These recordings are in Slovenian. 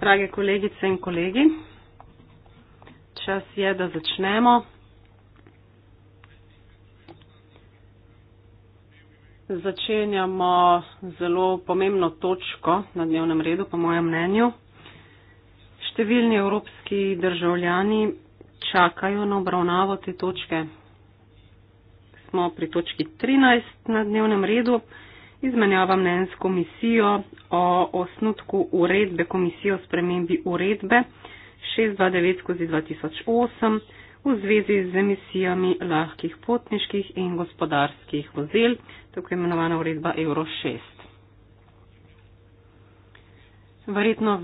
Drage kolegice in kolegi, čas je, da začnemo. Začenjamo zelo pomembno točko na dnevnem redu, po mojem mnenju. Številni evropski državljani čakajo na obravnavo te točke. Smo pri točki 13 na dnevnem redu. Izmenjava mnen s komisijo o osnutku uredbe komisijo o spremembi uredbe 629-2008 v zvezi z emisijami lahkih potniških in gospodarskih vozil, tako imenovana uredba Euro 6. Verjetno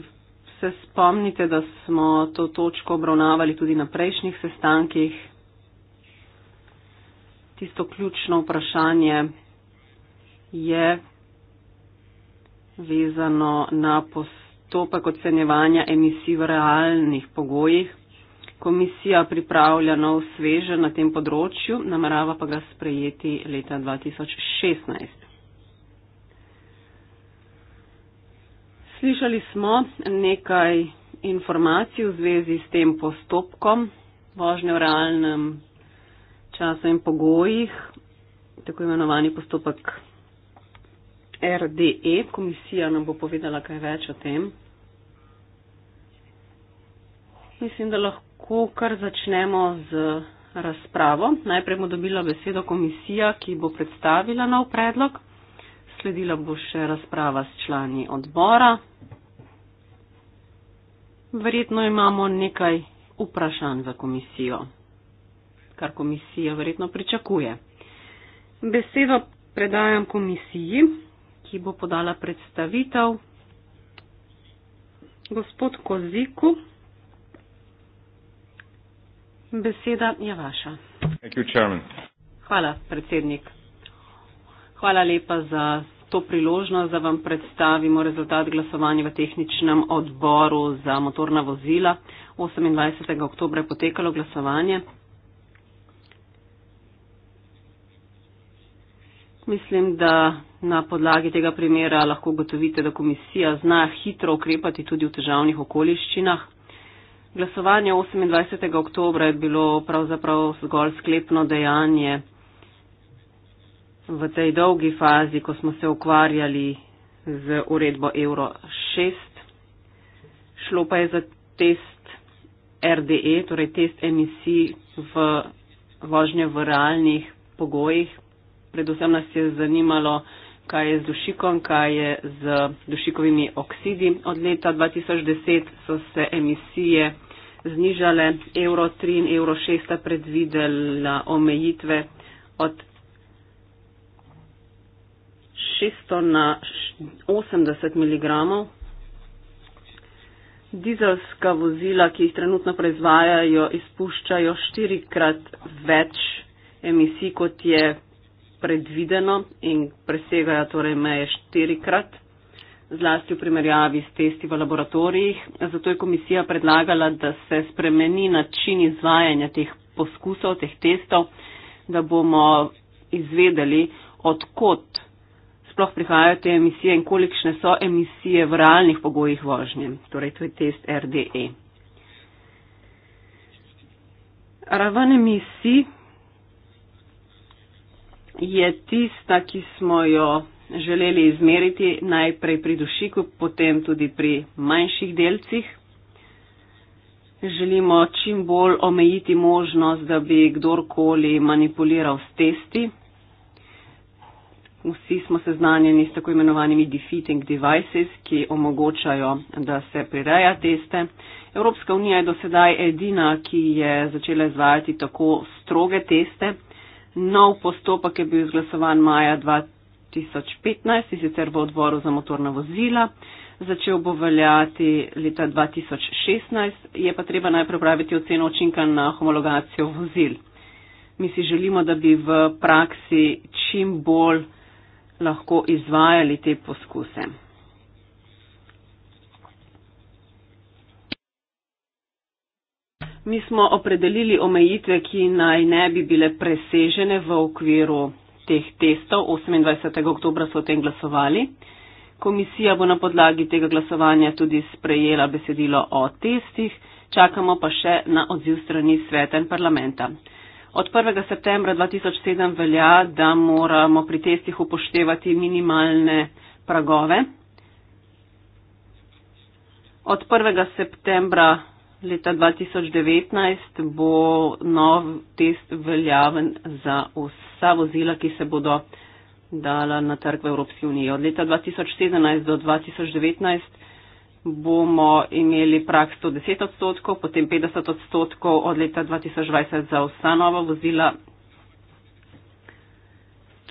se spomnite, da smo to točko obravnavali tudi na prejšnjih sestankih. Tisto ključno vprašanje je vezano na postopek ocenjevanja emisij v realnih pogojih. Komisija pripravlja nov sveže na tem področju, namerava pa ga sprejeti leta 2016. slišali smo nekaj informacij v zvezi s tem postopkom vožnje v realnem času in pogojih, tako imenovani postopek RDE. Komisija nam bo povedala kaj več o tem. Mislim, da lahko kar začnemo z razpravo. Najprej bomo dobila besedo komisija, ki bo predstavila nov predlog. Sledila bo še razprava s člani odbora, Verjetno imamo nekaj vprašanj za komisijo, kar komisija verjetno pričakuje. Besedo predajam komisiji, ki bo podala predstavitev. Gospod Koziku, beseda je vaša. Hvala, predsednik. Hvala lepa za to priložnost, da vam predstavimo rezultat glasovanja v tehničnem odboru za motorna vozila. 28. oktober je potekalo glasovanje. Mislim, da na podlagi tega primera lahko gotovite, da komisija zna hitro ukrepati tudi v težavnih okoliščinah. Glasovanje 28. oktober je bilo pravzaprav zgolj sklepno dejanje v tej dolgi fazi, ko smo se ukvarjali z uredbo Euro 6, šlo pa je za test RDE, torej test emisij v vožnje v realnih pogojih. Predvsem nas je zanimalo, kaj je z dušikom, kaj je z dušikovimi oksidi. Od leta 2010 so se emisije znižale, Euro 3 in Euro 6 sta predvidela omejitve od 600 na 80 mg. Dizelska vozila, ki jih trenutno proizvajajo, izpuščajo štirikrat več emisij, kot je predvideno in presegajo torej meje štirikrat, zlasti v primerjavi s testi v laboratorijih. Zato je komisija predlagala, da se spremeni način izvajanja teh poskusov, teh testov, da bomo izvedeli, odkot sploh prihajajo te emisije in kolikšne so emisije v realnih pogojih vožnje. Torej, to je test RDE. Raven emisij je tista, ki smo jo želeli izmeriti najprej pri dušiku, potem tudi pri manjših delcih. Želimo čim bolj omejiti možnost, da bi kdorkoli manipuliral s testi. Vsi smo seznanjeni s tako imenovanimi defeating devices, ki omogočajo, da se prireja teste. Evropska unija je do sedaj edina, ki je začela izvajati tako stroge teste. Nov postopek je bil izglasovan maja 2015 in sicer v odboru za motorna vozila. Začel bo veljati leta 2016, je pa treba najprej praviti oceno očinka na homologacijo vozil. Mi si želimo, da bi v praksi čim bolj lahko izvajali te poskuse. Mi smo opredelili omejitve, ki naj ne bi bile presežene v okviru teh testov. 28. oktobra so o tem glasovali. Komisija bo na podlagi tega glasovanja tudi sprejela besedilo o testih. Čakamo pa še na odziv strani sveta in parlamenta. Od 1. septembra 2007 velja, da moramo pri testih upoštevati minimalne pragove. Od 1. septembra leta 2019 bo nov test veljaven za vsa vozila, ki se bodo dala na trg v Evropski uniji. Od leta 2017 do 2019 bomo imeli prak 110 odstotkov, potem 50 odstotkov od leta 2020 za vsa nova vozila.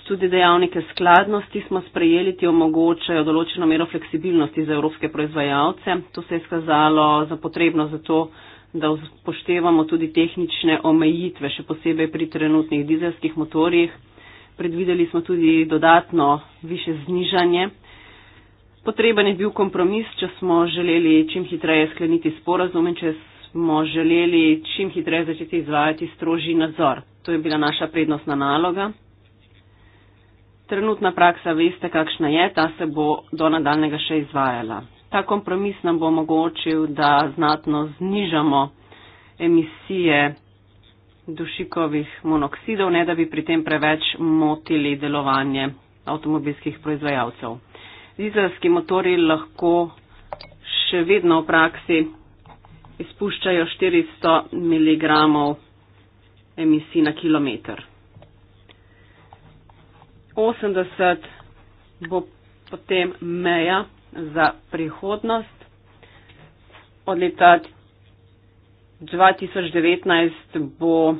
Tudi dejavnike skladnosti smo sprejeli, ki omogočajo določeno mero fleksibilnosti za evropske proizvajalce. To se je skazalo za potrebno zato, da upoštevamo tudi tehnične omejitve, še posebej pri trenutnih dizelskih motorjih. Predvideli smo tudi dodatno više znižanje. Potreben je bil kompromis, če smo želeli čim hitreje skleniti sporazum in če smo želeli čim hitreje začeti izvajati strožji nadzor. To je bila naša prednostna naloga. Trenutna praksa, veste, kakšna je, ta se bo do nadaljnega še izvajala. Ta kompromis nam bo omogočil, da znatno znižamo emisije dušikovih monoksidov, ne da bi pri tem preveč motili delovanje avtomobilskih proizvajalcev dizelski motori lahko še vedno v praksi izpuščajo 400 mg emisij na kilometr. 80 bo potem meja za prihodnost. Od leta 2019 bo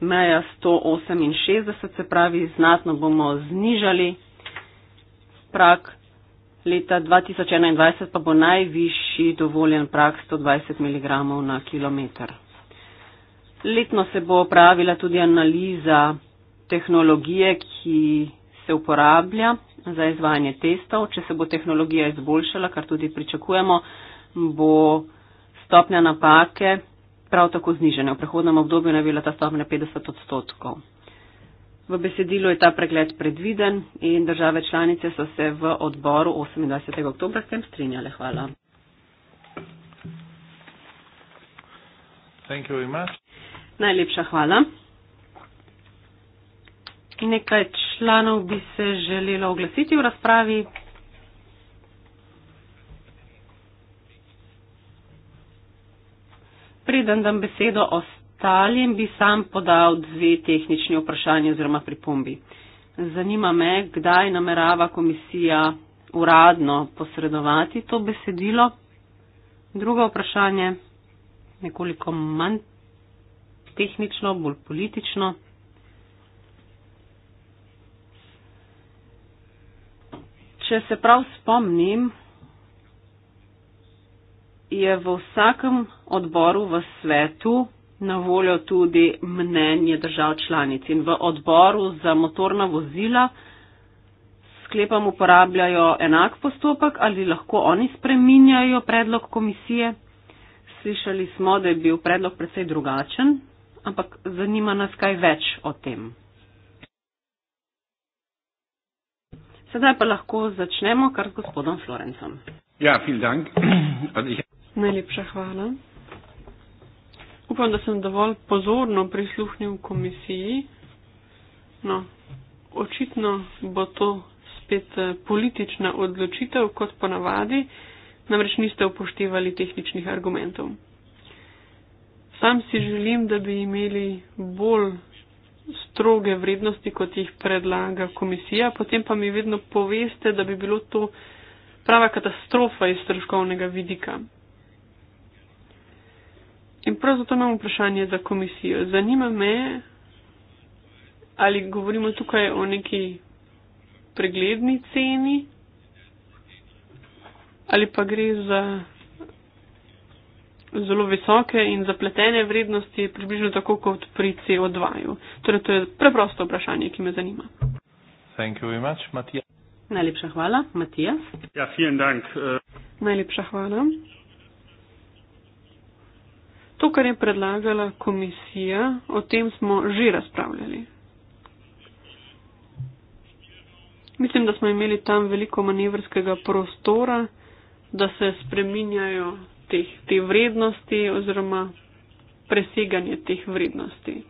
meja 168, se pravi, znatno bomo znižali prak leta 2021 pa bo najvišji dovoljen prak 120 mg na kilometr. Letno se bo pravila tudi analiza tehnologije, ki se uporablja za izvajanje testov. Če se bo tehnologija izboljšala, kar tudi pričakujemo, bo stopnja napake prav tako znižena. V prehodnem obdobju naj bi bila ta stopnja 50 odstotkov. V besedilu je ta pregled predviden in države članice so se v odboru 28. oktober s tem strinjale. Hvala. Najlepša hvala. Nekaj članov bi se želelo oglasiti v razpravi. Preden dam besedo ostalim detaljem bi sam podal dve tehnični vprašanje oziroma pripombi. Zanima me, kdaj namerava komisija uradno posredovati to besedilo. Drugo vprašanje, nekoliko manj tehnično, bolj politično. Če se prav spomnim, je v vsakem odboru v svetu na voljo tudi mnenje držav članic. In v odboru za motorna vozila sklepam uporabljajo enak postopek ali lahko oni spreminjajo predlog komisije. Slišali smo, da je bil predlog predvsej drugačen, ampak zanima nas kaj več o tem. Sedaj pa lahko začnemo kar z gospodom Florencem. Ja, vielen Dank. Najlepša hvala. Upam, da sem dovolj pozorno prisluhnil komisiji. No, očitno bo to spet eh, politična odločitev, kot ponavadi, namreč niste upoštevali tehničnih argumentov. Sam si želim, da bi imeli bolj stroge vrednosti, kot jih predlaga komisija, potem pa mi vedno poveste, da bi bilo to prava katastrofa iz stroškovnega vidika. In prav zato imam vprašanje za komisijo. Zanima me, ali govorimo tukaj o neki pregledni ceni ali pa gre za zelo visoke in zapletene vrednosti, približno tako kot pri CO2. -ju. Torej, to je preprosto vprašanje, ki me zanima. Much, Najlepša hvala, Matija. Ja, eh. Najlepša hvala. To, kar je predlagala komisija, o tem smo že razpravljali. Mislim, da smo imeli tam veliko manevrskega prostora, da se spreminjajo te, te vrednosti oziroma preseganje teh vrednosti.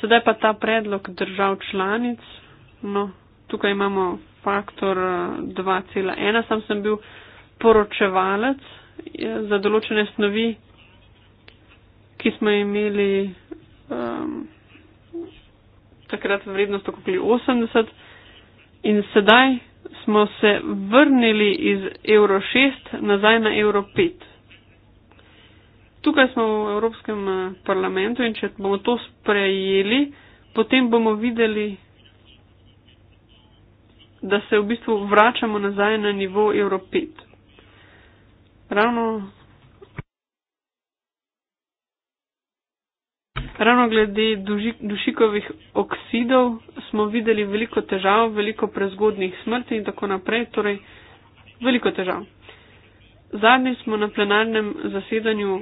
Sedaj pa ta predlog držav članic. No, tukaj imamo faktor 2,1. Eh, Sam sem bil poročevalec eh, za določene snovi, ki smo imeli um, takrat vrednost okoli 80 in sedaj smo se vrnili iz evro 6 nazaj na evro 5. Tukaj smo v Evropskem eh, parlamentu in če bomo to sprejeli, potem bomo videli, da se v bistvu vračamo nazaj na nivo evro 5. Ravno Ravno glede dušikovih oksidov smo videli veliko težav, veliko prezgodnih smrti in tako naprej, torej veliko težav. Zadnji smo na plenarnem zasedanju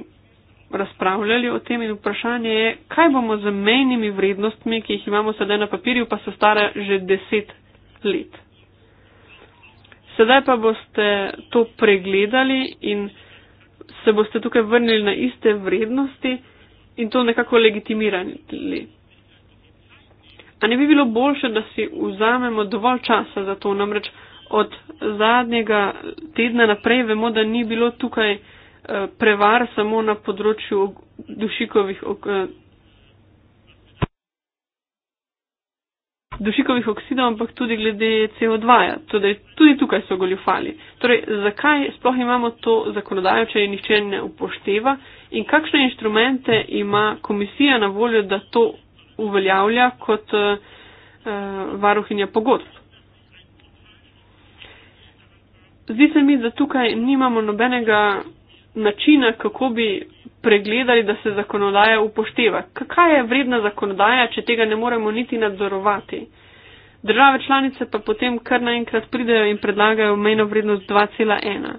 razpravljali o tem in vprašanje je, kaj bomo z mejnimi vrednostmi, ki jih imamo sedaj na papirju, pa so stare že deset let. Sedaj pa boste to pregledali in se boste tukaj vrnili na iste vrednosti in to nekako legitimirali. A ne bi bilo boljše, da si vzamemo dovolj časa za to, namreč od zadnjega tedna naprej vemo, da ni bilo tukaj eh, prevar samo na področju dušikovih okoliščin. dušikovih oksidov, ampak tudi glede CO2. -ja. Torej, tudi tukaj so goljufali. Torej, zakaj sploh imamo to zakonodajo, če je nihče ne upošteva in kakšne inštrumente ima komisija na voljo, da to uveljavlja kot uh, varuhinja pogodb? Zdi se mi, da tukaj nimamo nobenega načina, kako bi pregledali, da se zakonodaja upošteva. Kakaj je vredna zakonodaja, če tega ne moremo niti nadzorovati? Države članice pa potem kar naenkrat pridejo in predlagajo mejno vrednost 2,1.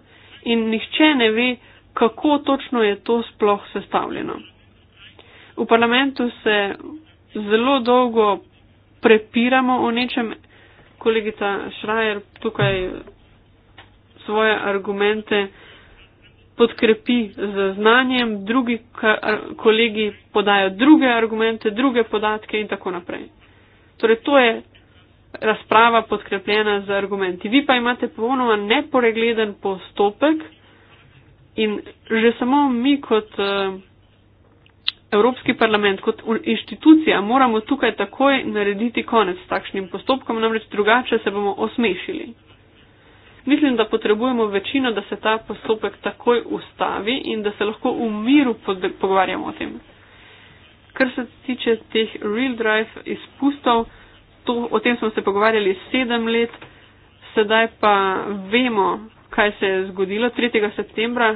In nihče ne ve, kako točno je to sploh sestavljeno. V parlamentu se zelo dolgo prepiramo o nečem. Kolegica Šrajer tukaj svoje argumente podkrepi z znanjem, drugi kolegi podajo druge argumente, druge podatke in tako naprej. Torej, to je razprava podkrepljena z argumenti. Vi pa imate povonoma neporegleden postopek in že samo mi kot uh, Evropski parlament, kot inštitucija moramo tukaj takoj narediti konec s takšnim postopkom, namreč drugače se bomo osmešili. Mislim, da potrebujemo večino, da se ta postopek takoj ustavi in da se lahko v miru pogovarjamo o tem. Kar se tiče teh real drive izpustov, to, o tem smo se pogovarjali sedem let, sedaj pa vemo, kaj se je zgodilo 3. septembra,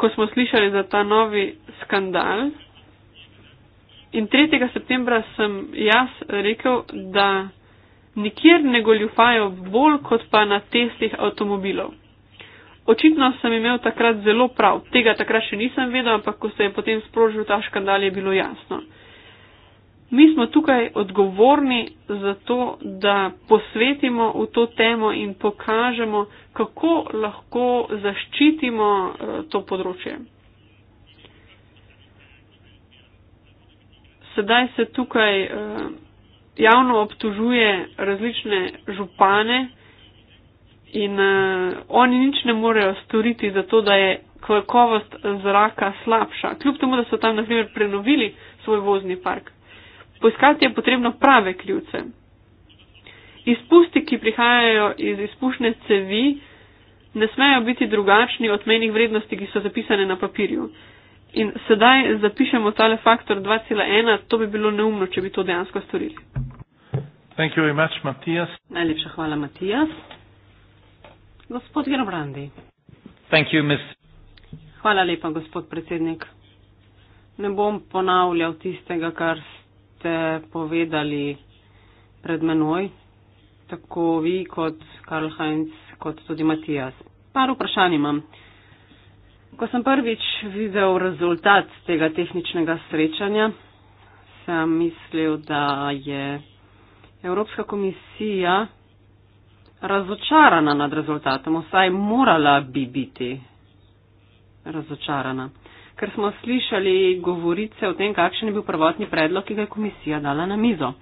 ko smo slišali za ta novi skandal. In 3. septembra sem jaz rekel, da Nikjer ne goljufajo bolj kot pa na teslih avtomobilov. Očitno sem imel takrat zelo prav, tega takrat še nisem vedel, ampak ko se je potem sprožil ta škandal, je bilo jasno. Mi smo tukaj odgovorni za to, da posvetimo v to temo in pokažemo, kako lahko zaščitimo eh, to področje. Sedaj se tukaj. Uh, javno obtužuje različne župane in uh, oni nič ne morejo storiti za to, da je kakovost zraka slabša. Kljub temu, da so tam na primer prenovili svoj vozni park. Poiskati je potrebno prave krivce. Izpusti, ki prihajajo iz izpušne cevi, ne smejo biti drugačni od menjih vrednosti, ki so zapisane na papirju. In sedaj zapišemo tale faktor 2,1, to bi bilo neumno, če bi to dejansko storili. Much, Najlepša hvala, Matijas. Gospod Gerbrandi. You, hvala lepa, gospod predsednik. Ne bom ponavljal tistega, kar ste povedali pred menoj, tako vi kot Karl Heinz, kot tudi Matijas. Par vprašanj imam. Ko sem prvič videl rezultat tega tehničnega srečanja, sem mislil, da je Evropska komisija razočarana nad rezultatom, vsaj morala bi biti razočarana. Ker smo slišali govorice o tem, kakšen je bil prvotni predlog, ki ga je komisija dala na mizo.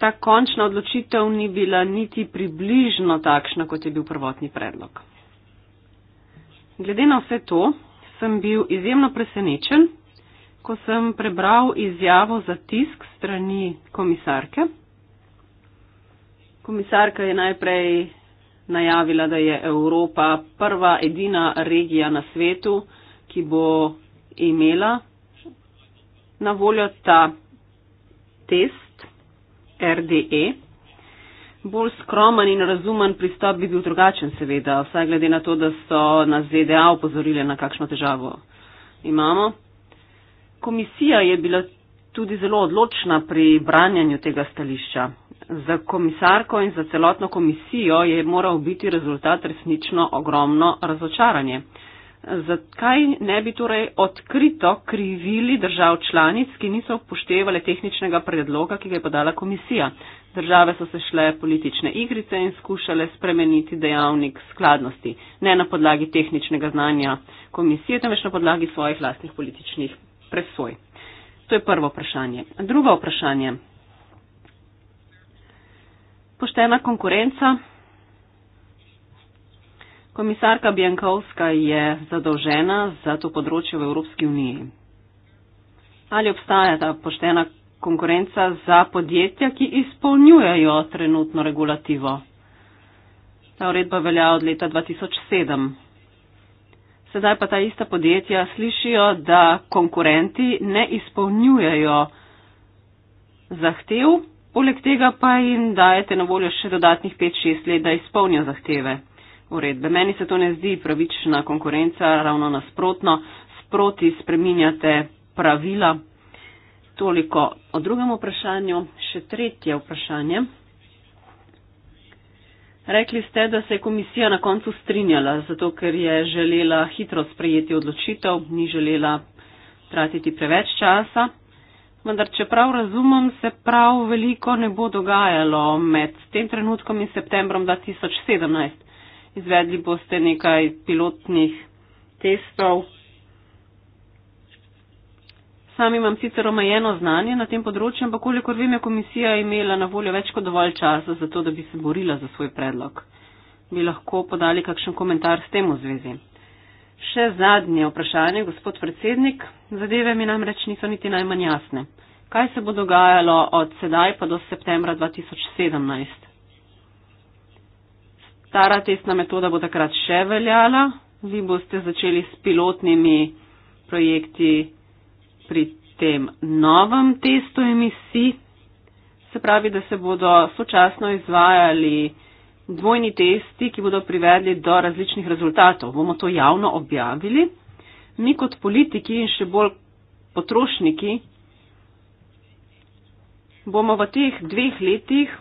Ta končna odločitev ni bila niti približno takšna, kot je bil prvotni predlog. Glede na vse to sem bil izjemno presenečen, ko sem prebral izjavo za tisk strani komisarke. Komisarka je najprej najavila, da je Evropa prva edina regija na svetu, ki bo imela na voljo ta test RDE. Bolj skromen in razumen pristop bi bil drugačen, seveda, vsaj glede na to, da so nas ZDA upozorile na kakšno težavo imamo. Komisija je bila tudi zelo odločna pri branjanju tega stališča. Za komisarko in za celotno komisijo je moral biti rezultat resnično ogromno razočaranje. Zakaj ne bi torej odkrito krivili držav članic, ki niso upoštevali tehničnega predloga, ki ga je podala komisija? Države so se šle politične igrice in skušale spremeniti dejavnik skladnosti, ne na podlagi tehničnega znanja komisije, temveč na podlagi svojih vlastnih političnih presoj. To je prvo vprašanje. Drugo vprašanje. Poštena konkurenca. Komisarka Bjankovska je zadolžena za to področje v Evropski uniji. Ali obstaja ta poštena konkurenca za podjetja, ki izpolnjujejo trenutno regulativo? Ta uredba velja od leta 2007. Sedaj pa ta ista podjetja slišijo, da konkurenti ne izpolnjujejo zahtev, poleg tega pa jim dajete na voljo še dodatnih 5-6 let, da izpolnijo zahteve uredbe. Meni se to ne zdi pravična konkurenca, ravno nasprotno, sproti spreminjate pravila. Toliko o drugem vprašanju. Še tretje vprašanje. Rekli ste, da se je komisija na koncu strinjala, zato ker je želela hitro sprejeti odločitev, ni želela tratiti preveč časa. Vendar, če prav razumem, se prav veliko ne bo dogajalo med tem trenutkom in septembrom 2017 izvedli boste nekaj pilotnih testov. Sami imam sicer omejeno znanje na tem področju, ampak kolikor vem, je komisija imela na voljo več kot dovolj časa za to, da bi se borila za svoj predlog. Bi lahko podali kakšen komentar s tem v zvezi. Še zadnje vprašanje, gospod predsednik. Zadeve mi namreč niso niti najmanj jasne. Kaj se bo dogajalo od sedaj pa do septembra 2017? stara testna metoda bo takrat še veljala, vi boste začeli s pilotnimi projekti pri tem novem testu emisij. Se pravi, da se bodo sočasno izvajali dvojni testi, ki bodo privedli do različnih rezultatov. Bomo to javno objavili. Mi kot politiki in še bolj potrošniki bomo v teh dveh letih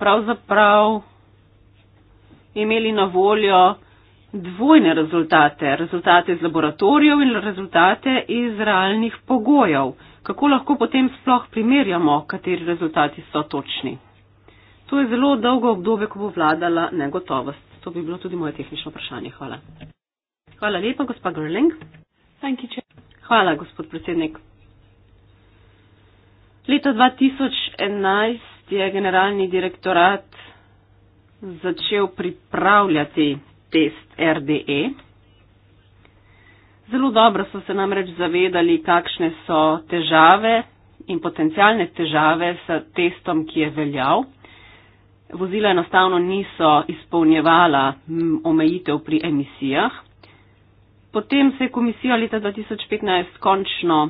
pravzaprav imeli na voljo dvojne rezultate, rezultate iz laboratorijev in rezultate iz realnih pogojev. Kako lahko potem sploh primerjamo, kateri rezultati so točni? To je zelo dolgo obdobje, ko bo vladala negotovost. To bi bilo tudi moje tehnično vprašanje. Hvala. Hvala lepa, gospa Grling. Hvala, gospod predsednik. Leta 2011 je generalni direktorat začel pripravljati test RDE. Zelo dobro so se namreč zavedali, kakšne so težave in potencijalne težave s testom, ki je veljal. Vozila enostavno niso izpolnjevala omejitev pri emisijah. Potem se je komisija leta 2015 končno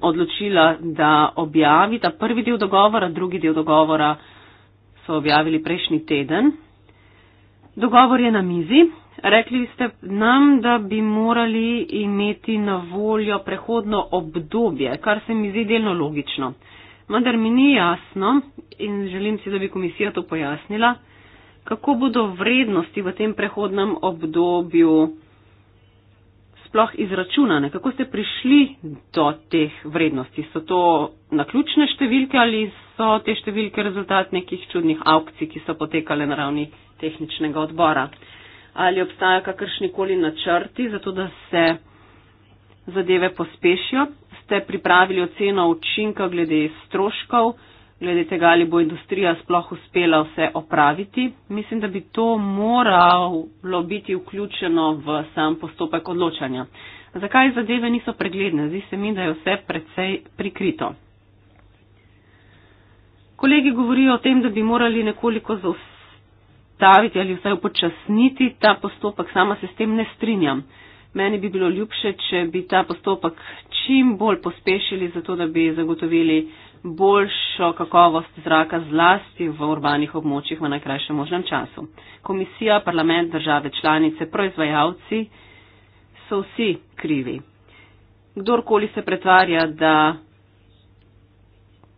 odločila, da objavi ta prvi del dogovora, drugi del dogovora so objavili prejšnji teden. Dogovor je na mizi. Rekli ste nam, da bi morali imeti na voljo prehodno obdobje, kar se mi zdi delno logično. Vendar mi ni jasno in želim si, da bi komisija to pojasnila, kako bodo vrednosti v tem prehodnem obdobju sploh izračunane? Kako ste prišli do teh vrednosti? So to naključne številke ali so te številke rezultat nekih čudnih aukcij, ki so potekale na ravni tehničnega odbora? Ali obstajajo kakršnikoli načrti za to, da se zadeve pospešijo? Ste pripravili oceno učinka glede stroškov? glede tega, ali bo industrija sploh uspela vse opraviti. Mislim, da bi to moralo biti vključeno v sam postopek odločanja. Zakaj zadeve niso pregledne? Zdi se mi, da je vse precej prikrito. Kolegi govorijo o tem, da bi morali nekoliko zaustaviti ali vsaj upočasniti ta postopek. Sama se s tem ne strinjam. Meni bi bilo ljubše, če bi ta postopek čim bolj pospešili, zato da bi zagotovili boljšo kakovost zraka zlasti v urbanih območjih v najkrajšem možnem času. Komisija, parlament, države članice, proizvajalci so vsi krivi. Kdorkoli se pretvarja, da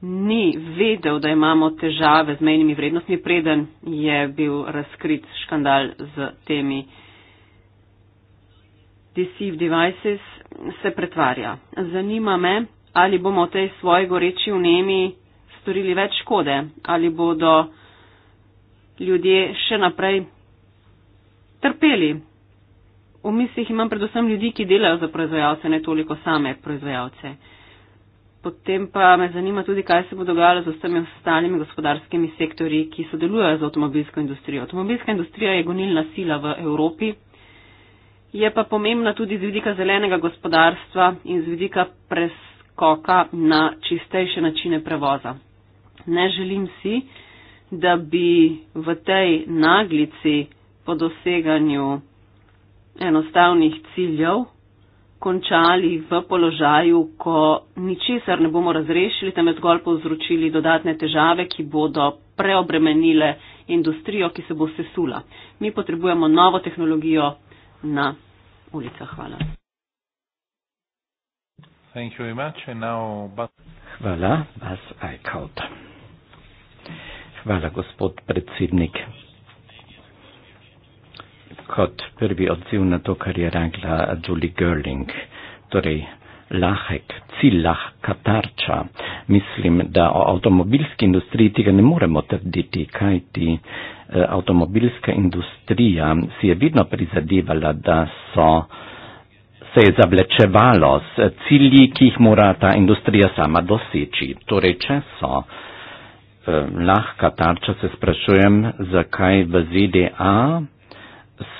ni vedel, da imamo težave z mejnimi vrednostmi, preden je bil razkrit škandal z temi deceive devices, se pretvarja. Zanima me, ali bomo v tej svoji goreči vnemi storili več škode, ali bodo ljudje še naprej trpeli. V mislih imam predvsem ljudi, ki delajo za proizvajalce, ne toliko same proizvajalce. Potem pa me zanima tudi, kaj se bo dogajalo z vsemi ostalimi gospodarskimi sektorji, ki sodelujejo z avtomobilsko industrijo. Avtomobilska industrija je gonilna sila v Evropi, je pa pomembna tudi z vidika zelenega gospodarstva in z vidika presenja preskoka na čistejše načine prevoza. Ne želim si, da bi v tej naglici po doseganju enostavnih ciljev končali v položaju, ko ničesar ne bomo razrešili, temveč zgolj povzročili dodatne težave, ki bodo preobremenile industrijo, ki se bo sesula. Mi potrebujemo novo tehnologijo na ulicah. Hvala. Thank you very much. And now, but... Hvala, vas Eichhout. Hvala, gospod predsednik. Kot prvi odziv na to, kar je rekla Julie Gerling, torej lahek, cilah katarča. Mislim, da o avtomobilski industriji tega ne moremo trditi, kajti eh, avtomobilska industrija si je vedno prizadevala, da so se je zavlečevalo s cilji, ki jih mora ta industrija sama doseči. Torej, če so eh, lahka tarča, se sprašujem, zakaj v ZDA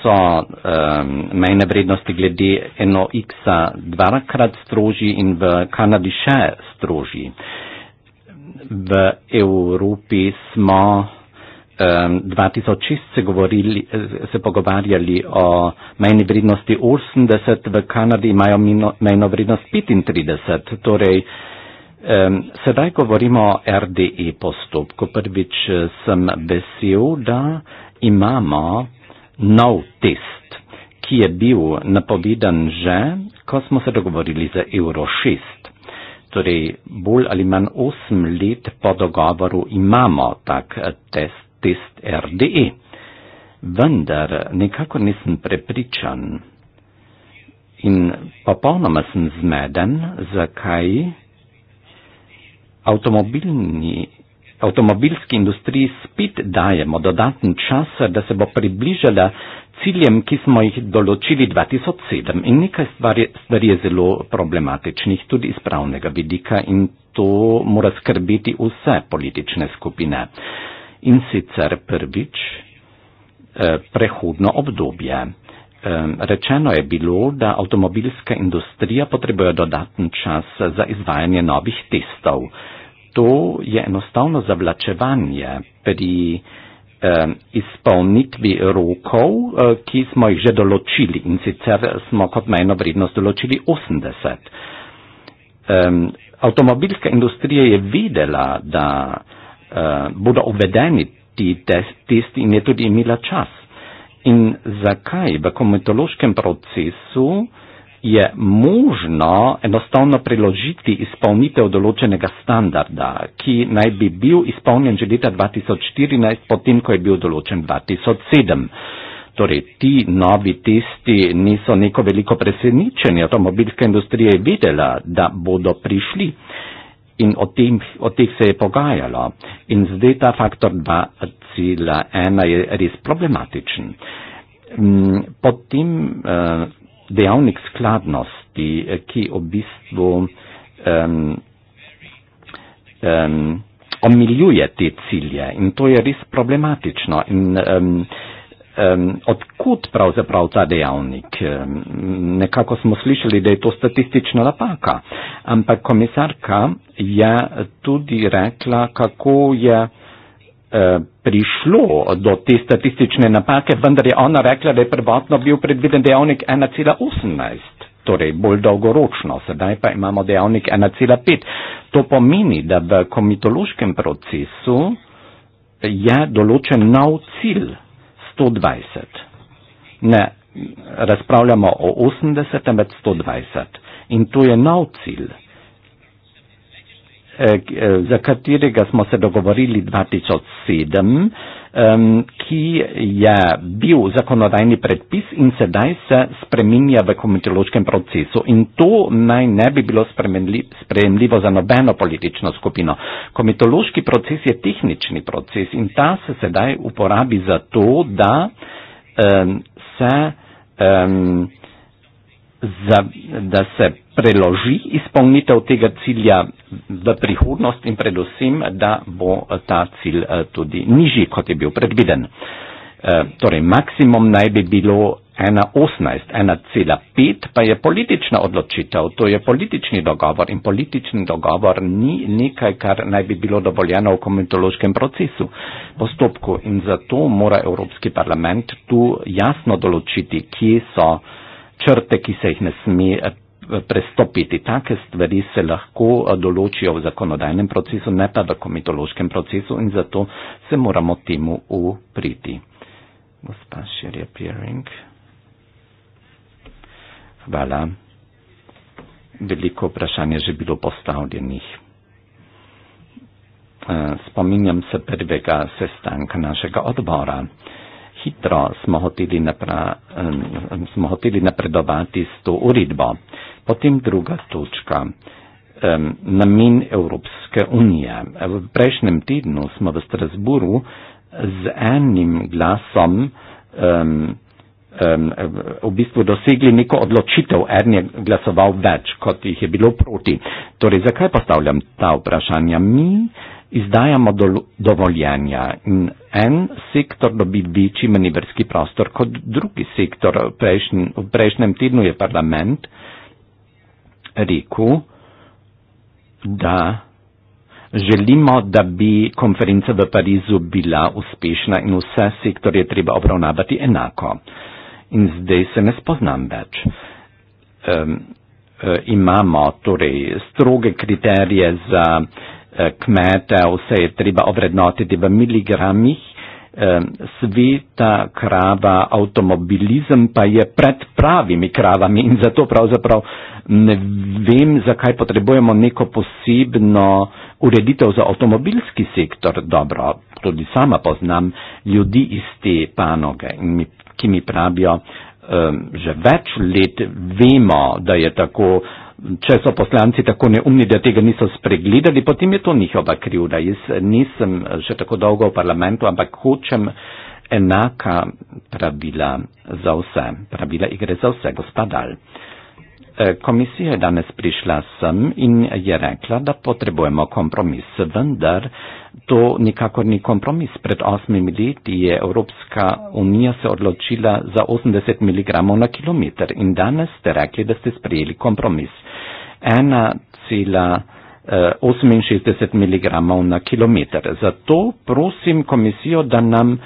so eh, mejne vrednosti glede NOX-a dvakrat strožji in v Kanadi še strožji. V Evropi smo. 2006 govorili, se pogovarjali o mejni vrednosti 80, v Kanadi imajo mejno vrednost 35. Torej, um, sedaj govorimo o RDE postopku. Prvič sem vesel, da imamo nov test, ki je bil napovedan že, ko smo se dogovorili za Euro 6. Torej, bolj ali manj osem let po dogovoru imamo tak eh, test, test.rde. Vendar nekako nisem prepričan in popolnoma sem zmeden, zakaj avtomobilski industriji spet dajemo dodaten čas, da se bo približala ciljem, ki smo jih določili 2007. In nekaj stvari, stvari je zelo problematičnih tudi iz pravnega vidika in to mora skrbeti vse politične skupine in sicer prvič eh, prehodno obdobje. Eh, rečeno je bilo, da avtomobilska industrija potrebuje dodaten čas za izvajanje novih testov. To je enostavno zavlačevanje pri eh, izpolnitvi rokov, eh, ki smo jih že določili in sicer smo kot mejno vrednost določili 80. Eh, avtomobilska industrija je vedela, da eh, uh, bodo uvedeni ti testi in je tudi imela čas. In zakaj v komitološkem procesu je možno enostavno preložiti izpolnitev določenega standarda, ki naj bi bil izpolnjen že leta 2014, potem ko je bil določen 2007. Torej, ti novi testi niso neko veliko presenečenje, avtomobilska industrija je vedela, da bodo prišli in o, tem, o teh se je pogajalo. In zdaj ta faktor 2,1 je res problematičen. Mm, potem eh, dejavnik skladnosti, eh, ki v bistvu um, um, omiljuje te cilje in to je res problematično. In, um, odkud pravzaprav ta dejavnik? Nekako smo slišali, da je to statistična napaka, ampak komisarka je tudi rekla, kako je e, prišlo do te statistične napake, vendar je ona rekla, da je prvotno bil predviden dejavnik 1,18. Torej, bolj dolgoročno, sedaj pa imamo dejavnik 1,5. To pomeni, da v komitološkem procesu je določen nov cilj 120. Ne razpravljamo o 80, temveč 120. In tu je nov cilj. Eh, eh, za katerega smo se dogovorili 2007, ki je bil zakonodajni predpis in sedaj se spreminja v komitološkem procesu. In to naj ne bi bilo spremljivo za nobeno politično skupino. Komitološki proces je tehnični proces in ta se sedaj uporabi za to, da se, da se preloži izpolnitev tega cilja v prihodnost in predvsem, da bo eh, ta cilj eh, tudi nižji, kot je bil predviden. Eh, torej, maksimum naj bi bilo 1,18, 1,5 pa je politična odločitev, to je politični dogovor in politični dogovor ni nekaj, kar naj bi bilo dovoljeno v komentološkem procesu, postopku in zato mora Evropski parlament tu jasno določiti, kje so črte, ki se jih ne sme prestopiti. Take stvari se lahko eh, določijo v zakonodajnem procesu, ne pa v komitološkem procesu in zato se moramo temu upriti. Gospa Širje Piering. Hvala. Veliko vprašanje že bilo postavljenih. Eh, spominjam se prvega sestanka našega odbora. Hitro smo hoteli, napra, eh, smo hoteli napredovati s to uredbo. Potem druga točka, namen Evropske unije. V prejšnjem tednu smo v Strasburu z enim glasom um, um, v bistvu dosegli neko odločitev, en je glasoval več, kot jih je bilo proti. Torej, zakaj postavljam ta vprašanja? Mi izdajamo do, dovoljenja in en sektor dobi večji manevrski prostor kot drugi sektor. V, prejšnj, v prejšnjem tednu je parlament, rekel, da želimo, da bi konferenca v Parizu bila uspešna in vse sektorje treba obravnavati enako. In zdaj se ne spoznam več. Um, imamo torej stroge kriterije za eh, kmete, vse je treba ovrednotiti v miligramih, sveta krava, avtomobilizem pa je pred pravimi kravami in zato pravzaprav ne vem, zakaj potrebujemo neko posebno ureditev za avtomobilski sektor. Dobro, tudi sama poznam ljudi iz te panoge, ki mi pravijo, že več let vemo, da je tako če so poslanci tako neumni, da tega niso spregledali, potem je to njihova krivda. Jaz nisem že tako dolgo v parlamentu, ampak hočem enaka pravila za vse, pravila igre za vse, gospodar. E, komisija je danes prišla sem in je rekla, da potrebujemo kompromis, vendar to nikakor ni kompromis. Pred osmimi leti je Evropska unija se odločila za 80 mg na kilometr in danes ste rekli, da ste sprejeli kompromis. 1,68 e, mg na kilometr. Zato prosim komisijo, da nam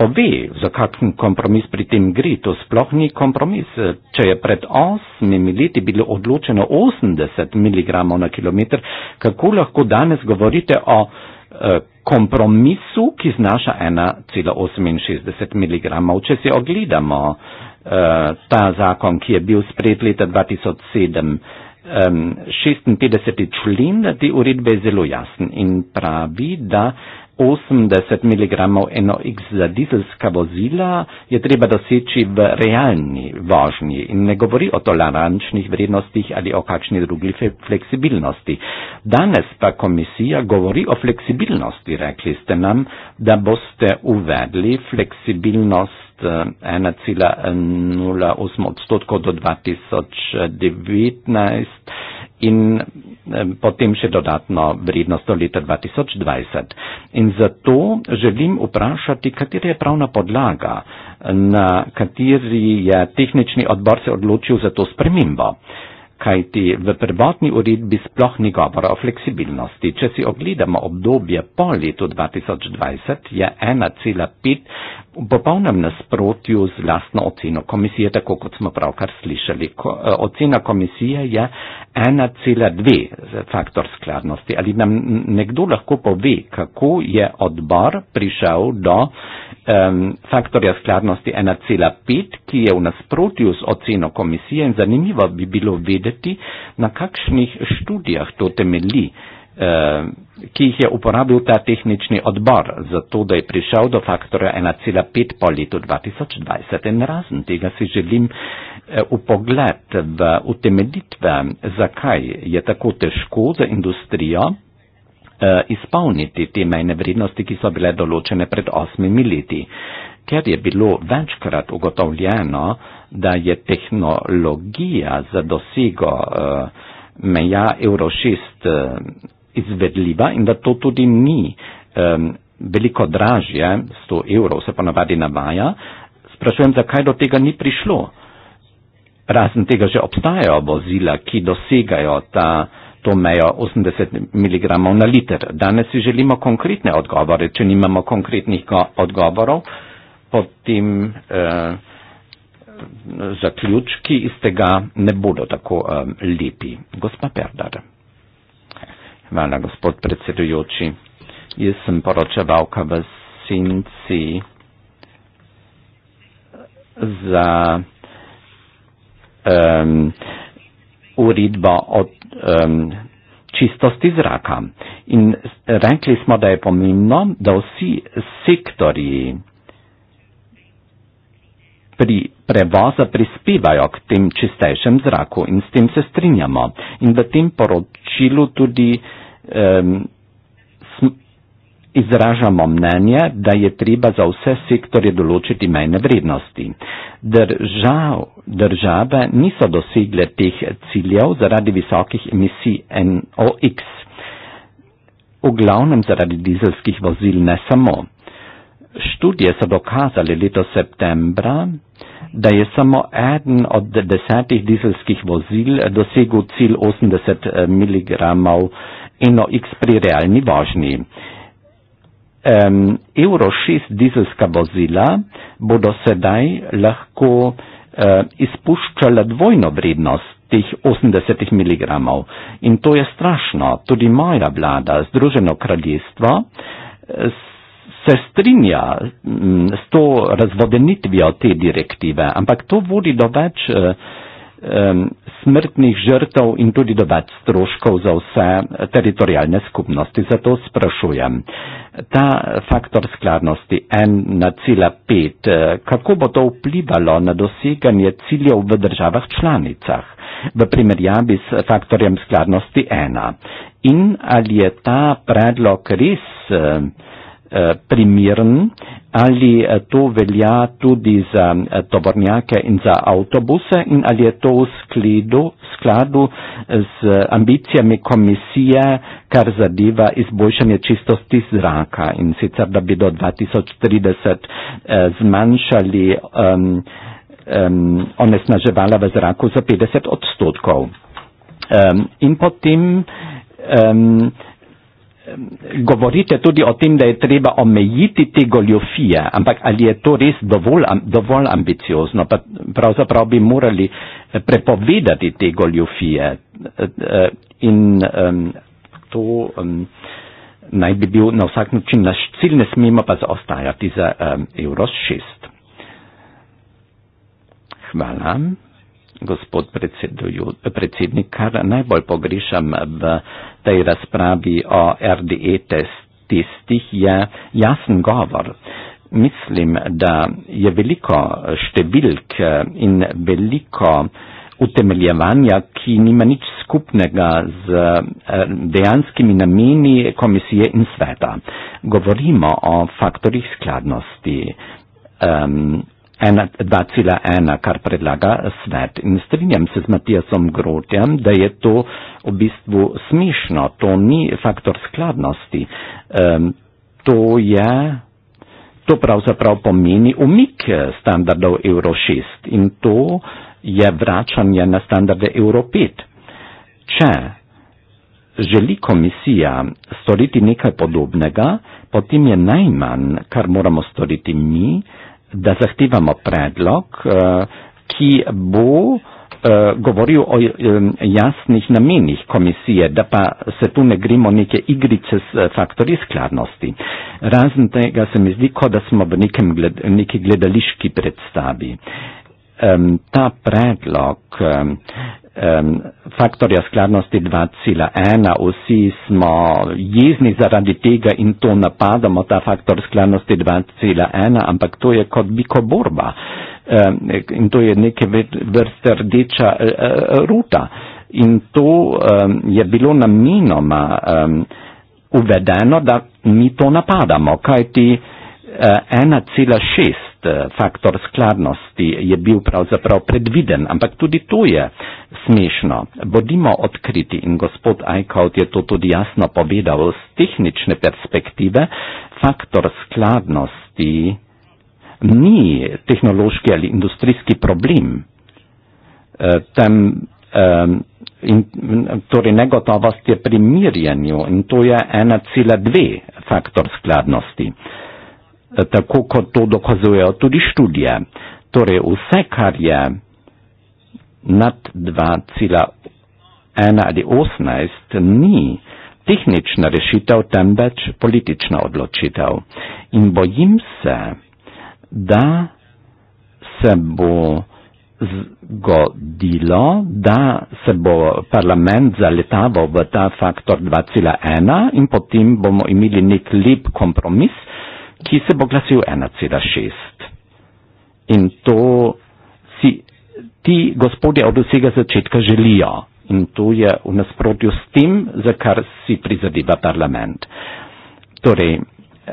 pove, za kakšen kompromis pri tem gre, to sploh ni kompromis. Če je pred osmimi leti bilo odločeno 80 mg na kilometr, kako lahko danes govorite o eh, kompromisu, ki znaša 1,68 mg. Če si ogledamo eh, ta zakon, ki je bil sprejet leta 2007, 56. člen te uredbe je zelo jasen in pravi, da 80 mg NOx za dizelska vozila je treba doseči v realni vožnji in ne govori o tolerančnih vrednostih ali o kakšni drugi fleksibilnosti. Danes pa komisija govori o fleksibilnosti, rekli ste nam, da boste uvedli fleksibilnost. 1,08 eh, eh, odstotkov do 2019 in Eh, potem še dodatno vrednost do leta 2020. In zato želim vprašati, katera je pravna podlaga, na kateri je tehnični odbor se odločil za to spremembo. Kajti v prvotni uredbi sploh ni govora o fleksibilnosti. Če si ogledamo obdobje po letu 2020, je 1,5 v popolnem nasprotju z lastno oceno komisije, tako kot smo pravkar slišali. Ko, eh, ocena komisije je 1,2 eh, faktor skladnosti. Ali nam nekdo lahko pove, kako je odbor prišel do um, faktorja skladnosti 1,5, ki je v nasprotju z oceno komisije in zanimivo bi bilo vedeti, na kakšnih študijah to temelji. Eh, ki jih je uporabil ta tehnični odbor, zato da je prišel do faktora 1,5 po letu 2020. In razen tega si želim eh, upogled v utemeditve, zakaj je tako težko za industrijo eh, izpolniti te mejne vrednosti, ki so bile določene pred osmimi leti. Ker je bilo večkrat ugotovljeno, da je tehnologija za dosego meja Euro 6 izvedljiva in da to tudi ni um, veliko dražje, 100 evrov se ponavadi navaja, sprašujem, zakaj do tega ni prišlo. Razen tega že obstajajo vozila, ki dosegajo ta, to mejo 80 mg na liter. Danes si želimo konkretne odgovore. Če nimamo konkretnih odgovorov, potem eh, zaključki iz tega ne bodo tako eh, lepi. Gospa Perdar. Hvala, gospod predsedujoči. Jaz sem poročevalka v Sinci za um, uredbo o um, čistosti zraka. In rekli smo, da je pomembno, da vsi sektorji pri prevoza prispevajo k tem čistejšem zraku in s tem se strinjamo. In v tem poročilu tudi um, izražamo mnenje, da je treba za vse sektorje določiti mejne vrednosti. Držav, države niso dosegle teh ciljev zaradi visokih emisij NOx. V glavnem zaradi dizelskih vozil ne samo. Študije so dokazali leto septembra, da je samo eden od desetih dizelskih vozil dosegel cilj 80 mg NOx pri realni vožnji. Euro 6 dizelska vozila bodo sedaj lahko eh, izpuščala dvojno vrednost teh 80 mg. In to je strašno. Tudi moja vlada, Združeno kraljestvo, se strinja mm, s to razvodenitvijo te direktive, ampak to vodi do več eh, smrtnih žrtev in tudi do več stroškov za vse teritorijalne skupnosti. Zato sprašujem, ta faktor skladnosti 1 na cela 5, eh, kako bo to vplivalo na doseganje ciljev v državah članicah v primerjavi s faktorjem skladnosti 1? In ali je ta predlog res eh, Eh, primeren ali eh, to velja tudi za eh, tovornjake in za avtobuse in ali je to v skledu, skladu z ambicijami komisije, kar zadeva izboljšanje čistosti zraka in sicer, da bi do 2030 eh, zmanjšali um, um, onesnaževala v zraku za 50 odstotkov. Um, in potem um, govorite tudi o tem, da je treba omejiti te goljofije, ampak ali je to res dovolj, dovolj ambiciozno? Pa pravzaprav bi morali eh, prepovedati te goljofije eh, eh, in to naj bi bil na vsak način naš cilj, ne smemo pa zaostajati za Euro 6. Hvala gospod predsednik, kar najbolj pogrišam v tej razpravi o RDE testih, je jasen govor. Mislim, da je veliko številk eh, in veliko utemeljevanja, ki nima nič skupnega z eh, dejanskimi nameni komisije in sveta. Govorimo o faktorjih skladnosti. Um, 2,1, kar predlaga svet. In strinjam se z Matijasom Grotjem, da je to v bistvu smešno, to ni faktor skladnosti. Um, to je. To pravzaprav pomeni umik standardov Euro 6 in to je vračanje na standarde Euro 5. Če želi komisija storiti nekaj podobnega, potem je najmanj, kar moramo storiti mi, da zahtevamo predlog, eh, ki bo eh, govoril o jasnih namenih komisije, da pa se tu ne gremo neke igrice s eh, faktori skladnosti. Razen tega se mi zdi, kot da smo v nekem, neki gledališki predstavi. Ta predlog faktorja skladnosti 2,1, vsi smo jezni zaradi tega in to napadamo, ta faktor skladnosti 2,1, ampak to je kot biko borba in to je neke vrste rdeča e, e, ruta. In to je bilo namenoma uvedeno, da mi to napadamo, kajti 1,6 e, test, eh, faktor skladnosti je bil pravzaprav predviden, ampak tudi tu je smešno. Bodimo odkriti in gospod Eichhout je to tudi jasno povedal z tehnične perspektive, faktor skladnosti ni tehnološki ali industrijski problem. Eh, Tem, ehm, in, torej negotovost je pri mirjenju in to je 1,2 faktor skladnosti tako kot to dokazujejo tudi študije. Torej vse, kar je nad 2,1 ali 18, ni tehnična rešitev, temveč politična odločitev. In bojim se, da se bo zgodilo, da se bo parlament zaletaval v ta faktor 2,1 in potem bomo imeli nek lep kompromis, ki se bo glasil 1,6. In to si ti gospodje od vsega začetka želijo. In to je v nasprotju s tem, za kar si prizadeva parlament. Torej,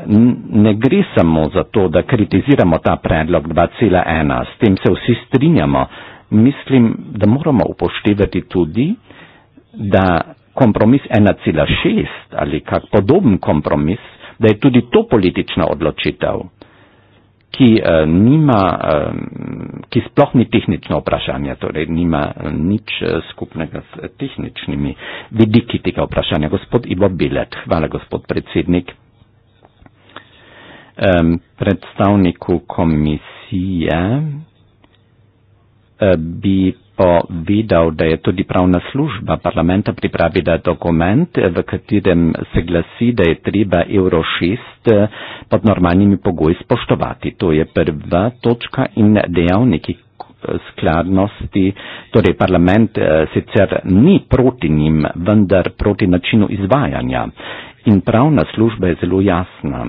ne gre samo za to, da kritiziramo ta predlog 2,1, s tem se vsi strinjamo. Mislim, da moramo upoštevati tudi, da kompromis 1,6 ali kak podoben kompromis da je tudi to politična odločitev, ki, eh, nima, eh, ki sploh ni tehnično vprašanje, torej nima eh, nič eh, skupnega s eh, tehničnimi vidiki tega vprašanja. Gospod Ivo Bilet, hvala gospod predsednik. Um, predstavniku komisije uh, bi bo videl, da je tudi pravna služba parlamenta pripravila dokument, v katerem se glasi, da je treba Euro 6 eh, pod normalnimi pogoji spoštovati. To je prva točka in dejavniki eh, skladnosti. Torej, parlament eh, sicer ni proti njim, vendar proti načinu izvajanja. In pravna služba je zelo jasna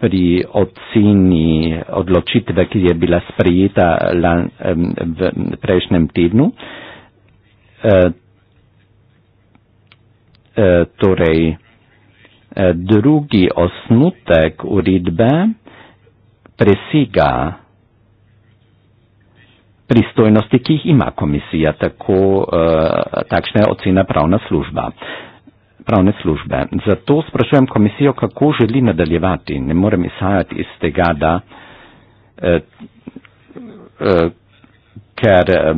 pri oceni odločitve, ki je bila sprejeta lan, v prejšnjem tednu. E, e, torej, e, drugi osnutek uredbe presega pristojnosti, ki jih ima komisija, tako e, takšna je ocena pravna služba. E, pravne službe. Zato sprašujem komisijo, kako želi nadaljevati. Ne morem izhajati iz tega, da. Eh, eh, ker eh,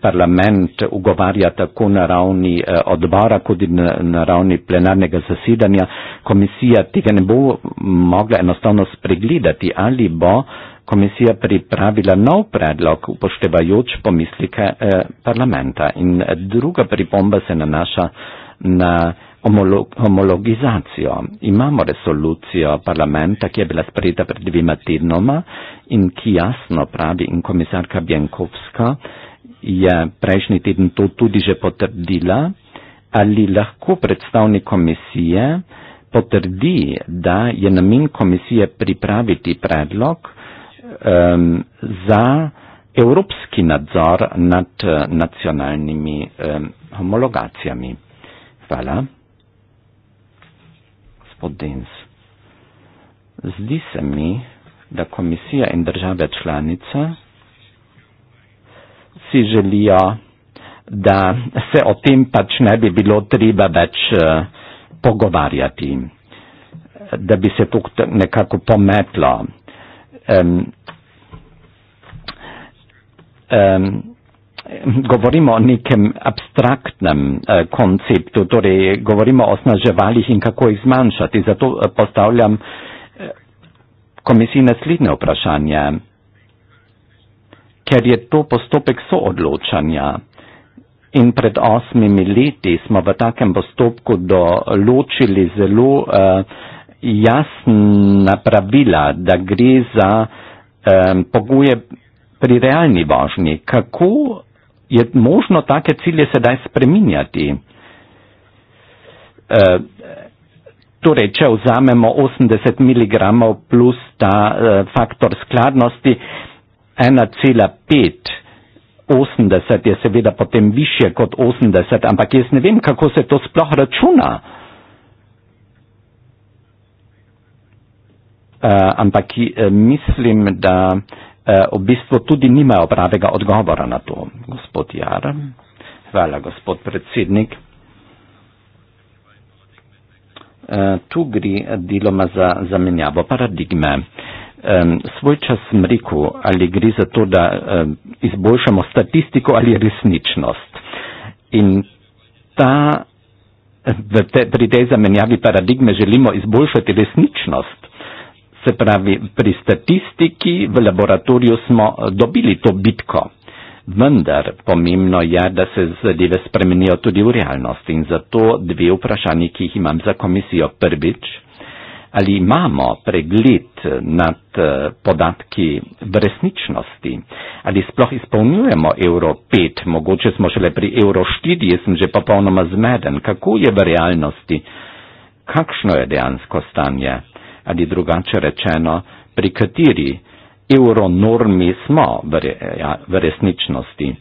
parlament ugovarja tako na ravni eh, odbora, kot in na ravni plenarnega zasedanja, komisija tega ne bo mogla enostavno spregledati, ali bo komisija pripravila nov predlog, upoštevajoč pomislike eh, parlamenta. In druga pripomba se nanaša na. naša omolog omologizacijo. Imamo resolucijo parlamenta, ki je bila sprejeta pred dvima tednoma in ki jasno pravi in komisarka Bjankovska je prejšnji teden to tudi že potrdila, ali lahko predstavnik komisije potrdi, da je namen komisije pripraviti predlog um, za evropski nadzor nad eh, nacionalnimi um, homologacijami. Hvala gospod Dens. Zdi se mi, da komisija in države članice si želijo, da se o tem pač ne bi bilo treba več uh, pogovarjati, da bi se tukaj nekako pometlo. Um, um, govorimo o nekem abstraktnem eh, konceptu, torej govorimo o osnaževalih in kako jih zmanjšati. Zato eh, postavljam eh, komisiji naslednje vprašanje, ker je to postopek soodločanja in pred osmimi leti smo v takem postopku določili zelo eh, jasna pravila, da gre za eh, pogoje pri realni vožnji. Kako je možno take cilje sedaj spreminjati. E, torej, če vzamemo 80 mg plus ta e, faktor skladnosti, 1,5, 80 je seveda potem više kot 80, ampak jaz ne vem, kako se to sploh računa. Uh, ampak uh, mislim, da uh, Eh, v bistvu tudi nimajo pravega odgovora na to. Gospod Jar, hvala, gospod predsednik. Eh, tu gre deloma za zamenjavo paradigme. Svoj čas sem rekel, ali gre za to, da izboljšamo statistiko ali resničnost. In ta, te, pri tej zamenjavi paradigme želimo izboljšati resničnost se pravi pri statistiki v laboratoriju smo eh, dobili to bitko. Vendar pomembno je, da se zadeve spremenijo tudi v realnost in zato dve vprašanji, ki jih imam za komisijo prvič. Ali imamo pregled nad eh, podatki v resničnosti? Ali sploh izpolnjujemo Euro 5? Mogoče smo šele pri Euro 4, jaz sem že popolnoma zmeden. Kako je v realnosti? Kakšno je dejansko stanje? ali drugače rečeno, pri kateri euronormi smo v, re, ja, v resničnosti.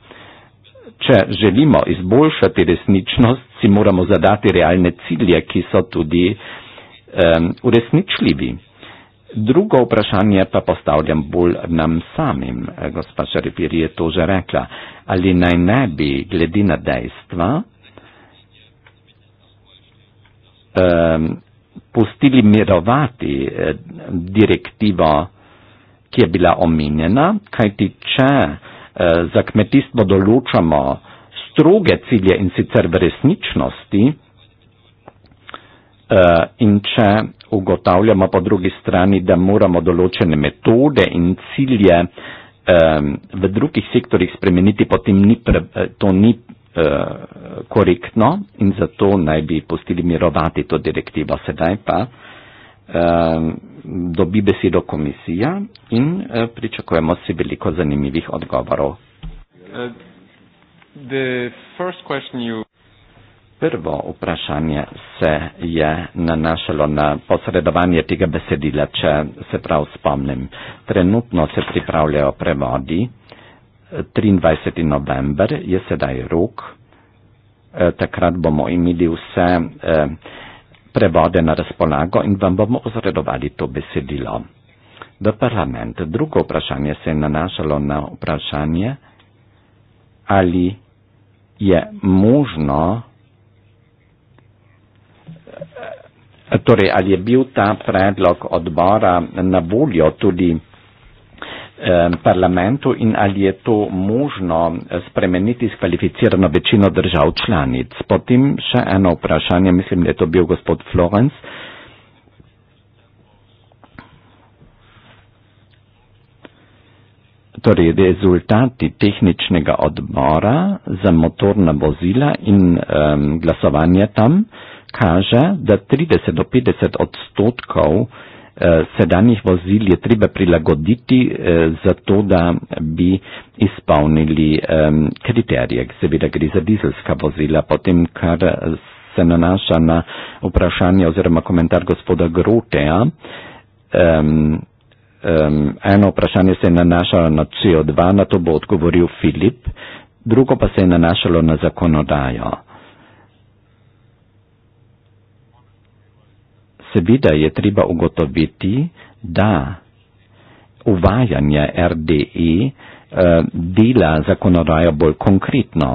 Če želimo izboljšati resničnost, si moramo zadati realne cilje, ki so tudi um, uresničljivi. Drugo vprašanje pa postavljam bolj nam samim, gospa Šarepiri je to že rekla, ali naj ne bi glede na dejstva um, pustili mirovati eh, direktivo, ki je bila omenjena, kajti če eh, za kmetijstvo določamo stroge cilje in sicer v resničnosti eh, in če ugotavljamo po drugi strani, da moramo določene metode in cilje v drugih sektorjih spremeniti, potem ni pre, to ni Eh, korektno in zato naj bi postili mirovati to direktivo. Sedaj pa eh, dobi besedo komisija in eh, pričakujemo si veliko zanimivih odgovorov. Uh, Prvo vprašanje se je nanašalo na posredovanje tega besedila, če se prav spomnim. Trenutno se pripravljajo prevodi. 23. november je sedaj rok, e, takrat bomo imeli vse e, prevode na razpolago in vam bomo ozredovali to besedilo. V parlament drugo vprašanje se je nanašalo na vprašanje, ali je možno, e, torej ali je bil ta predlog odbora na voljo tudi Ehm, parlamentu in ali je to možno spremeniti s kvalificirano večino držav članic. Potem še eno vprašanje, mislim, da je to bil gospod Florence. Torej, rezultati tehničnega odbora za motorna vozila in um, glasovanje tam kaže, da 30 do 50 odstotkov Eh, sedanjih vozil je treba prilagoditi eh, za to, da bi izpolnili kriterije. Seveda gre za dizelska vozila, potem kar se nanaša na vprašanje oziroma komentar gospoda Groteja. Eno vprašanje se je nanašalo na CO2, na to bo odgovoril Filip, drugo pa se je nanašalo na zakonodajo. Seveda je treba ugotoviti, da uvajanje RDE eh, dela zakonodajo bolj konkretno.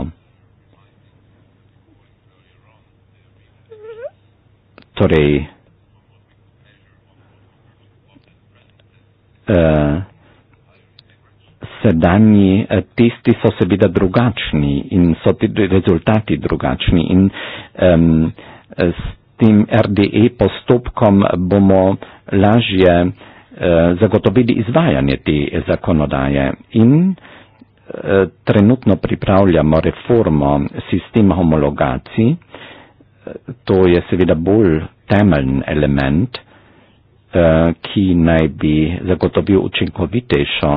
Torej, eh, sedanji eh, testi so seveda drugačni in so tudi rezultati drugačni in eh, tim RDE postopkom bomo lažje eh, zagotovili izvajanje te zakonodaje in eh, trenutno pripravljamo reformo sistema homologacij, to je seveda bolj temeljn element, eh, ki naj bi zagotovil učinkovitejšo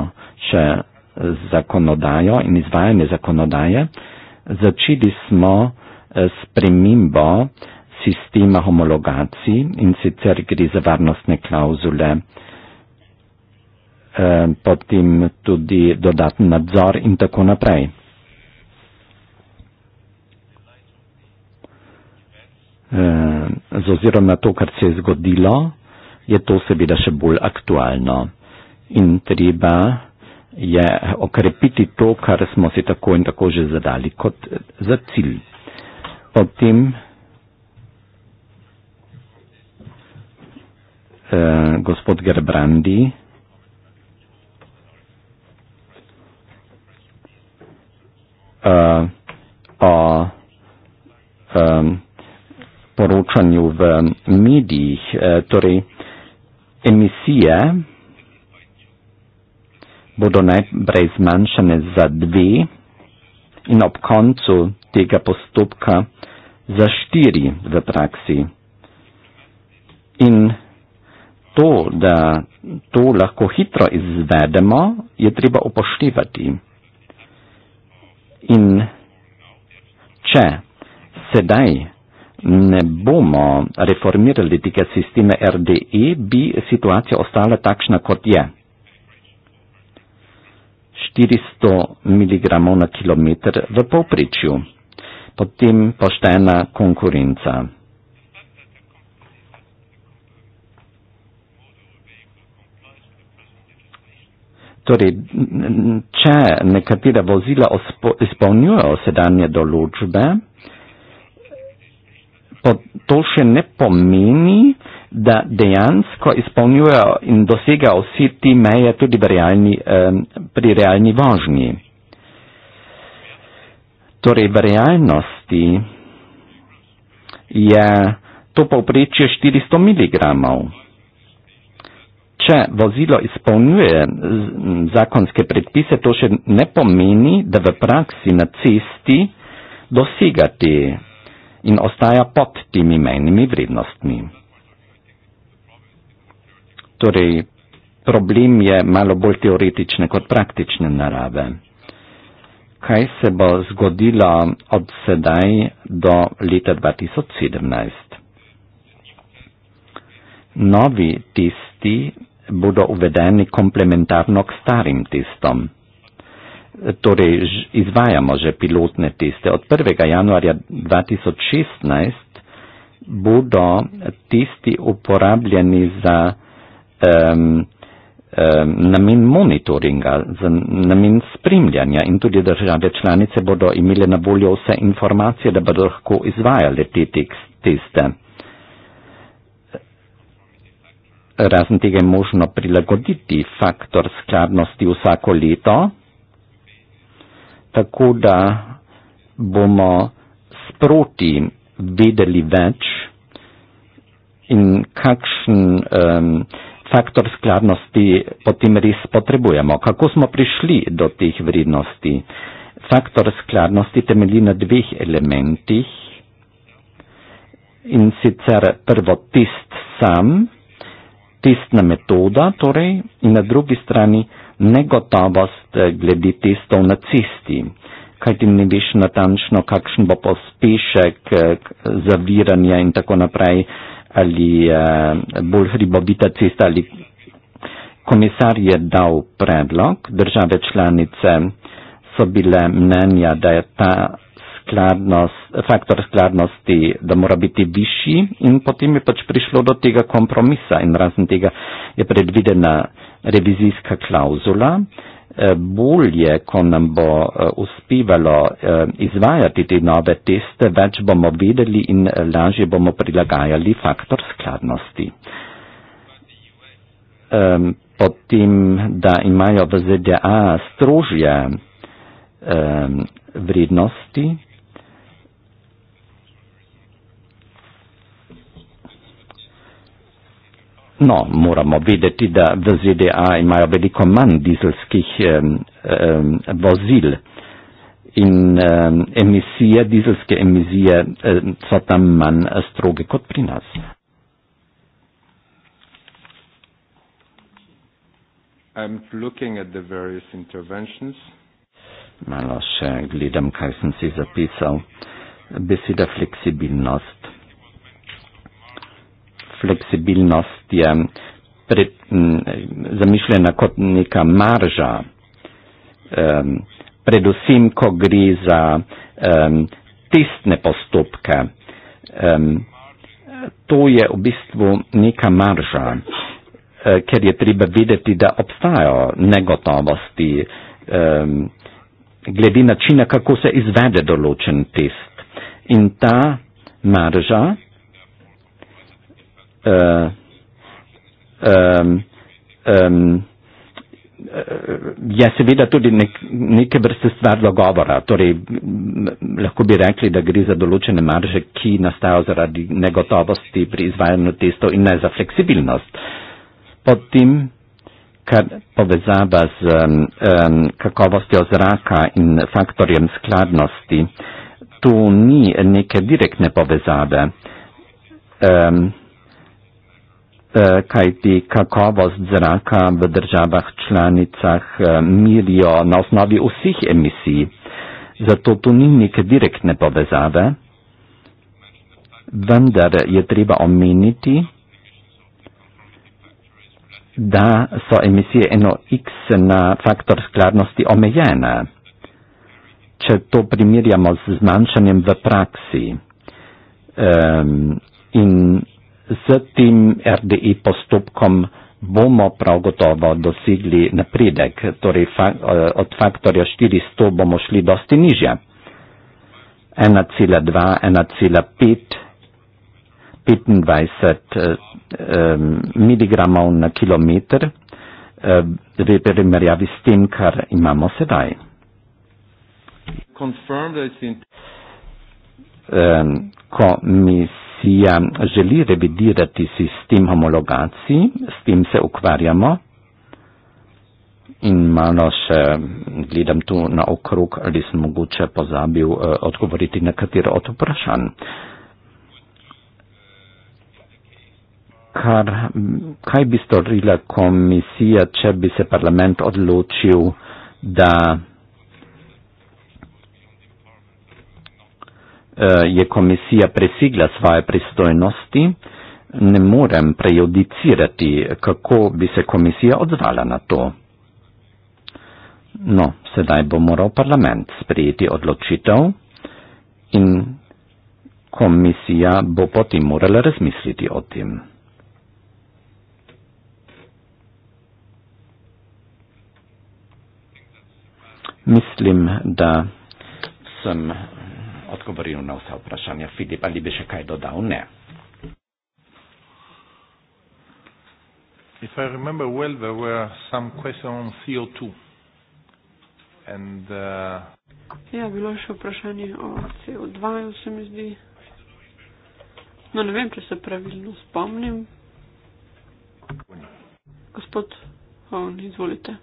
še zakonodajo in izvajanje zakonodaje. Začeli smo s premimbo sistema homologacij in sicer gre za varnostne klauzule, eh, potem tudi dodatni nadzor in tako naprej. Eh, z ozirom na to, kar se je zgodilo, je to seveda še bolj aktualno in treba je okrepiti to, kar smo si tako in tako že zadali kot za cilj. Potem eh, gospod Gerbrandi. Uh, o um, poročanju v medijih, uh, torej emisije bodo najprej zmanjšane za dve in ob koncu tega postopka za štiri v praksi. In to, da to lahko hitro izvedemo, je treba upoštevati. In če sedaj ne bomo reformirali tega sistema RDE, bi situacija ostala takšna, kot je. 400 mg na kilometr v povprečju, potem poštena konkurenca. Torej, če nekatera vozila izpolnjujejo sedanje določbe, to še ne pomeni, da dejansko izpolnjujejo in dosegajo vsi ti meje tudi realni, pri realni vožnji. Torej, v realnosti je to povprečje 400 mg če vozilo izpolnjuje zakonske predpise, to še ne pomeni, da v praksi na cesti dosega te in ostaja pod temi mejnimi vrednostmi. Torej, problem je malo bolj teoretične kot praktične narave. Kaj se bo zgodilo od sedaj do leta 2017? Novi testi bodo uvedeni komplementarno k starim testom. Torej, izvajamo že pilotne teste. Od 1. januarja 2016 bodo testi uporabljeni za um, namen monitoringa, namen spremljanja in tudi države članice bodo imele na voljo vse informacije, da bodo lahko izvajali te teste. razen tega je možno prilagoditi faktor skladnosti vsako leto, tako da bomo sproti vedeli več in kakšen um, faktor skladnosti potem res potrebujemo. Kako smo prišli do teh vrednosti? Faktor skladnosti temelji na dveh elementih in sicer prvo test sam, testna metoda, torej, in na drugi strani negotovost eh, glede testov na cesti, kajti ne veš natančno, kakšen bo pospešek eh, zaviranja in tako naprej, ali eh, bolj hribovita cesta ali. Komisar je dal predlog, države članice so bile mnenja, da je ta skladnost, faktor skladnosti, da mora biti višji in potem je pač prišlo do tega kompromisa in razen tega je predvidena revizijska klauzula. Eh, bolje, ko nam bo eh, uspevalo eh, izvajati te nove teste, več bomo vedeli in lažje bomo prilagajali faktor skladnosti. Ehm, potem, da imajo v ZDA strožje ehm, vrednosti, No, moramo vedeti, da v ZDA imajo veliko manj dizelskih eh, eh, vozil in eh, emisije, dizelske emisije eh, so tam manj eh, stroge kot pri nas. Malo še gledam, kaj sem si zapisal. Beseda fleksibilnost fleksibilnost je pre, m, zamišljena kot neka marža, um, predvsem, ko gre za um, testne postopke. Um, to je v bistvu neka marža, uh, ker je treba videti, da obstajajo negotovosti um, glede načina, kako se izvede določen test. In ta marža, Uh, um, um, uh, je seveda tudi nek, neke vrste stvar dogovora. Torej, lahko bi rekli, da gre za določene marže, ki nastajajo zaradi negotovosti pri izvajanju testov in ne za fleksibilnost. Potem, kar povezava z um, um kakovostjo zraka in faktorjem skladnosti, tu ni neke direktne povezave. Um, Eh, kajti kakovost zraka v državah članicah eh, merijo na osnovi vseh emisij, zato tu ni neke direktne povezave, vendar je treba omeniti, da so emisije eno x na faktor skladnosti omejene. Če to primerjamo z zmanjšanjem v praksi um, in s tem RDI postopkom bomo prav gotovo dosegli napredek, torej eh, od faktorja 400 bomo šli dosti nižje. 1,2-1,5-25 eh, mg na kilometr eh, v primerjavi s tem, kar imamo sedaj. Ko mi s komisija želi revidirati sistem homologacij, s tem se ukvarjamo in malo še gledam tu na okrog, ali sem mogoče pozabil eh, odgovoriti na katero od vprašanj. Kar, kaj bi storila komisija, če bi se parlament odločil, da Eh, je komisija presigla svoje pristojnosti, ne morem prejudicirati, kako bi se komisija odzvala na to. No, sedaj bo moral parlament sprejeti odločitev in komisija bo potem morala razmisliti o tem. Mislim, da sem odgovoril na vsa vprašanja. Filip, ali bi še kaj dodal? Ne. If I remember well, there were some questions on CO2. And, uh... Ja, bilo je še vprašanje o CO2, se mi zdi. No, ne vem, če se pravilno spomnim. Gospod Hovn, izvolite.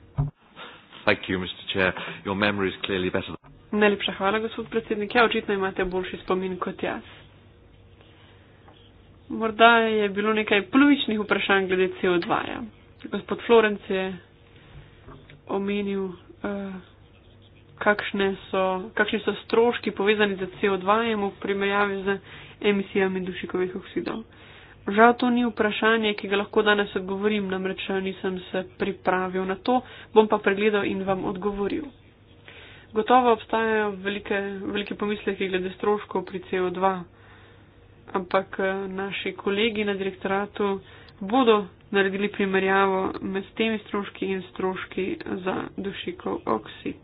Thank you, Mr. Chair. Your memory is clearly better than Najlepša hvala, gospod predsednik. Ja, očitno imate boljši spomin kot jaz. Morda je bilo nekaj polovičnih vprašanj glede CO2. -ja. Gospod Florenc je omenil, uh, kakšne so, kakšni so stroški povezani z CO2 v primerjavi z emisijami dušikovih oksidov. Žal to ni vprašanje, ki ga lahko danes odgovorim, namreč nisem se pripravil na to, bom pa pregledal in vam odgovoril. Gotovo obstajajo velike, velike pomisleki glede stroškov pri CO2, ampak eh, naši kolegi na direktoratu bodo naredili primerjavo med temi stroški in stroški za dušikov oksid.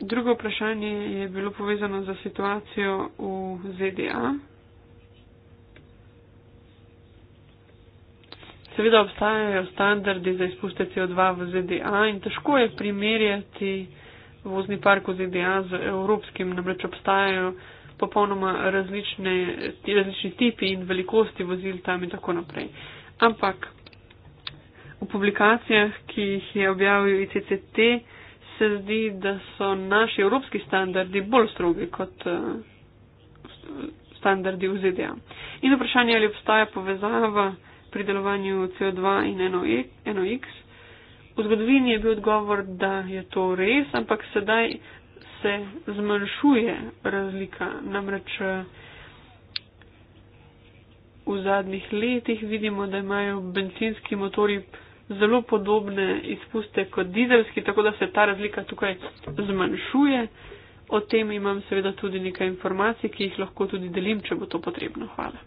Drugo vprašanje je bilo povezano za situacijo v ZDA. Seveda obstajajo standardi za izpuste CO2 v ZDA in težko je primerjati vozni park v ZDA z evropskim, namreč obstajajo popolnoma različne, različni tipi in velikosti vozil tam in tako naprej. Ampak v publikacijah, ki jih je objavil ICCT, se zdi, da so naši evropski standardi bolj strogi kot eh, standardi v ZDA. In vprašanje, ali obstaja povezava pri delovanju CO2 in NOx. V zgodovini je bil odgovor, da je to res, ampak sedaj se zmanjšuje razlika. Namreč v zadnjih letih vidimo, da imajo bencinski motori zelo podobne izpuste kot dizelski, tako da se ta razlika tukaj zmanjšuje. O tem imam seveda tudi nekaj informacij, ki jih lahko tudi delim, če bo to potrebno. Hvala.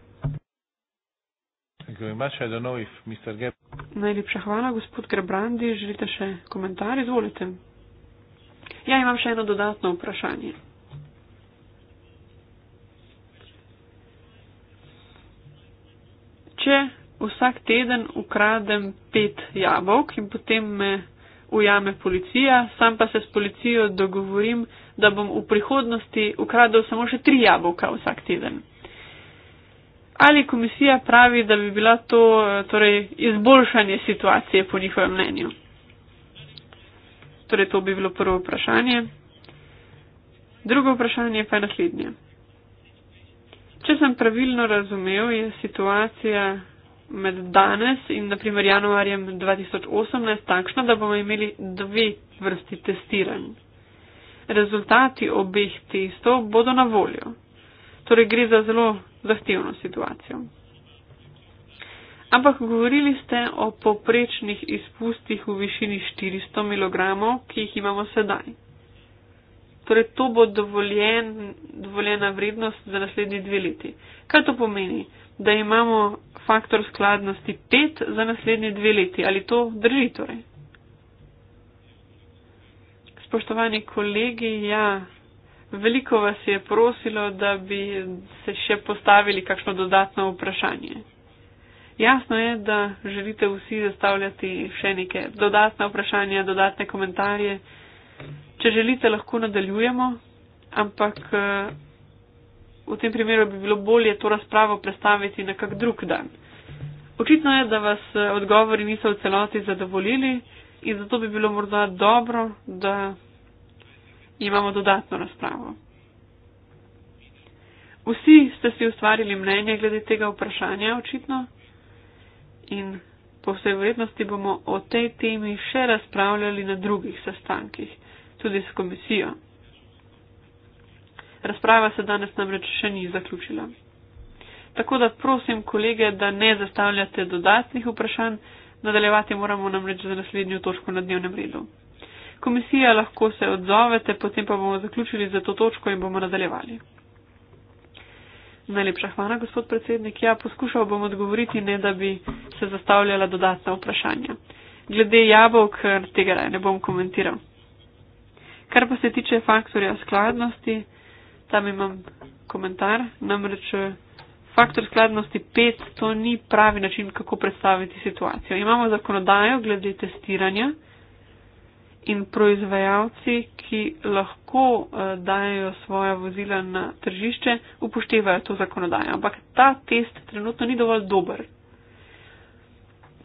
Thank you very much. I don't know if Mr. Geb. Najlepša hvala, gospod Grebrandi. Želite še komentar? Izvolite. Ja, imam še eno dodatno vprašanje. Če vsak teden ukradem pet jabolk in potem me ujame policija, sam pa se s policijo dogovorim, da bom v prihodnosti ukradel samo še tri jabolka vsak teden ali komisija pravi, da bi bila to torej, izboljšanje situacije po njihovem mnenju. Torej, to bi bilo prvo vprašanje. Drugo vprašanje pa je naslednje. Če sem pravilno razumel, je situacija med danes in naprimer januarjem 2018 takšna, da bomo imeli dve vrsti testiranj. Rezultati obeh testov bodo na voljo. Torej gre za zelo zahtevno situacijo. Ampak govorili ste o poprečnih izpustih v višini 400 mg, ki jih imamo sedaj. Torej, to bo dovoljen, dovoljena vrednost za naslednji dve leti. Kaj to pomeni? Da imamo faktor skladnosti 5 za naslednji dve leti. Ali to drži torej? Spoštovani kolegi, ja, Veliko vas je prosilo, da bi se še postavili kakšno dodatno vprašanje. Jasno je, da želite vsi zastavljati še neke dodatne vprašanja, dodatne komentarje. Če želite, lahko nadaljujemo, ampak eh, v tem primeru bi bilo bolje to razpravo predstaviti na kak drug dan. Očitno je, da vas eh, odgovori niso v celoti zadovoljili in zato bi bilo morda dobro, da imamo dodatno razpravo. Vsi ste si ustvarili mnenje glede tega vprašanja, očitno, in po vsej vrednosti bomo o tej temi še razpravljali na drugih sestankih, tudi s komisijo. Razprava se danes namreč še ni zaključila. Tako da prosim kolege, da ne zastavljate dodatnih vprašanj, nadaljevati moramo namreč za naslednjo točko na dnevnem redu komisije, lahko se odzovete, potem pa bomo zaključili za to točko in bomo nadaljevali. Najlepša hvala, gospod predsednik. Ja, poskušal bom odgovoriti, ne da bi se zastavljala dodatna vprašanja. Glede jabolk, tega ne bom komentiral. Kar pa se tiče faktorja skladnosti, tam imam komentar, namreč eh, faktor skladnosti 5 to ni pravi način, kako predstaviti situacijo. Imamo zakonodajo glede testiranja in proizvajalci, ki lahko uh, eh, dajo svoja vozila na tržišče, upoštevajo to zakonodajo. Ampak ta test trenutno ni dovolj dober.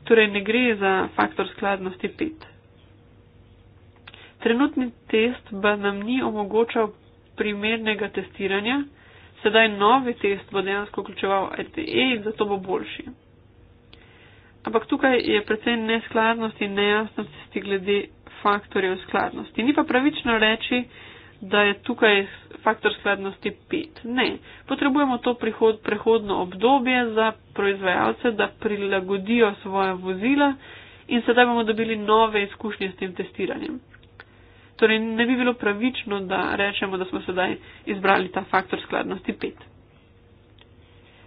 Torej ne gre za faktor skladnosti 5. Trenutni test pa nam ni omogočal primernega testiranja, sedaj novi test bo dejansko vključeval ETE e in zato bo boljši. Ampak tukaj je predvsem neskladnost in nejasnost glede faktorjev skladnosti. Ni pa pravično reči, da je tukaj faktor skladnosti 5. Ne, potrebujemo to prihod, prehodno obdobje za proizvajalce, da prilagodijo svoje vozila in sedaj bomo dobili nove izkušnje s tem testiranjem. Torej, ne bi bilo pravično, da rečemo, da smo sedaj izbrali ta faktor skladnosti 5.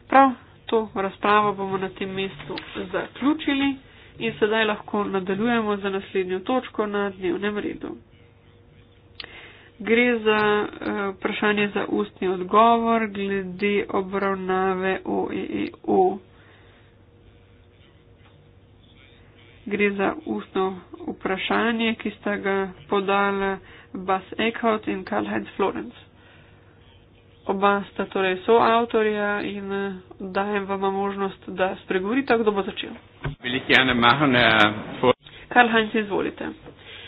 Prav to razpravo bomo na tem mestu zaključili in sedaj lahko nadaljujemo za naslednjo točko na dnevnem redu. Gre za eh, vprašanje za ustni odgovor glede obravnave OEEO. E e Gre za ustno vprašanje, ki sta ga podala Bas Eckhout in Karl-Heinz Florence oba sta torej soavtorja in eh, dajem vam možnost, da spregovorite, kdo bo začel. Karl Heinz, izvolite.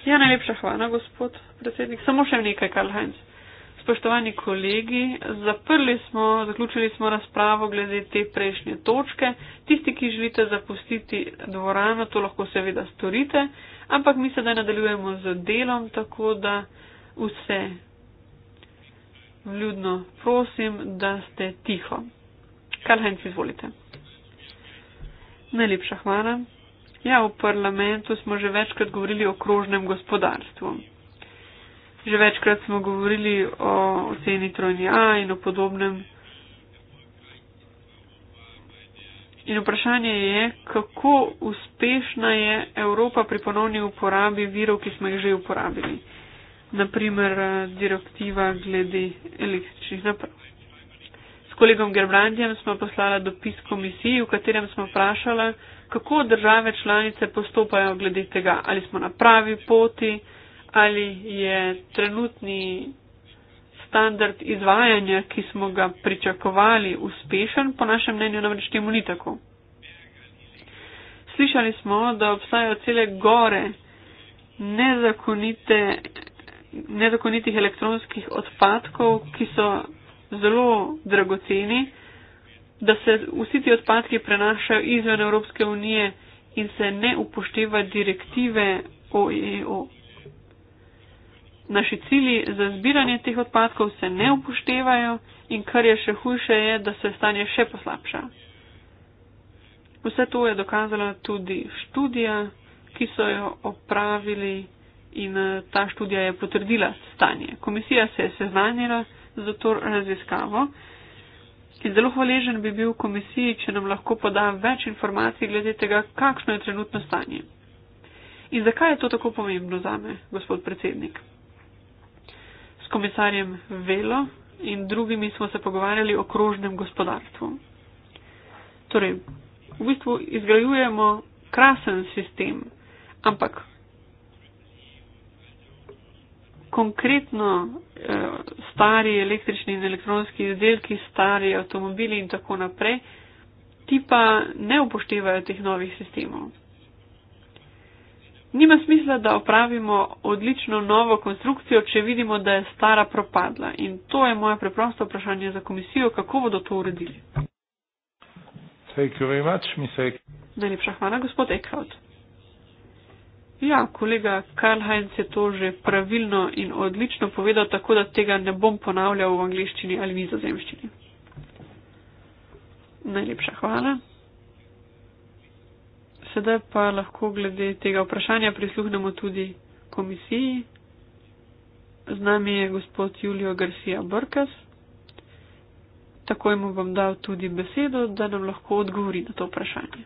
Ja, najlepša hvala, gospod predsednik. Samo še nekaj, Karl Heinz. Spoštovani kolegi, zaprli smo, zaključili smo razpravo glede te prejšnje točke. Tisti, ki želite zapustiti dvorano, to lahko seveda storite, ampak mi sedaj nadaljujemo z delom, tako da vse vljudno prosim, da ste tiho. Karl-Heinz, izvolite. Najlepša hvala. Ja, v parlamentu smo že večkrat govorili o krožnem gospodarstvu. Že večkrat smo govorili o oceni trojni A in o podobnem. In vprašanje je, kako uspešna je Evropa pri ponovni uporabi virov, ki smo jih že uporabili naprimer eh, direktiva glede električnih naprav. S kolegom Gerbrandjem smo poslali dopis komisiji, v katerem smo vprašali, kako države članice postopajo glede tega, ali smo na pravi poti, ali je trenutni standard izvajanja, ki smo ga pričakovali, uspešen, po našem mnenju namreč temu ni tako. Slišali smo, da obstajajo cele gore nezakonite nezakonitih elektronskih odpadkov, ki so zelo dragoceni, da se vsi ti odpadki prenašajo izven Evropske unije in se ne upošteva direktive OEO. E Naši cili za zbiranje teh odpadkov se ne upoštevajo in kar je še hujše je, da se stanje še poslabša. Vse to je dokazala tudi študija, ki so jo opravili in eh, ta študija je potrdila stanje. Komisija se je seznanjila za to raziskavo in zelo hvaležen bi bil komisiji, če nam lahko poda več informacij glede tega, kakšno je trenutno stanje. In zakaj je to tako pomembno za me, gospod predsednik? S komisarjem Velo in drugimi smo se pogovarjali o krožnem gospodarstvu. Torej, v bistvu izgrajujemo krasen sistem, ampak konkretno eh, stari električni in elektronski izdelki, stari avtomobili in tako naprej, ti pa ne upoštevajo teh novih sistemov. Nima smisla, da opravimo odlično novo konstrukcijo, če vidimo, da je stara propadla. In to je moje preprosto vprašanje za komisijo, kako bodo to uredili. Najlepša hvala, gospod Eckhout. Ja, kolega Karlheinz je to že pravilno in odlično povedal, tako da tega ne bom ponavljal v angliščini ali nizozemščini. Najlepša hvala. Sedaj pa lahko glede tega vprašanja prisluhnemo tudi komisiji. Z nami je gospod Julio Garcia Brkas. Takoj mu bom dal tudi besedo, da nam lahko odgovori na to vprašanje.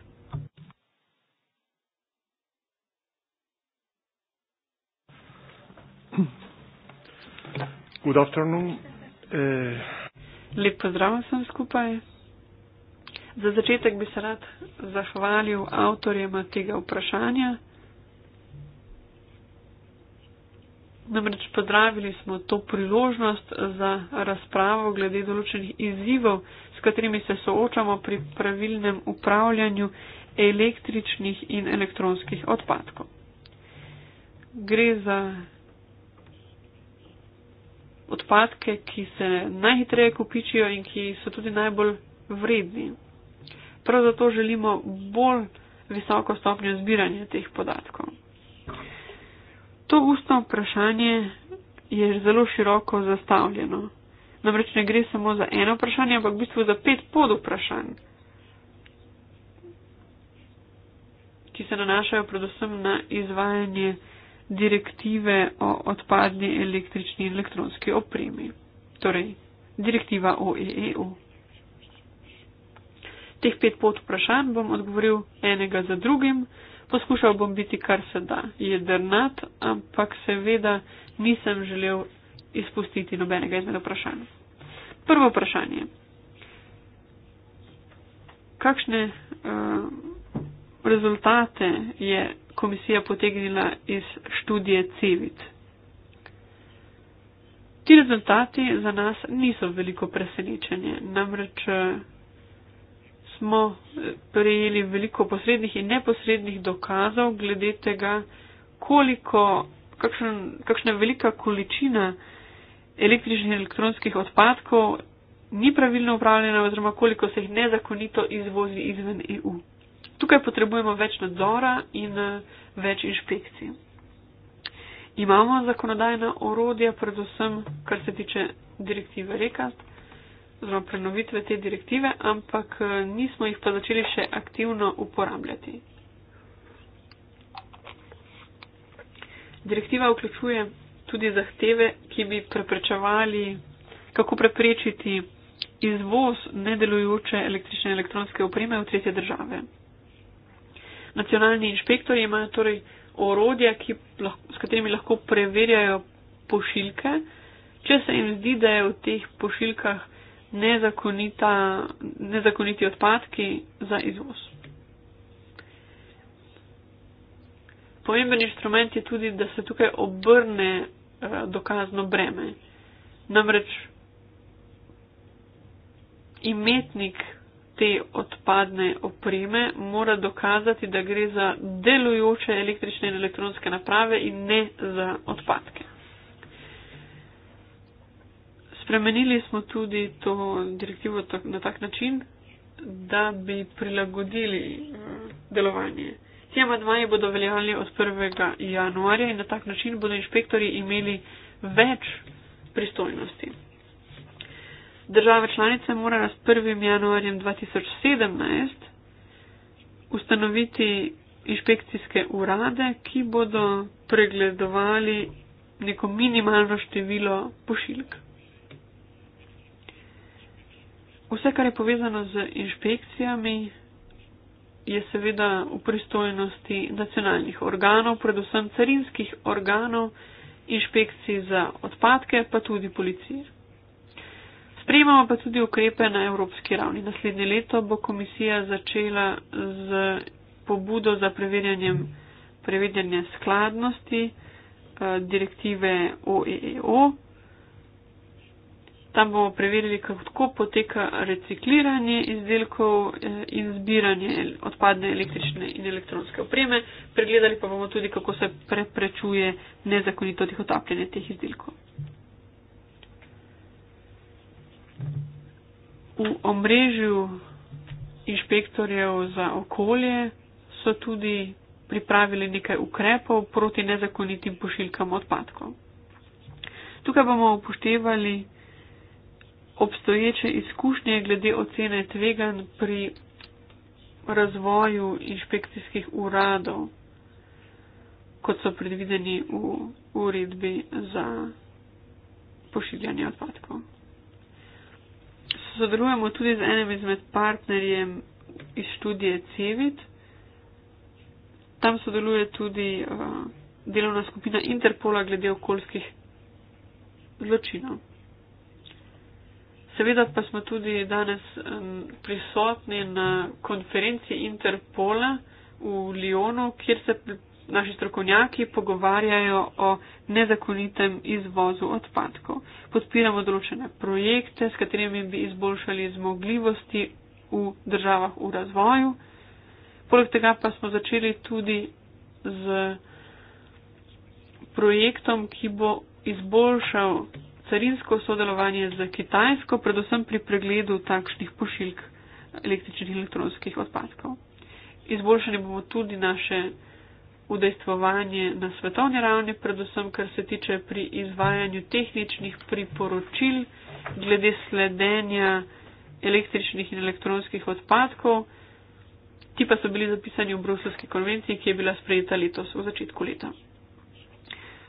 Good afternoon. Eh. Lep pozdrav sem skupaj. Za začetek bi se rad zahvalil avtorjema tega vprašanja. Namreč pozdravili smo to priložnost za razpravo glede določenih izzivov, s katerimi se soočamo pri pravilnem upravljanju električnih in elektronskih odpadkov. Gre za odpadke, ki se najhitreje kopičijo in ki so tudi najbolj vredni. Prav zato želimo bolj visoko stopnjo zbiranja teh podatkov. To ustno vprašanje je zelo široko zastavljeno. Namreč ne gre samo za eno vprašanje, ampak v bistvu za pet pod vprašanj, ki se nanašajo predvsem na izvajanje direktive o odpadni električni in elektronski opremi, torej direktiva OEEU. Teh pet pot vprašanj bom odgovoril enega za drugim, poskušal bom biti kar se da jedrnat, ampak seveda nisem želel izpustiti nobenega izmed vprašanj. Prvo vprašanje. Kakšne uh, rezultate je komisija potegnila iz študije CEVIT. Ti rezultati za nas niso veliko presenečenje, namreč eh, smo eh, prejeli veliko posrednih in neposrednih dokazov glede tega, koliko, kakšen, kakšna velika količina električnih in elektronskih odpadkov ni pravilno upravljena oziroma koliko se jih nezakonito izvozi izven EU tukaj potrebujemo več nadzora in eh, več inšpekcij. Imamo zakonodajna orodja, predvsem kar se tiče direktive Rekast, zelo prenovitve te direktive, ampak eh, nismo jih pa začeli še aktivno uporabljati. Direktiva vključuje tudi zahteve, ki bi preprečevali, kako preprečiti izvoz nedelujoče električne elektronske opreme v tretje države nacionalni inšpektori imajo torej orodja, s katerimi lahko preverjajo pošiljke. Če se jim zdi, da je v teh pošiljkah nezakoniti odpadki za izvoz. Pomemben inštrument je tudi, da se tukaj obrne eh, dokazno breme. Namreč imetnik te odpadne opreme, mora dokazati, da gre za delujoče električne in elektronske naprave in ne za odpadke. Spremenili smo tudi to direktivo na tak način, da bi prilagodili eh, delovanje. Ti amadmaji bodo veljali od 1. januarja in na tak način bodo inšpektori imeli več pristojnosti. Države članice morajo s 1. januarjem 2017 ustanoviti inšpekcijske urade, ki bodo pregledovali neko minimalno število pošiljk. Vse, kar je povezano z inšpekcijami, je seveda v pristojnosti nacionalnih organov, predvsem carinskih organov, inšpekcij za odpadke, pa tudi policije. Sprejemamo pa tudi ukrepe na evropski ravni. Naslednje leto bo komisija začela z pobudo za preverjanjem preverjanje skladnosti eh, direktive OEEO. E e Tam bomo preverili, kako poteka recikliranje izdelkov eh, in zbiranje odpadne električne in elektronske opreme. Pregledali pa bomo tudi, kako se preprečuje nezakonito tih otapljanje teh izdelkov. V omrežju inšpektorjev za okolje so tudi pripravili nekaj ukrepov proti nezakonitim pošiljkam odpadkov. Tukaj bomo upoštevali obstoječe izkušnje glede ocene tvegan pri razvoju inšpekcijskih uradov, kot so predvideni v uredbi za pošiljanje odpadkov sodelujemo tudi z enim izmed partnerjem iz študije CEVIT. Tam sodeluje tudi uh, delovna skupina Interpola glede okoljskih zločinov. Seveda pa smo tudi danes um, prisotni na konferenci Interpola v Lijonu, kjer se naši strokovnjaki pogovarjajo o nezakonitem izvozu odpadkov. Podpiramo določene projekte, s katerimi bi izboljšali zmogljivosti v državah v razvoju. Poleg tega pa smo začeli tudi z projektom, ki bo izboljšal carinsko sodelovanje z Kitajsko, predvsem pri pregledu takšnih pošiljk električnih in elektronskih odpadkov. Izboljšali bomo tudi naše udejstvovanje na svetovni ravni, predvsem kar se tiče pri izvajanju tehničnih priporočil glede sledenja električnih in elektronskih odpadkov. Ti pa so bili zapisani v Bruselski konvenciji, ki je bila sprejeta letos v začetku leta.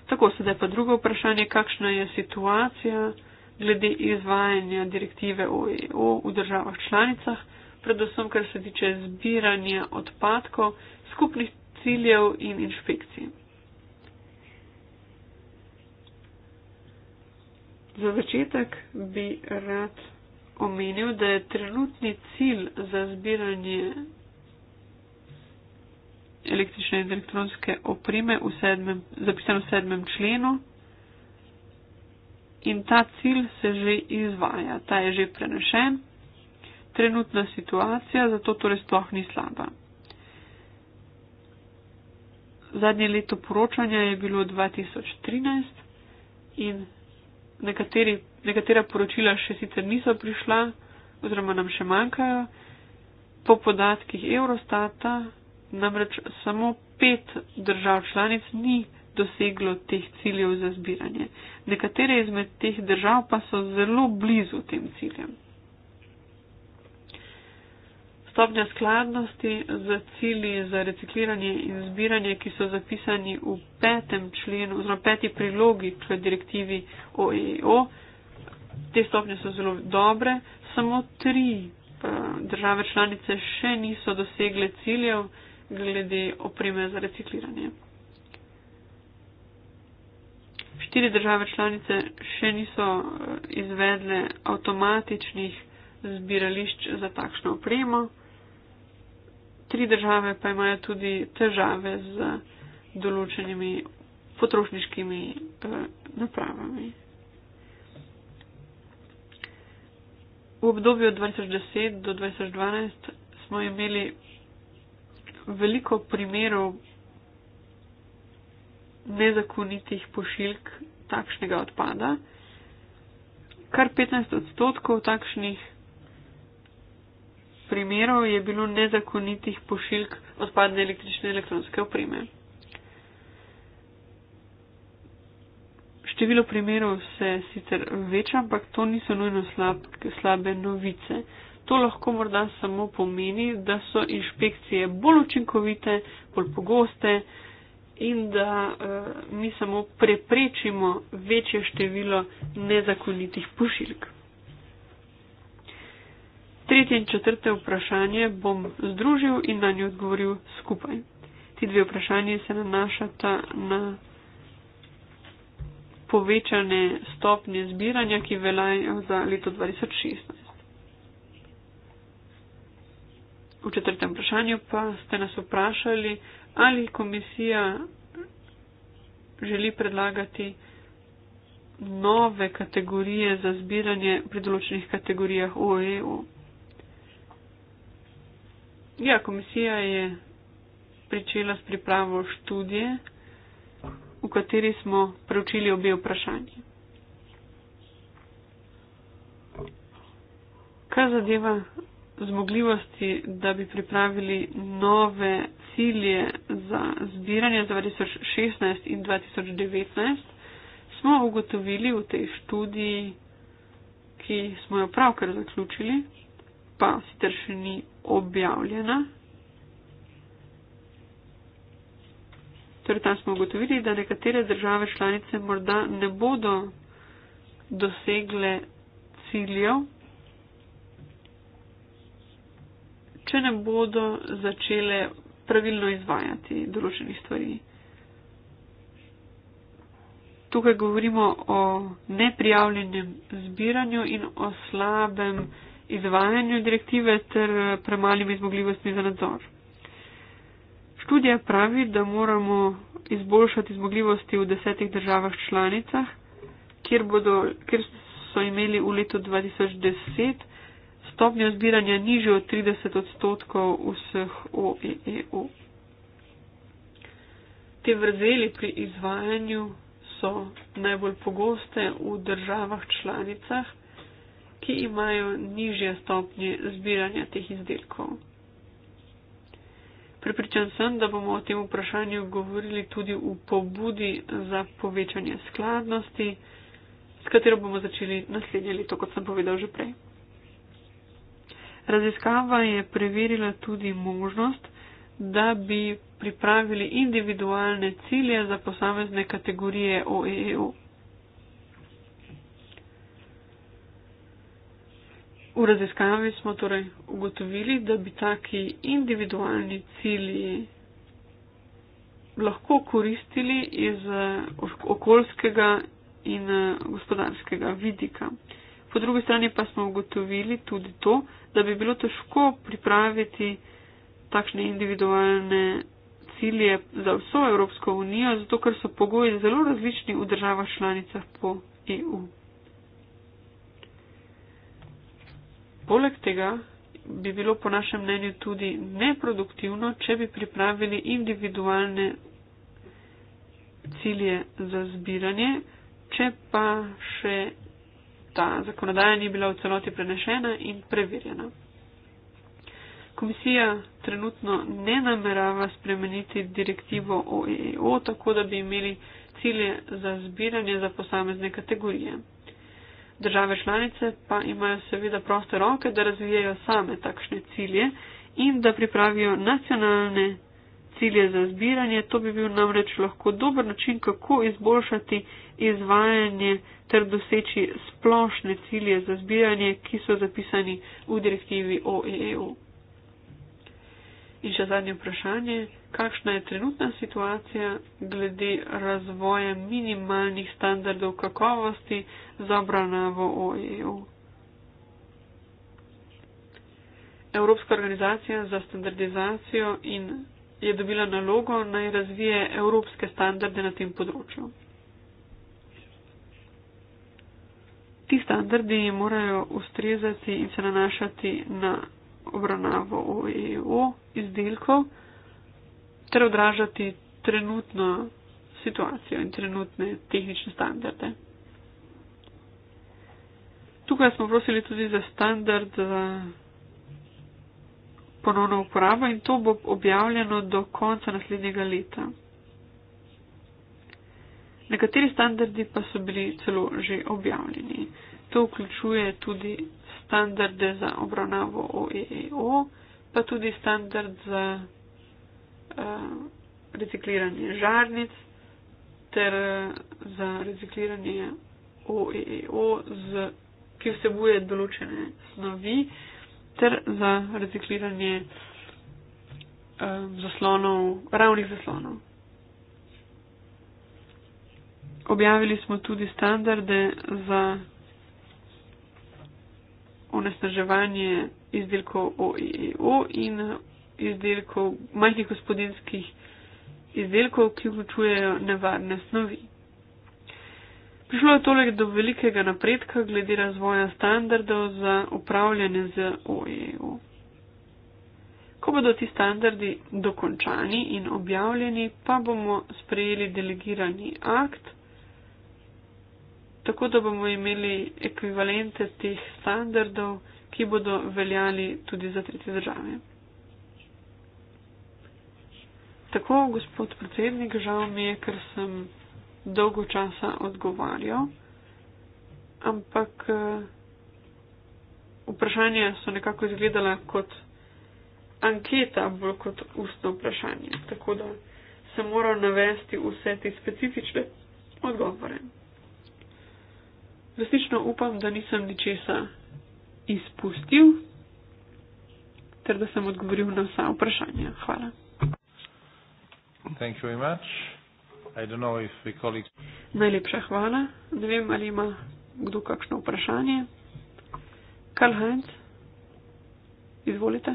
Tako sedaj pa drugo vprašanje, kakšna je situacija glede izvajanja direktive OEO e v državah članicah, predvsem kar se tiče zbiranja odpadkov, skupnih ciljev in inšpekcij. Za začetek bi rad omenil, da je trenutni cilj za zbiranje električne in elektronske opreme v sedmem, zapisano v sedmem členu in ta cilj se že izvaja, ta je že prenešen. Trenutna situacija zato torej sploh ni slaba zadnje leto poročanja je bilo 2013 in nekateri, nekatera poročila še sicer niso prišla oziroma nam še manjkajo. Po podatkih Eurostata namreč samo pet držav članic ni doseglo teh ciljev za zbiranje. Nekatere izmed teh držav pa so zelo blizu tem ciljem. Stopnja skladnosti za cilji za recikliranje in zbiranje, ki so zapisani v petem členu, oziroma peti prilogi k direktivi OEO, e e te stopnje so zelo dobre, samo tri države članice še niso dosegle ciljev glede opreme za recikliranje. Štiri države članice še niso eh, izvedle avtomatičnih zbirališč za takšno opremo tri države pa imajo tudi težave z določenimi potrošniškimi eh, napravami. V obdobju 2010 do 2012 smo imeli veliko primerov nezakonitih pošiljk takšnega odpada. Kar 15 odstotkov takšnih primerov je bilo nezakonitih pošiljk odpadne električne elektronske opreme. Število primerov se sicer veča, ampak to niso nujno slab, slabe novice. To lahko morda samo pomeni, da so inšpekcije bolj učinkovite, bolj pogoste in da uh, mi samo preprečimo večje število nezakonitih pošiljk. Tretje in četrte vprašanje bom združil in na njo odgovoril skupaj. Ti dve vprašanje se nanašata na povečane stopnje zbiranja, ki veljajo za leto 2016. V četrtem vprašanju pa ste nas vprašali, ali komisija želi predlagati nove kategorije za zbiranje pri določenih kategorijah OEO ja, komisija je pričela s pripravo študije, v kateri smo preučili obe vprašanje. Kar zadeva zmogljivosti, da bi pripravili nove cilje za zbiranje za 2016 in 2019, smo ugotovili v tej študiji, ki smo jo pravkar zaključili, pa sicer še ni objavljena. Torej, tam smo ugotovili, da nekatere države članice morda ne bodo dosegle ciljev, če ne bodo začele pravilno izvajati določenih stvari. Tukaj govorimo o neprijavljenem zbiranju in o slabem zbiranju izvajanju direktive ter eh, premalimi zmogljivostmi za nadzor. Študija pravi, da moramo izboljšati zmogljivosti v desetih državah članicah, kjer, bodo, kjer so imeli v letu 2010 stopnjo zbiranja nižjo od 30 odstotkov vseh OEEU. Te vrzeli pri izvajanju so najbolj pogoste v državah članicah, ki imajo nižje stopnje zbiranja teh izdelkov. Pripričan sem, da bomo o tem vprašanju govorili tudi v pobudi za povečanje skladnosti, s katero bomo začeli naslednje leto, kot sem povedal že prej. Raziskava je preverila tudi možnost, da bi pripravili individualne cilje za posamezne kategorije OEO. E e V raziskavi smo torej ugotovili, da bi taki individualni cilji lahko koristili iz eh, okoljskega in eh, gospodarskega vidika. Po drugi strani pa smo ugotovili tudi to, da bi bilo težko pripraviti takšne individualne cilje za vso Evropsko unijo, zato ker so pogoji zelo različni v državah članicah po EU. Poleg tega bi bilo po našem mnenju tudi neproduktivno, če bi pripravili individualne cilje za zbiranje, če pa še ta zakonodaja ni bila v celoti prenešena in preverjena. Komisija trenutno ne namerava spremeniti direktivo OEO, e e tako da bi imeli cilje za zbiranje za posamezne kategorije. Države članice pa imajo seveda proste roke, da razvijajo same takšne cilje in da pripravijo nacionalne cilje za zbiranje. To bi bil namreč lahko dober način, kako izboljšati izvajanje ter doseči splošne cilje za zbiranje, ki so zapisani v direktivi OEU. E in še zadnje vprašanje kakšna je trenutna situacija glede razvoja minimalnih standardov kakovosti za obravnavo v EU. Evropska organizacija za standardizacijo in je dobila nalogo naj razvije evropske standarde na tem področju. Ti standardi morajo ustrezati in se nanašati na obravnavo v EU izdelkov, ter odražati trenutno situacijo in trenutne tehnične standarde. Tukaj smo prosili tudi za standard za ponovno uporabo in to bo objavljeno do konca naslednjega leta. Nekateri standardi pa so bili celo že objavljeni. To vključuje tudi standarde za obravnavo OEEO, e e pa tudi standard za Eh, recikliranje žarnic ter eh, za recikliranje OEO, e e z, ki vsebuje določene snovi, ter za recikliranje eh, zaslonov, ravnih zaslonov. Objavili smo tudi standarde za onesnaževanje izdelkov OEO e in izdelkov, majhnih gospodinskih izdelkov, ki vključujejo nevarne snovi. Prišlo je toliko torej do velikega napredka glede razvoja standardov za upravljanje z OEU. Ko bodo ti standardi dokončani in objavljeni, pa bomo sprejeli delegirani akt, tako da bomo imeli ekvivalente teh standardov, ki bodo veljali tudi za tretje države. Tako, gospod predsednik, žal mi je, ker sem dolgo časa odgovarjal, ampak eh, vprašanja so nekako izgledala kot anketa, bolj kot ustno vprašanje. Tako da sem moral navesti vse te specifične odgovore. Resnično upam, da nisem ničesa izpustil ter da sem odgovoril na vsa vprašanja. Hvala. Thank you very much. I don't know if the colleagues... Najlepša hvala. Ne vem, ali ima kdo kakšno vprašanje. Karl Heinz, izvolite.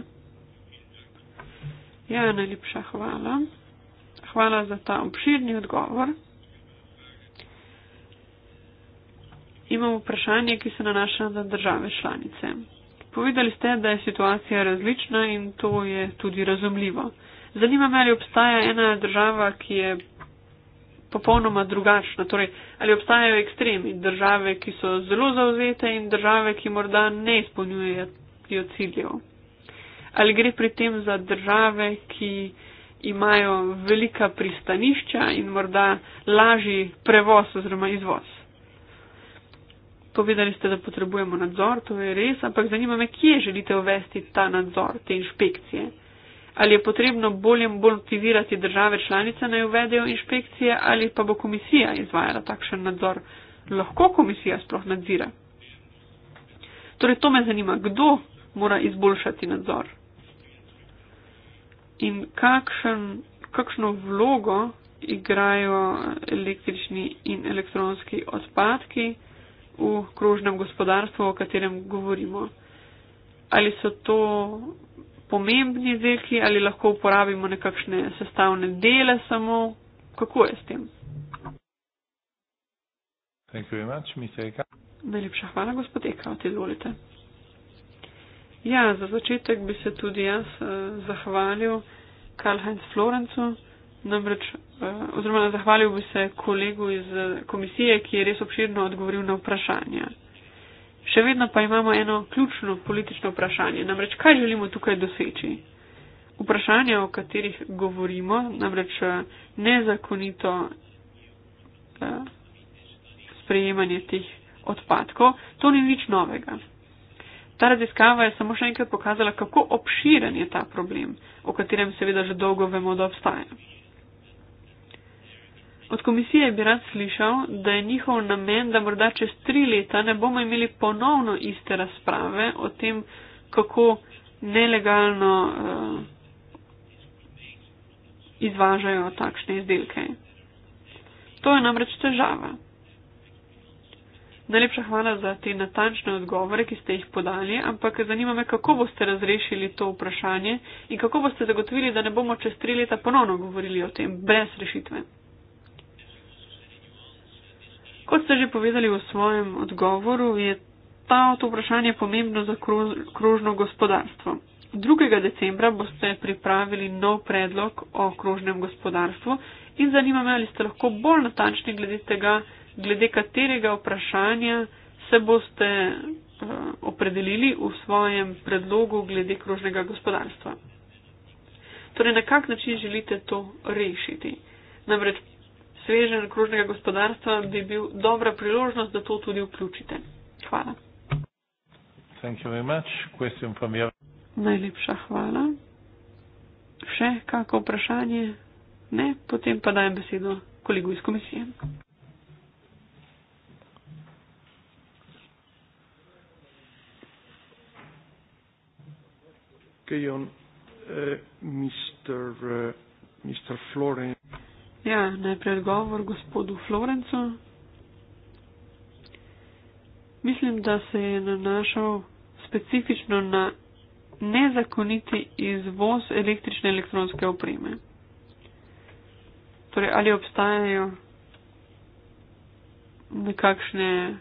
Ja, najlepša hvala. Hvala za ta obširni odgovor. Imam vprašanje, ki se nanaša na države članice. Povedali ste, da je situacija različna in to je tudi razumljivo. Zanima me, ali obstaja ena država, ki je popolnoma drugačna. Torej, ali obstajajo ekstremi, države, ki so zelo zauzete in države, ki morda ne izpolnjujejo ciljev. Ali gre pri tem za države, ki imajo velika pristanišča in morda lažji prevoz oziroma izvoz. Povedali ste, da potrebujemo nadzor, to je res, ampak zanima me, kje želite uvesti ta nadzor, te inšpekcije ali je potrebno bolj in bolj aktivirati države članice, naj uvedejo inšpekcije, ali pa bo komisija izvajala takšen nadzor. Lahko komisija sploh nadzira. Torej, to me zanima, kdo mora izboljšati nadzor in kakšen, kakšno vlogo igrajo električni in elektronski odpadki v krožnem gospodarstvu, o katerem govorimo. Ali so to pomembni izdelki ali lahko uporabimo nekakšne sestavne dele samo. Kako je s tem? Najlepša hvala, gospod Eka, ti izvolite. Ja, za začetek bi se tudi jaz uh, zahvalil Karl-Heinz Florencu, namreč, uh, oziroma zahvalil bi se kolegu iz uh, komisije, ki je res obširno odgovoril na vprašanja še vedno pa imamo eno ključno politično vprašanje. Namreč, kaj želimo tukaj doseči? Vprašanje, o katerih govorimo, namreč eh, nezakonito eh, sprejemanje teh odpadkov, to ni nič novega. Ta raziskava je samo še enkrat pokazala, kako obširen je ta problem, o katerem seveda že dolgo vemo, da obstaja. Od komisije bi rad slišal, da je njihov namen, da morda čez tri leta ne bomo imeli ponovno iste razprave o tem, kako nelegalno uh, izvažajo takšne izdelke. To je namreč težava. Najlepša hvala za te natančne odgovore, ki ste jih podali, ampak zanima me, kako boste razrešili to vprašanje in kako boste zagotovili, da ne bomo čez tri leta ponovno govorili o tem brez rešitve. Kot ste že povedali v svojem odgovoru, je ta to vprašanje pomembno za kruž, kružno gospodarstvo. 2. decembra boste pripravili nov predlog o kružnem gospodarstvu in zanima me, ali ste lahko bolj natančni glede tega, glede katerega vprašanja se boste uh, opredelili v svojem predlogu glede kružnega gospodarstva. Torej, na kak način želite to rešiti? Namreč sveženj krožnega gospodarstva bi bil dobra priložnost, da to tudi vključite. Hvala. Najlepša hvala. Še kako vprašanje? Ne, potem pa dajem besedo kolegu iz komisije. Kajon, uh, eh, Mr. Uh, eh, Mr. Florence. Ja, najprej odgovor gospodu Florencu. Mislim, da se je nanašal specifično na nezakoniti izvoz električne elektronske opreme. Torej, ali obstajajo nekakšne,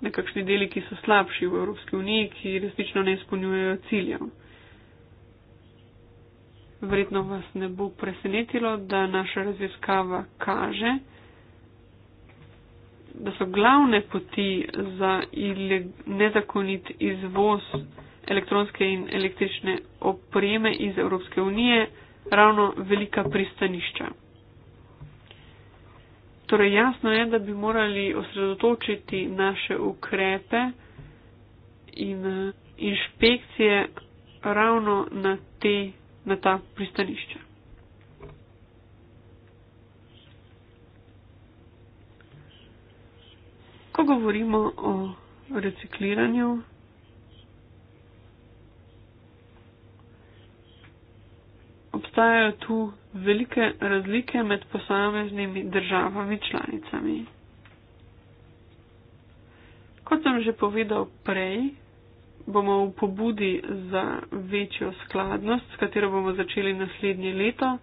nekakšni deli, ki so slabši v Evropski uniji, ki resnično ne izpolnjujejo ciljev. Verjetno vas ne bo presenetilo, da naša raziskava kaže, da so glavne poti za nezakonit izvoz elektronske in električne opreme iz Evropske unije ravno velika pristanišča. Torej jasno je, da bi morali osredotočiti naše ukrepe in eh, inšpekcije ravno na te na ta pristanišče. Ko govorimo o recikliranju, obstajajo tu velike razlike med posameznimi državami članicami. Kot sem že povedal prej, bomo v pobudi za večjo skladnost, s katero bomo začeli naslednje leto,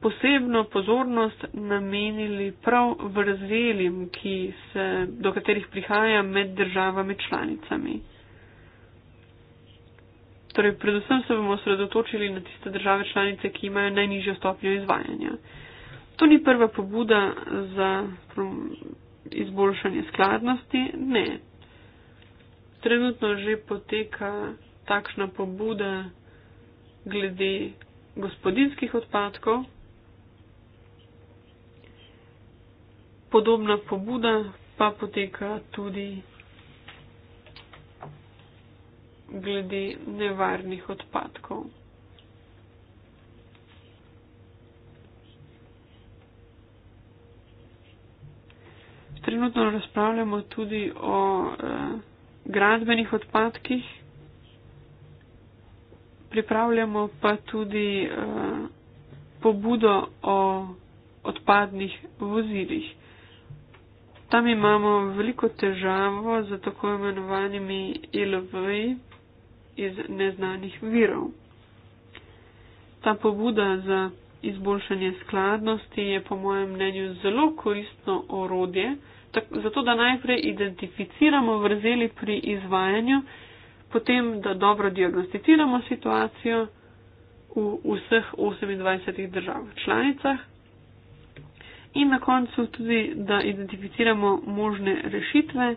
posebno pozornost namenili prav vrzeljem, do katerih prihaja med državami članicami. Torej, predvsem se bomo osredotočili na tiste države članice, ki imajo najnižjo stopnjo izvajanja. To ni prva pobuda za izboljšanje skladnosti, ne, trenutno že poteka takšna pobuda glede gospodinskih odpadkov. Podobna pobuda pa poteka tudi glede nevarnih odpadkov. Trenutno razpravljamo tudi o eh, gradbenih odpadkih, pripravljamo pa tudi eh, pobudo o odpadnih vozilih. Tam imamo veliko težavo z tako imenovanimi ILV-ji iz neznanih virov. Ta pobuda za izboljšanje skladnosti je po mojem mnenju zelo koristno orodje, zato da najprej identificiramo vrzeli pri izvajanju, potem da dobro diagnosticiramo situacijo v vseh 28 državah članicah in na koncu tudi, da identificiramo možne rešitve,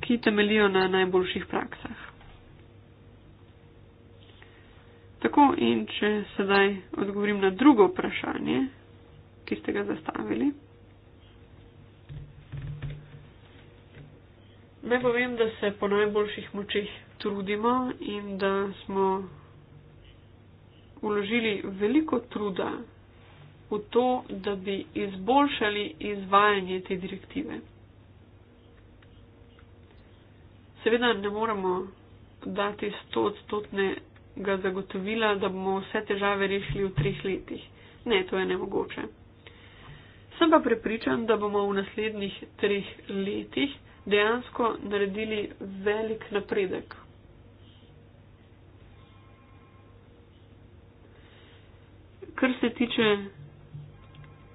ki temelijo na najboljših praksah. Tako in če sedaj odgovorim na drugo vprašanje, ki ste ga zastavili. Naj povem, da se po najboljših močeh trudimo in da smo uložili veliko truda v to, da bi izboljšali izvajanje te direktive. Seveda ne moremo dati 100 odstotnega zagotovila, da bomo vse težave rešili v treh letih. Ne, to je nemogoče. Sem pa prepričan, da bomo v naslednjih treh letih dejansko naredili velik napredek. Kar se tiče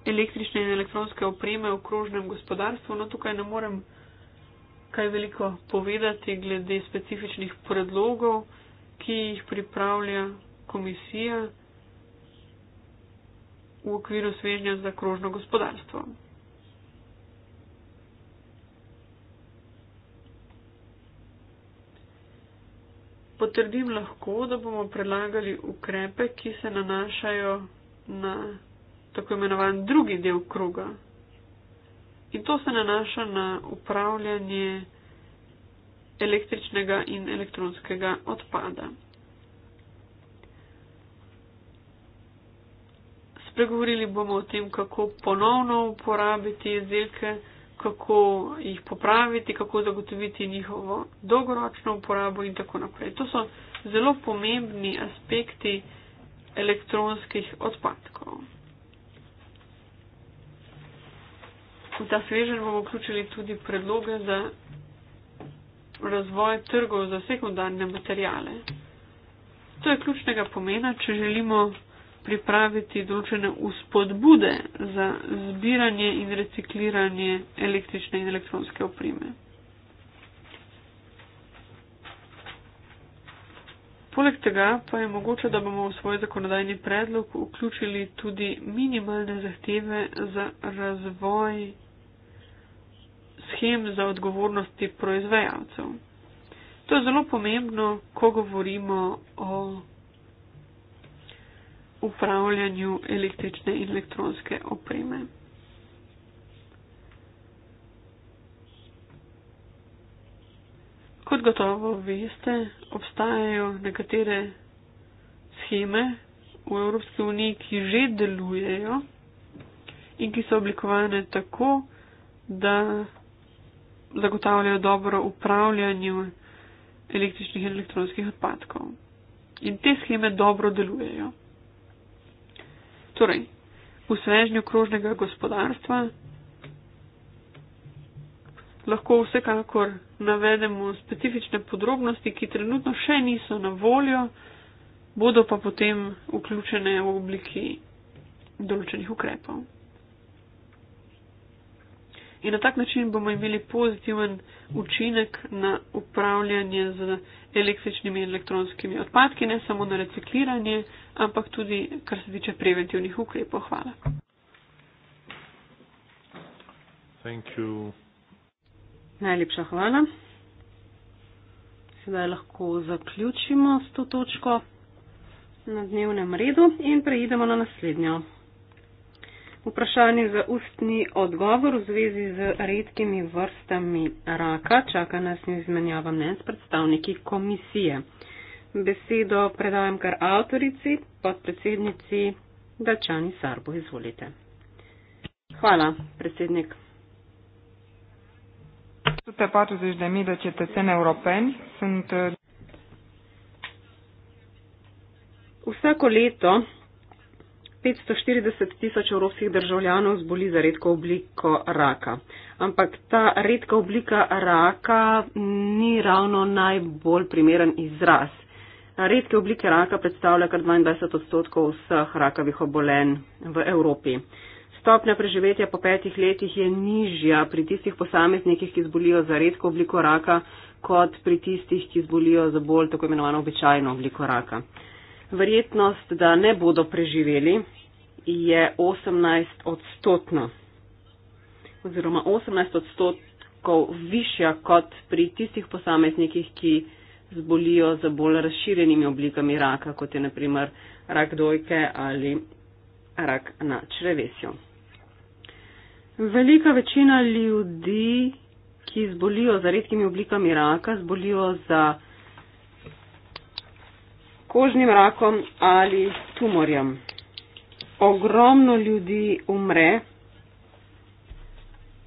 električne in elektronske opreme v krožnem gospodarstvu, no tukaj ne morem kaj veliko povedati glede specifičnih predlogov, ki jih pripravlja komisija v okviru svežnja za krožno gospodarstvo. Potrdim lahko, da bomo predlagali ukrepe, ki se nanašajo na tako imenovan drugi del kroga. In to se nanaša na upravljanje električnega in elektronskega odpada. Spregovorili bomo o tem, kako ponovno uporabiti jezelke kako jih popraviti, kako zagotoviti njihovo dolgoročno uporabo in tako naprej. To so zelo pomembni aspekti elektronskih odpadkov. V ta svežen bomo vključili tudi predloge za razvoj trgov za sekundarne materijale. To je ključnega pomena, če želimo pripraviti določene uspodbude za zbiranje in recikliranje električne in elektronske opreme. Poleg tega pa je mogoče, da bomo v svoj zakonodajni predlog vključili tudi minimalne zahteve za razvoj schem za odgovornosti proizvajalcev. To je zelo pomembno, ko govorimo o upravljanju električne in elektronske opreme. Kot gotovo veste, obstajajo nekatere scheme v Evropski uniji, ki že delujejo in ki so oblikovane tako, da zagotavljajo dobro upravljanje električnih in elektronskih odpadkov. In te scheme dobro delujejo. Torej, v svežnju krožnega gospodarstva lahko vsekakor navedemo specifične podrobnosti, ki trenutno še niso na voljo, bodo pa potem vključene v obliki določenih ukrepov. In na tak način bomo imeli pozitiven učinek na upravljanje z električnimi in elektronskimi odpadki, ne samo na recikliranje, ampak tudi, kar se tiče preventivnih ukrepov. Hvala. Najlepša hvala. Sedaj lahko zaključimo s to točko na dnevnem redu in preidemo na naslednjo. Vprašanje za ustni odgovor v zvezi z redkimi vrstami raka čaka nas in izmenjava mnen s predstavniki komisije. Besedo predajam kar avtorici, podpredsednici Dačani Sarbo. Izvolite. Hvala, predsednik. Tu te pa tudi zdaj mi, da če te cene Evropen, sem te... Vsako leto 540 tisoč evropskih državljanov zboli za redko obliko raka. Ampak ta redka oblika raka ni ravno najbolj primeren izraz. Redke oblike raka predstavlja kar 22 odstotkov vseh rakavih obolenj v Evropi. Stopnja preživetja po petih letih je nižja pri tistih posameznikih, ki zbolijo za redko obliko raka, kot pri tistih, ki zbolijo za bolj tako imenovano običajno obliko raka verjetnost, da ne bodo preživeli, je 18 odstotna oziroma 18 odstotkov višja kot pri tistih posameznikih, ki zbolijo za bolj razširjenimi oblikami raka, kot je naprimer rak dojke ali rak na črevesju. Velika večina ljudi, ki zbolijo za redkimi oblikami raka, zbolijo za kožnim rakom ali tumorjem. Ogromno ljudi umre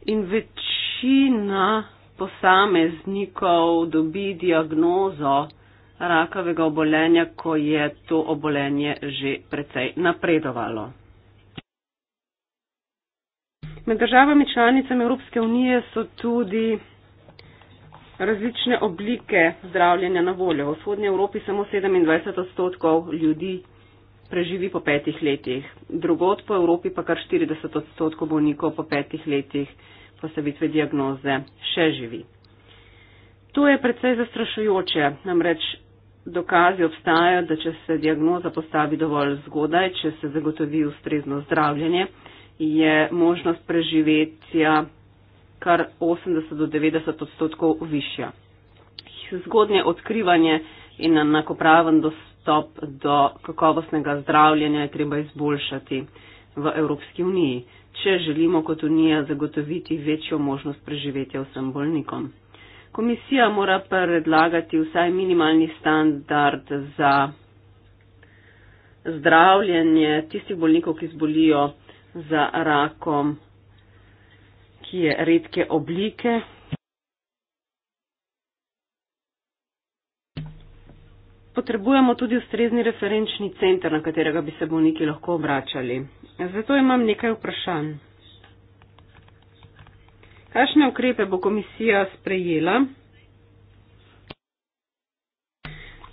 in večina posameznikov dobi diagnozo rakavega obolenja, ko je to obolenje že precej napredovalo. Med državami članicami Evropske unije so tudi različne oblike zdravljenja na voljo. V vzhodnji Evropi samo 27 odstotkov ljudi preživi po petih letih, drugod po Evropi pa kar 40 odstotkov bolnikov po petih letih postavitve diagnoze še živi. To je predvsej zastrašujoče, namreč dokazi obstajajo, da če se diagnoza postavi dovolj zgodaj, če se zagotovi ustrezno zdravljenje, je možnost preživetja kar 80 do 90 odstotkov višja. Zgodnje odkrivanje in enakopraven dostop do kakovostnega zdravljenja je treba izboljšati v Evropski uniji, če želimo kot unija zagotoviti večjo možnost preživetja vsem bolnikom. Komisija mora predlagati vsaj minimalni standard za zdravljenje tistih bolnikov, ki zbolijo za rakom ki je redke oblike. Potrebujemo tudi ustrezni referenčni center, na katerega bi se bolniki lahko obračali. Zato imam nekaj vprašanj. Kakšne ukrepe bo komisija sprejela?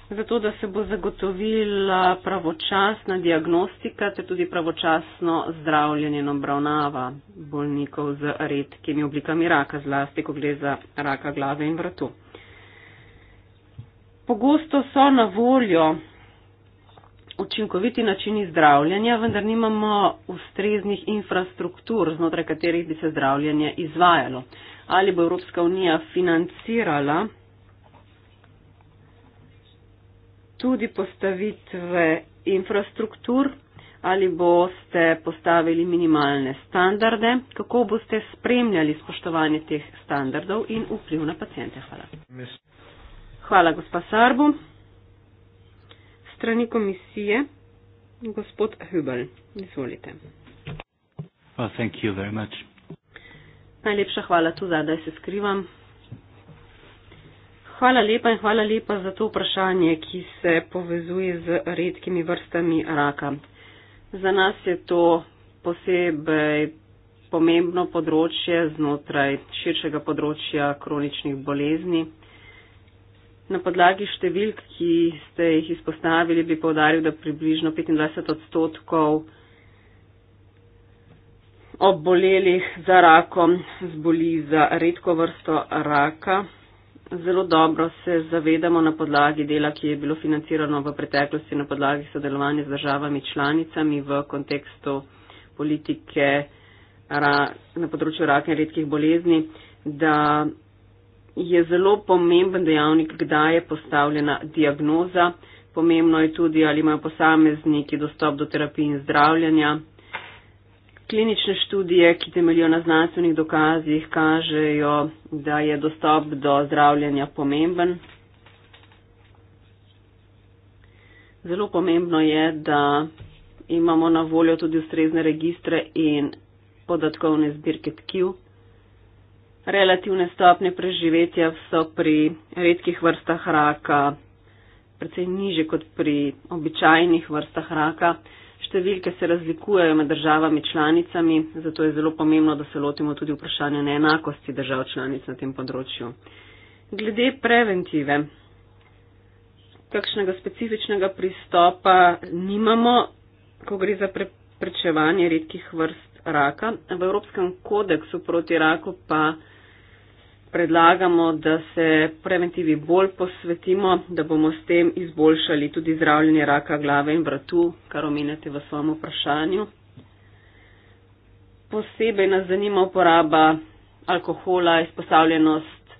zato da se bo zagotovila pravočasna diagnostika ter tudi pravočasno zdravljenje in obravnava bolnikov z redkimi oblikami raka, zlasti, ko gre za raka glave in vratu. Pogosto so na voljo učinkoviti načini zdravljenja, vendar nimamo ustreznih infrastruktur, znotraj katerih bi se zdravljenje izvajalo. Ali bo Evropska unija financirala tudi postavitve infrastruktur, ali boste postavili minimalne standarde, kako boste spremljali spoštovanje teh standardov in vpliv na pacijente. Hvala. Hvala, gospa Sarbu. Strani komisije, gospod Hübel, izvolite. Well, thank you very much. Najlepša hvala tu zadaj, se skrivam. Hvala lepa in hvala lepa za to vprašanje, ki se povezuje z redkimi vrstami raka. Za nas je to posebej pomembno področje znotraj širšega področja kroničnih bolezni. Na podlagi številk, ki ste jih izpostavili, bi povdaril, da približno 25 odstotkov obolelih za rakom zboli za redko vrsto raka. Zelo dobro se zavedamo na podlagi dela, ki je bilo financirano v preteklosti na podlagi sodelovanja z državami članicami v kontekstu politike na področju raka in redkih bolezni, da je zelo pomemben dejavnik, kdaj je postavljena diagnoza. Pomembno je tudi, ali imajo posamezniki dostop do terapij in zdravljanja, klinične študije, ki temeljijo na znanstvenih dokazih, kažejo, da je dostop do zdravljenja pomemben. Zelo pomembno je, da imamo na voljo tudi ustrezne registre in podatkovne zbirke tkiv. Relativne stopne preživetja so pri redkih vrstah raka precej niže kot pri običajnih vrstah raka številke se razlikujejo med državami članicami, zato je zelo pomembno, da se lotimo tudi vprašanja neenakosti držav članic na tem področju. Glede preventive, kakšnega specifičnega pristopa nimamo, ko gre za preprečevanje redkih vrst raka. V Evropskem kodeksu proti raku pa predlagamo, da se preventivi bolj posvetimo, da bomo s tem izboljšali tudi zdravljenje raka glave in vratu, kar omenjate v svojem vprašanju. Posebej nas zanima uporaba alkohola, izpostavljenost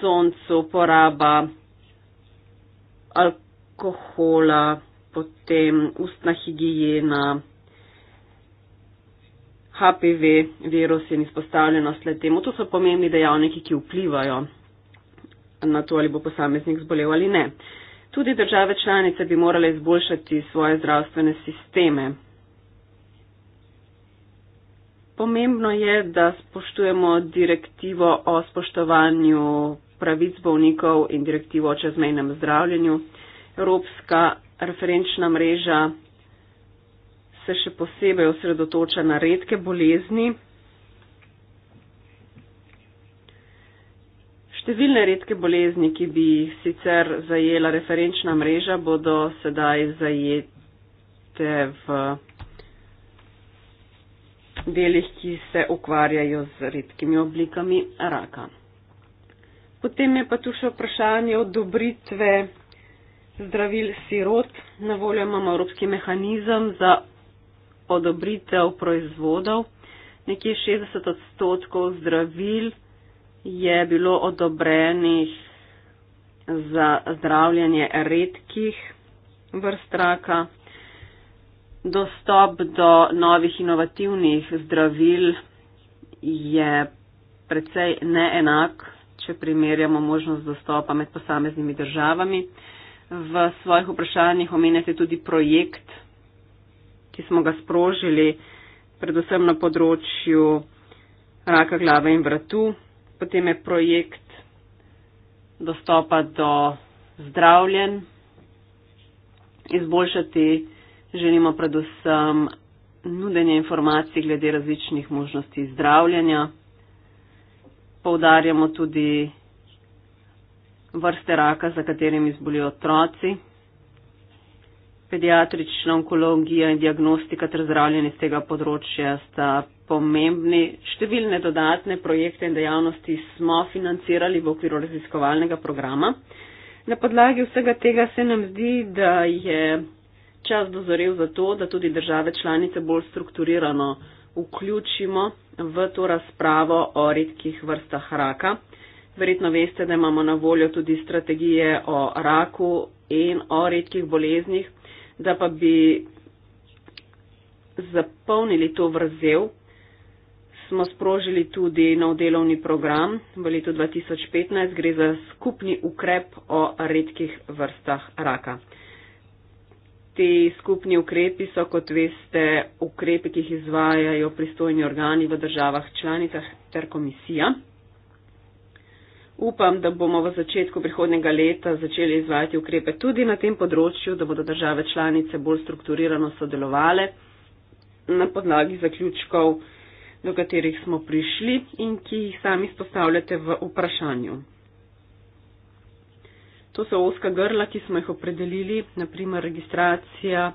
soncu, uporaba alkohola, potem ustna higijena. HPV virus in izpostavljenost le temu. To so pomembni dejavniki, ki vplivajo na to, ali bo posameznik zbolel ali ne. Tudi države članice bi morale izboljšati svoje zdravstvene sisteme. Pomembno je, da spoštujemo direktivo o spoštovanju pravic bolnikov in direktivo o čezmejnem zdravljenju. Evropska referenčna mreža se še posebej osredotoča na redke bolezni. Številne redke bolezni, ki bi jih sicer zajela referenčna mreža, bodo sedaj zajete v delih, ki se ukvarjajo z redkimi oblikami raka. Potem je pa tu še vprašanje odobritve zdravil sirot. Na voljo imamo evropski mehanizem za odobritev proizvodov. Nekje 60 odstotkov zdravil je bilo odobrenih za zdravljanje redkih vrst raka. Dostop do novih inovativnih zdravil je precej neenak, če primerjamo možnost dostopa med posameznimi državami. V svojih vprašanjih omenjate tudi projekt ki smo ga sprožili, predvsem na področju raka glave in vratu. Potem je projekt dostopa do zdravljen. Izboljšati želimo predvsem nudenje informacij glede različnih možnosti zdravljenja. Poudarjamo tudi vrste raka, za katerimi izbolijo otroci pediatrična onkologija in diagnostika ter zdravljenje z tega področja sta pomembni. Številne dodatne projekte in dejavnosti smo financirali v okviru raziskovalnega programa. Na podlagi vsega tega se nam zdi, da je čas dozorel za to, da tudi države članice bolj strukturirano vključimo v to razpravo o redkih vrstah raka. Verjetno veste, da imamo na voljo tudi strategije o raku in o redkih boleznih da pa bi zapolnili to vrzel, smo sprožili tudi nov delovni program v letu 2015, gre za skupni ukrep o redkih vrstah raka. Ti skupni ukrepi so, kot veste, ukrepi, ki jih izvajajo pristojni organi v državah članicah ter komisija upam, da bomo v začetku prihodnega leta začeli izvajati ukrepe tudi na tem področju, da bodo države članice bolj strukturirano sodelovale na podlagi zaključkov, do katerih smo prišli in ki jih sami spostavljate v vprašanju. To so oska grla, ki smo jih opredelili, naprimer registracija,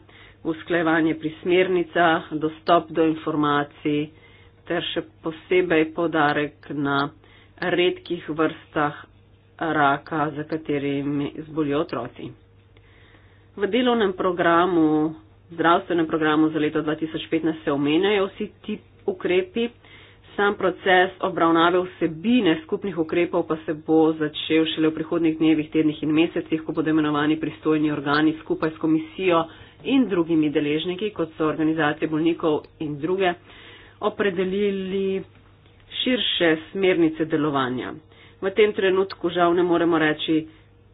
usklajevanje pri smernicah, dostop do informacij ter še posebej podarek na redkih vrstah raka, za katerimi zbolijo otroci. V delovnem programu, zdravstvenem programu za leto 2015 se omenjajo vsi ti ukrepi, sam proces obravnave vsebine skupnih ukrepov pa se bo začel šele v prihodnih dnevih, tednih in mesecih, ko bodo imenovani pristojni organi skupaj s komisijo in drugimi deležniki, kot so organizacije bolnikov in druge, opredelili širše smernice delovanja. V tem trenutku žal ne moremo reči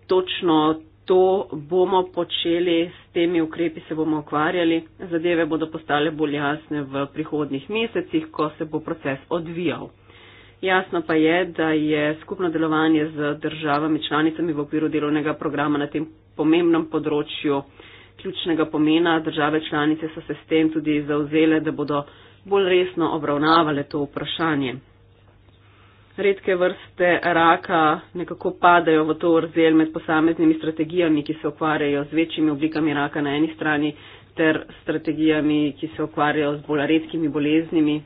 točno to bomo počeli, s temi ukrepi se bomo ukvarjali, zadeve bodo postale bolj jasne v prihodnih mesecih, ko se bo proces odvijal. Jasno pa je, da je skupno delovanje z državami članicami v okviru delovnega programa na tem pomembnem področju ključnega pomena. Države članice so se s tem tudi zauzele, da bodo bolj resno obravnavale to vprašanje redke vrste raka nekako padajo v to vrzel med posameznimi strategijami, ki se ukvarjajo z večjimi oblikami raka na eni strani, ter strategijami, ki se ukvarjajo z bolj redkimi boleznimi.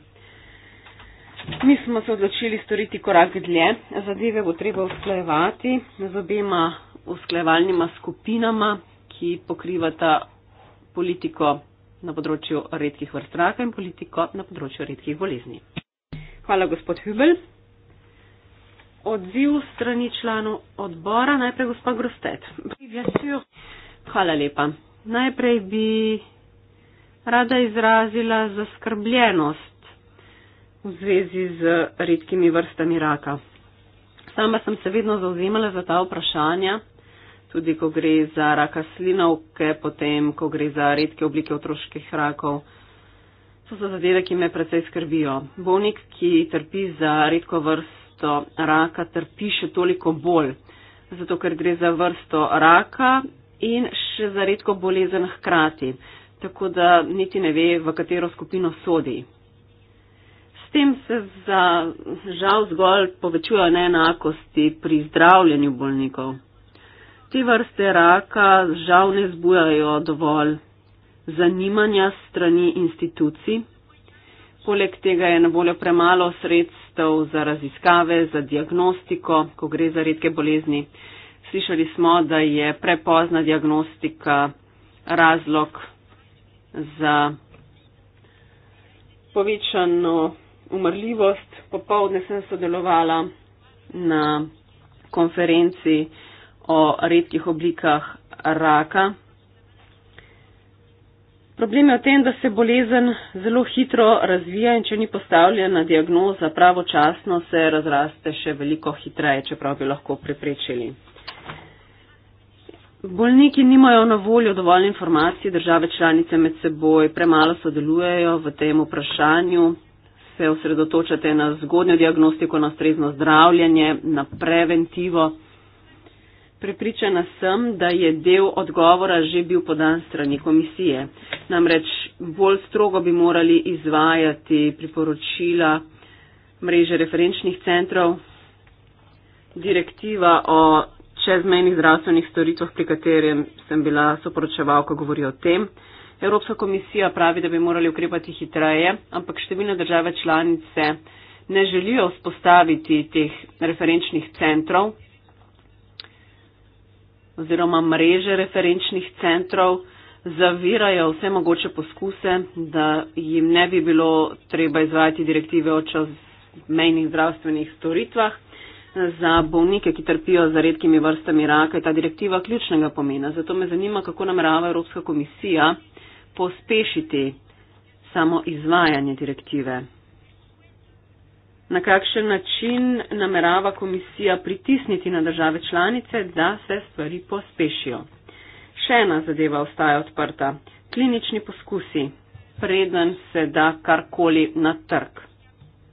Mi smo se odločili storiti korak dlje. Zadeve bo treba usklajevati z obema usklajevalnima skupinama, ki pokrivata politiko na področju redkih vrst raka in politiko na področju redkih bolezni. Hvala, gospod Hübel odziv strani članov odbora. Najprej gospod Grostet. Hvala lepa. Najprej bi rada izrazila zaskrbljenost v zvezi z redkimi vrstami raka. Sama sem se vedno zauzemala za ta vprašanja, tudi ko gre za raka slinovke, potem ko gre za redke oblike otroških rakov. To so zadeve, ki me precej skrbijo. Bolnik, ki trpi za redko vrst vrsto raka trpi še toliko bolj, zato ker gre za vrsto raka in še za redko bolezen hkrati, tako da niti ne ve, v katero skupino sodi. S tem se za žal zgolj povečujejo neenakosti pri zdravljenju bolnikov. Te vrste raka žal ne zbujajo dovolj zanimanja strani institucij. Poleg tega je na voljo premalo sredstv sredstev za raziskave, za diagnostiko, ko gre za redke bolezni. Slišali smo, da je prepozna diagnostika razlog za povečano umrljivost. Popovdne sem sodelovala na konferenci o redkih oblikah raka, Problem je v tem, da se bolezen zelo hitro razvija in če ni postavljena diagnoza pravočasno, se razraste še veliko hitreje, čeprav bi lahko preprečili. Bolniki nimajo na voljo dovolj informacij, države članice med seboj premalo sodelujejo v tem vprašanju, se osredotočate na zgodnjo diagnostiko, na strezno zdravljanje, na preventivo. Prepričana sem, da je del odgovora že bil podan strani komisije. Namreč bolj strogo bi morali izvajati priporočila mreže referenčnih centrov, direktiva o čezmejnih zdravstvenih storitvah, pri katerem sem bila soporočevalka, govori o tem. Evropska komisija pravi, da bi morali ukrepati hitreje, ampak številne države članice ne želijo vzpostaviti teh referenčnih centrov, oziroma mreže referenčnih centrov zavirajo vse mogoče poskuse, da jim ne bi bilo treba izvajati direktive o čezmejnih zdravstvenih storitvah. Za bolnike, ki trpijo za redkimi vrstami raka, je ta direktiva ključnega pomena. Zato me zanima, kako namerava Evropska komisija pospešiti samo izvajanje direktive na kakšen način namerava komisija pritisniti na države članice, da se stvari pospešijo. Še ena zadeva ostaja odprta. Klinični poskusi, preden se da karkoli na trg.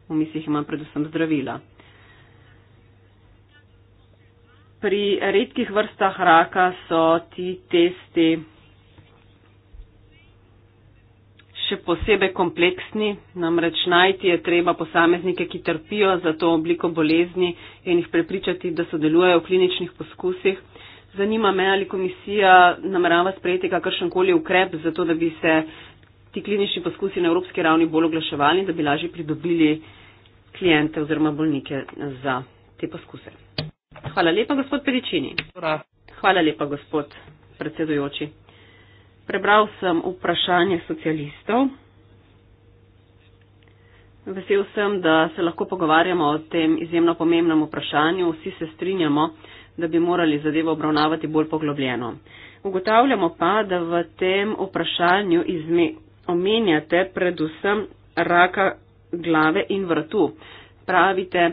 V mislih imam predvsem zdravila. Pri redkih vrstah raka so ti testi še posebej kompleksni, namreč najti je treba posameznike, ki trpijo za to obliko bolezni in jih prepričati, da sodelujejo v kliničnih poskusih. Zanima me, ali komisija namerava sprejeti kakršen koli ukrep za to, da bi se ti klinični poskusi na evropski ravni bolj oglaševali, da bi lažje pridobili klijente oziroma bolnike za te poskuse. Hvala lepa, gospod Peričini. Hvala lepa, gospod predsedujoči. Prebral sem vprašanje socialistov. Vesel sem, da se lahko pogovarjamo o tem izjemno pomembnem vprašanju. Vsi se strinjamo, da bi morali zadevo obravnavati bolj poglobljeno. Ugotavljamo pa, da v tem vprašanju izme, omenjate predvsem raka glave in vratu. Pravite,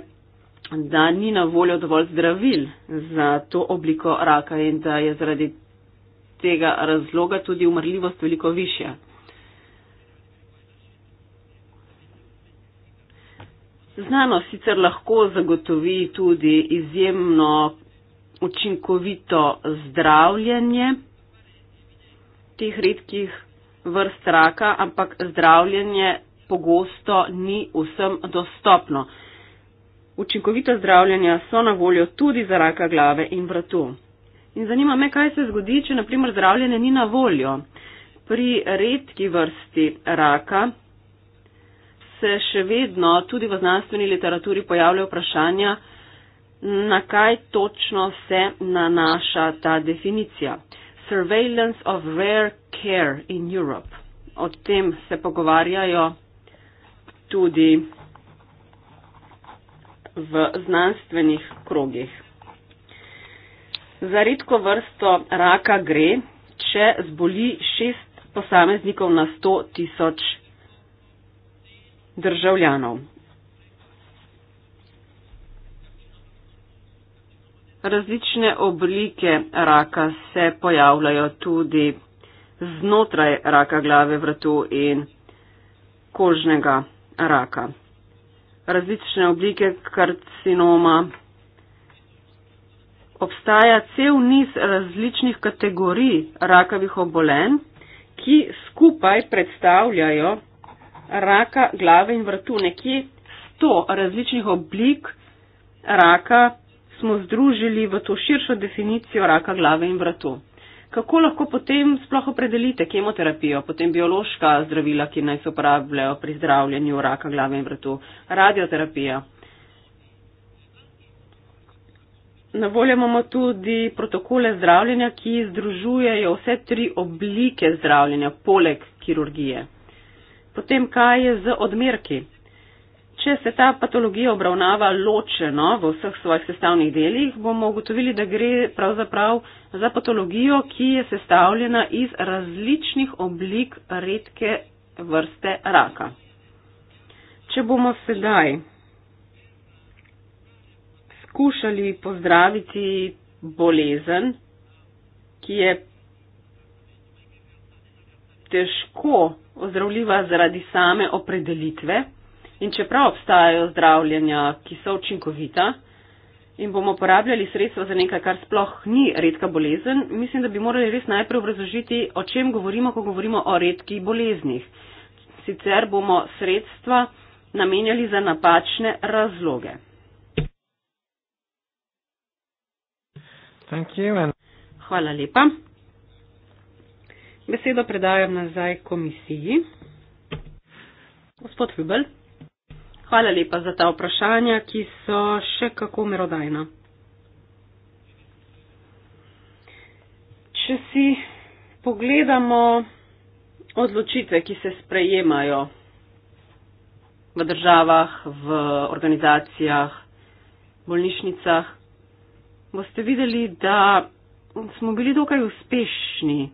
da ni na voljo dovolj zdravil za to obliko raka in da je zaradi tega razloga tudi umrljivost veliko više. Znano sicer lahko zagotovi tudi izjemno učinkovito zdravljenje teh redkih vrst raka, ampak zdravljenje pogosto ni vsem dostopno. Učinkovita zdravljenja so na voljo tudi za raka glave in vratu. In zanima me, kaj se zgodi, če naprimer zdravljenje ni na voljo. Pri redki vrsti raka se še vedno tudi v znanstveni literaturi pojavljajo vprašanja, na kaj točno se nanaša ta definicija. Surveillance of rare care in Europe. O tem se pogovarjajo tudi v znanstvenih krogih. Za redko vrsto raka gre, če zboli šest posameznikov na sto tisoč državljanov. Različne oblike raka se pojavljajo tudi znotraj raka glave vratu in kožnega raka. Različne oblike karcinoma obstaja cel niz različnih kategorij rakavih obolenj, ki skupaj predstavljajo raka glave in vrtu. Nekje 100 različnih oblik raka smo združili v to širšo definicijo raka glave in vrtu. Kako lahko potem sploh opredelite kemoterapijo, potem biološka zdravila, ki naj se uporabljajo pri zdravljenju raka glave in vrtu, radioterapija? Na voljo imamo tudi protokole zdravljenja, ki združujejo vse tri oblike zdravljenja poleg kirurgije. Potem, kaj je z odmerki? Če se ta patologija obravnava ločeno v vseh svojih sestavnih delih, bomo ugotovili, da gre pravzaprav za patologijo, ki je sestavljena iz različnih oblik redke vrste raka. Če bomo sedaj poskušali pozdraviti bolezen, ki je težko ozdravljiva zaradi same opredelitve. In čeprav obstajajo zdravljenja, ki so učinkovita in bomo porabljali sredstva za nekaj, kar sploh ni redka bolezen, mislim, da bi morali res najprej obrazložiti, o čem govorimo, ko govorimo o redkih boleznih. Sicer bomo sredstva namenjali za napačne razloge. Hvala lepa. Besedo predajam nazaj komisiji. Gospod Hübel, hvala lepa za ta vprašanja, ki so še kako merodajna. Če si pogledamo odločitve, ki se sprejemajo v državah, v organizacijah, bolnišnicah, boste videli, da smo bili dokaj uspešni,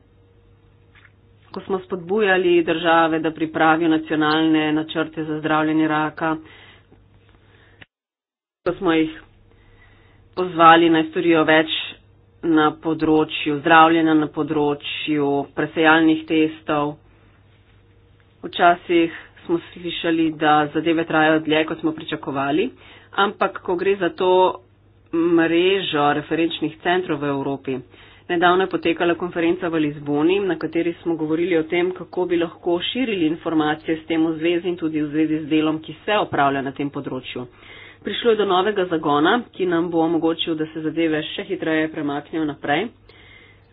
ko smo spodbujali države, da pripravijo nacionalne načrte za zdravljenje raka, ko smo jih pozvali naj storijo več na področju zdravljenja, na področju presejalnih testov. Včasih smo slišali, da zadeve trajajo dlje, kot smo pričakovali, ampak ko gre za to, mrežo referenčnih centrov v Evropi. Nedavno je potekala konferenca v Lizboni, na kateri smo govorili o tem, kako bi lahko širili informacije s tem v zvezi in tudi v zvezi z delom, ki se opravlja na tem področju. Prišlo je do novega zagona, ki nam bo omogočil, da se zadeve še hitreje premaknejo naprej.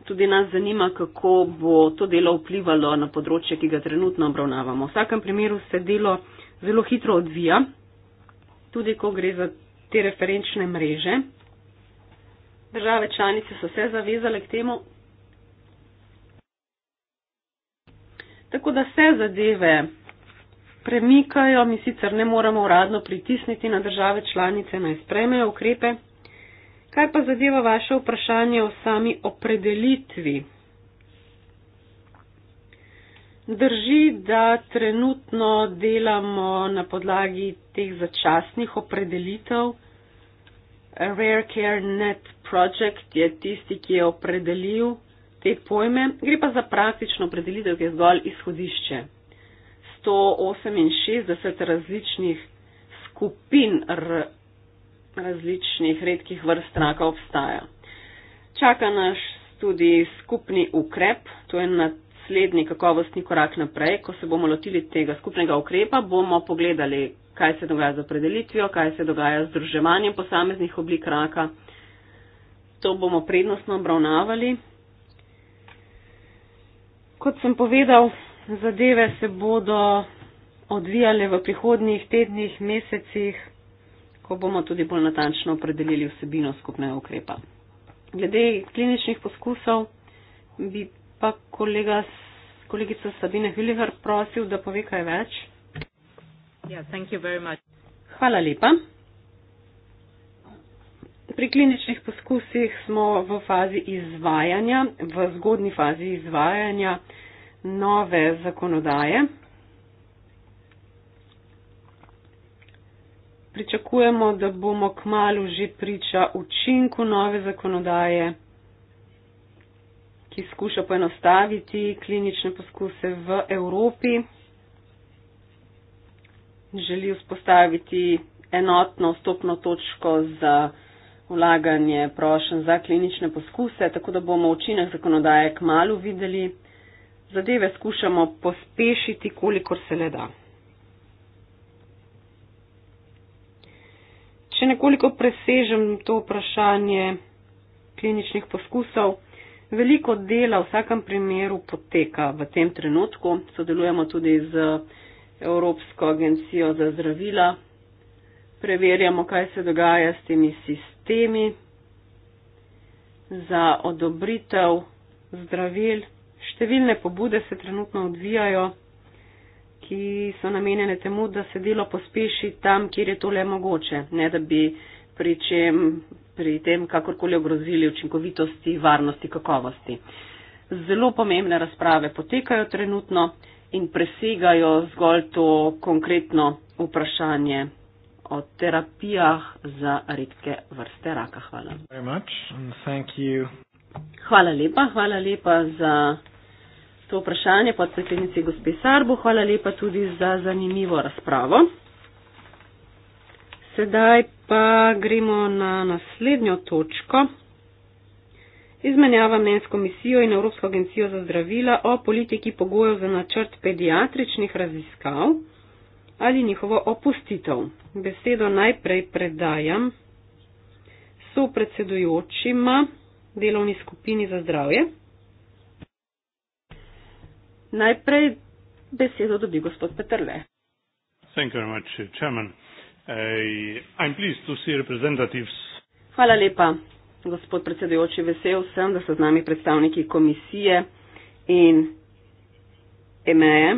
Tudi nas zanima, kako bo to delo vplivalo na področje, ki ga trenutno obravnavamo. V vsakem primeru se delo zelo hitro odvija, tudi ko gre za te referenčne mreže. Države članice so se zavezale k temu. Tako da se zadeve premikajo, mi sicer ne moramo uradno pritisniti na države članice, naj spremejo ukrepe. Kaj pa zadeva vaše vprašanje o sami opredelitvi Drži, da trenutno delamo na podlagi teh začasnih opredelitev. Rare Care Net Project je tisti, ki je opredelil te pojme. Gre pa za praktično opredelitev, ki je zgolj izhodišče. 168 različnih skupin različnih redkih vrst raka obstaja. Čaka naš tudi skupni ukrep, to je na naslednji kakovostni korak naprej, ko se bomo lotili tega skupnega ukrepa, bomo pogledali, kaj se dogaja z opredelitvijo, kaj se dogaja z združevanjem posameznih oblik raka. To bomo prednostno obravnavali. Kot sem povedal, zadeve se bodo odvijale v prihodnjih tednih, mesecih, ko bomo tudi bolj natančno opredelili vsebino skupnega ukrepa. Glede kliničnih poskusov bi pa kolega, kolegica Sabine Hülliger prosil, da pove kaj več. Yeah, Hvala lepa. Pri kliničnih poskusih smo v fazi izvajanja, v zgodni fazi izvajanja nove zakonodaje. Pričakujemo, da bomo k malu že priča učinku nove zakonodaje ki skuša poenostaviti klinične poskuse v Evropi. Želi vzpostaviti enotno vstopno točko za vlaganje prošen za klinične poskuse, tako da bomo učinek zakonodaje k malu videli. Zadeve skušamo pospešiti, kolikor se le da. Če nekoliko presežem to vprašanje kliničnih poskusov, Veliko dela v vsakem primeru poteka v tem trenutku. Sodelujemo tudi z Evropsko agencijo za zdravila. Preverjamo, kaj se dogaja s temi sistemi za odobritev zdravil. Številne pobude se trenutno odvijajo, ki so namenjene temu, da se delo pospeši tam, kjer je to le mogoče, ne da bi pri čem pri tem kakorkoli ogrozili učinkovitosti, varnosti, kakovosti. Zelo pomembne razprave potekajo trenutno in presegajo zgolj to konkretno vprašanje o terapijah za redke vrste raka. Hvala. Hvala lepa, hvala lepa za to vprašanje podpredsednici gospe Sarbu, hvala lepa tudi za zanimivo razpravo. Sedaj pa gremo na naslednjo točko. Izmenjava mnen s komisijo in Evropsko agencijo za zdravila o politiki pogojev za načrt pediatričnih raziskav ali njihovo opustitev. Besedo najprej predajam so predsedujočima delovni skupini za zdravje. Najprej besedo dobi gospod Petrle. Thank you very much, Chairman. Eh, I'm pleased to see representatives. Hvala lepa, gospod predsedujoči. Vesel sem, da so z nami predstavniki komisije in EMEE. E.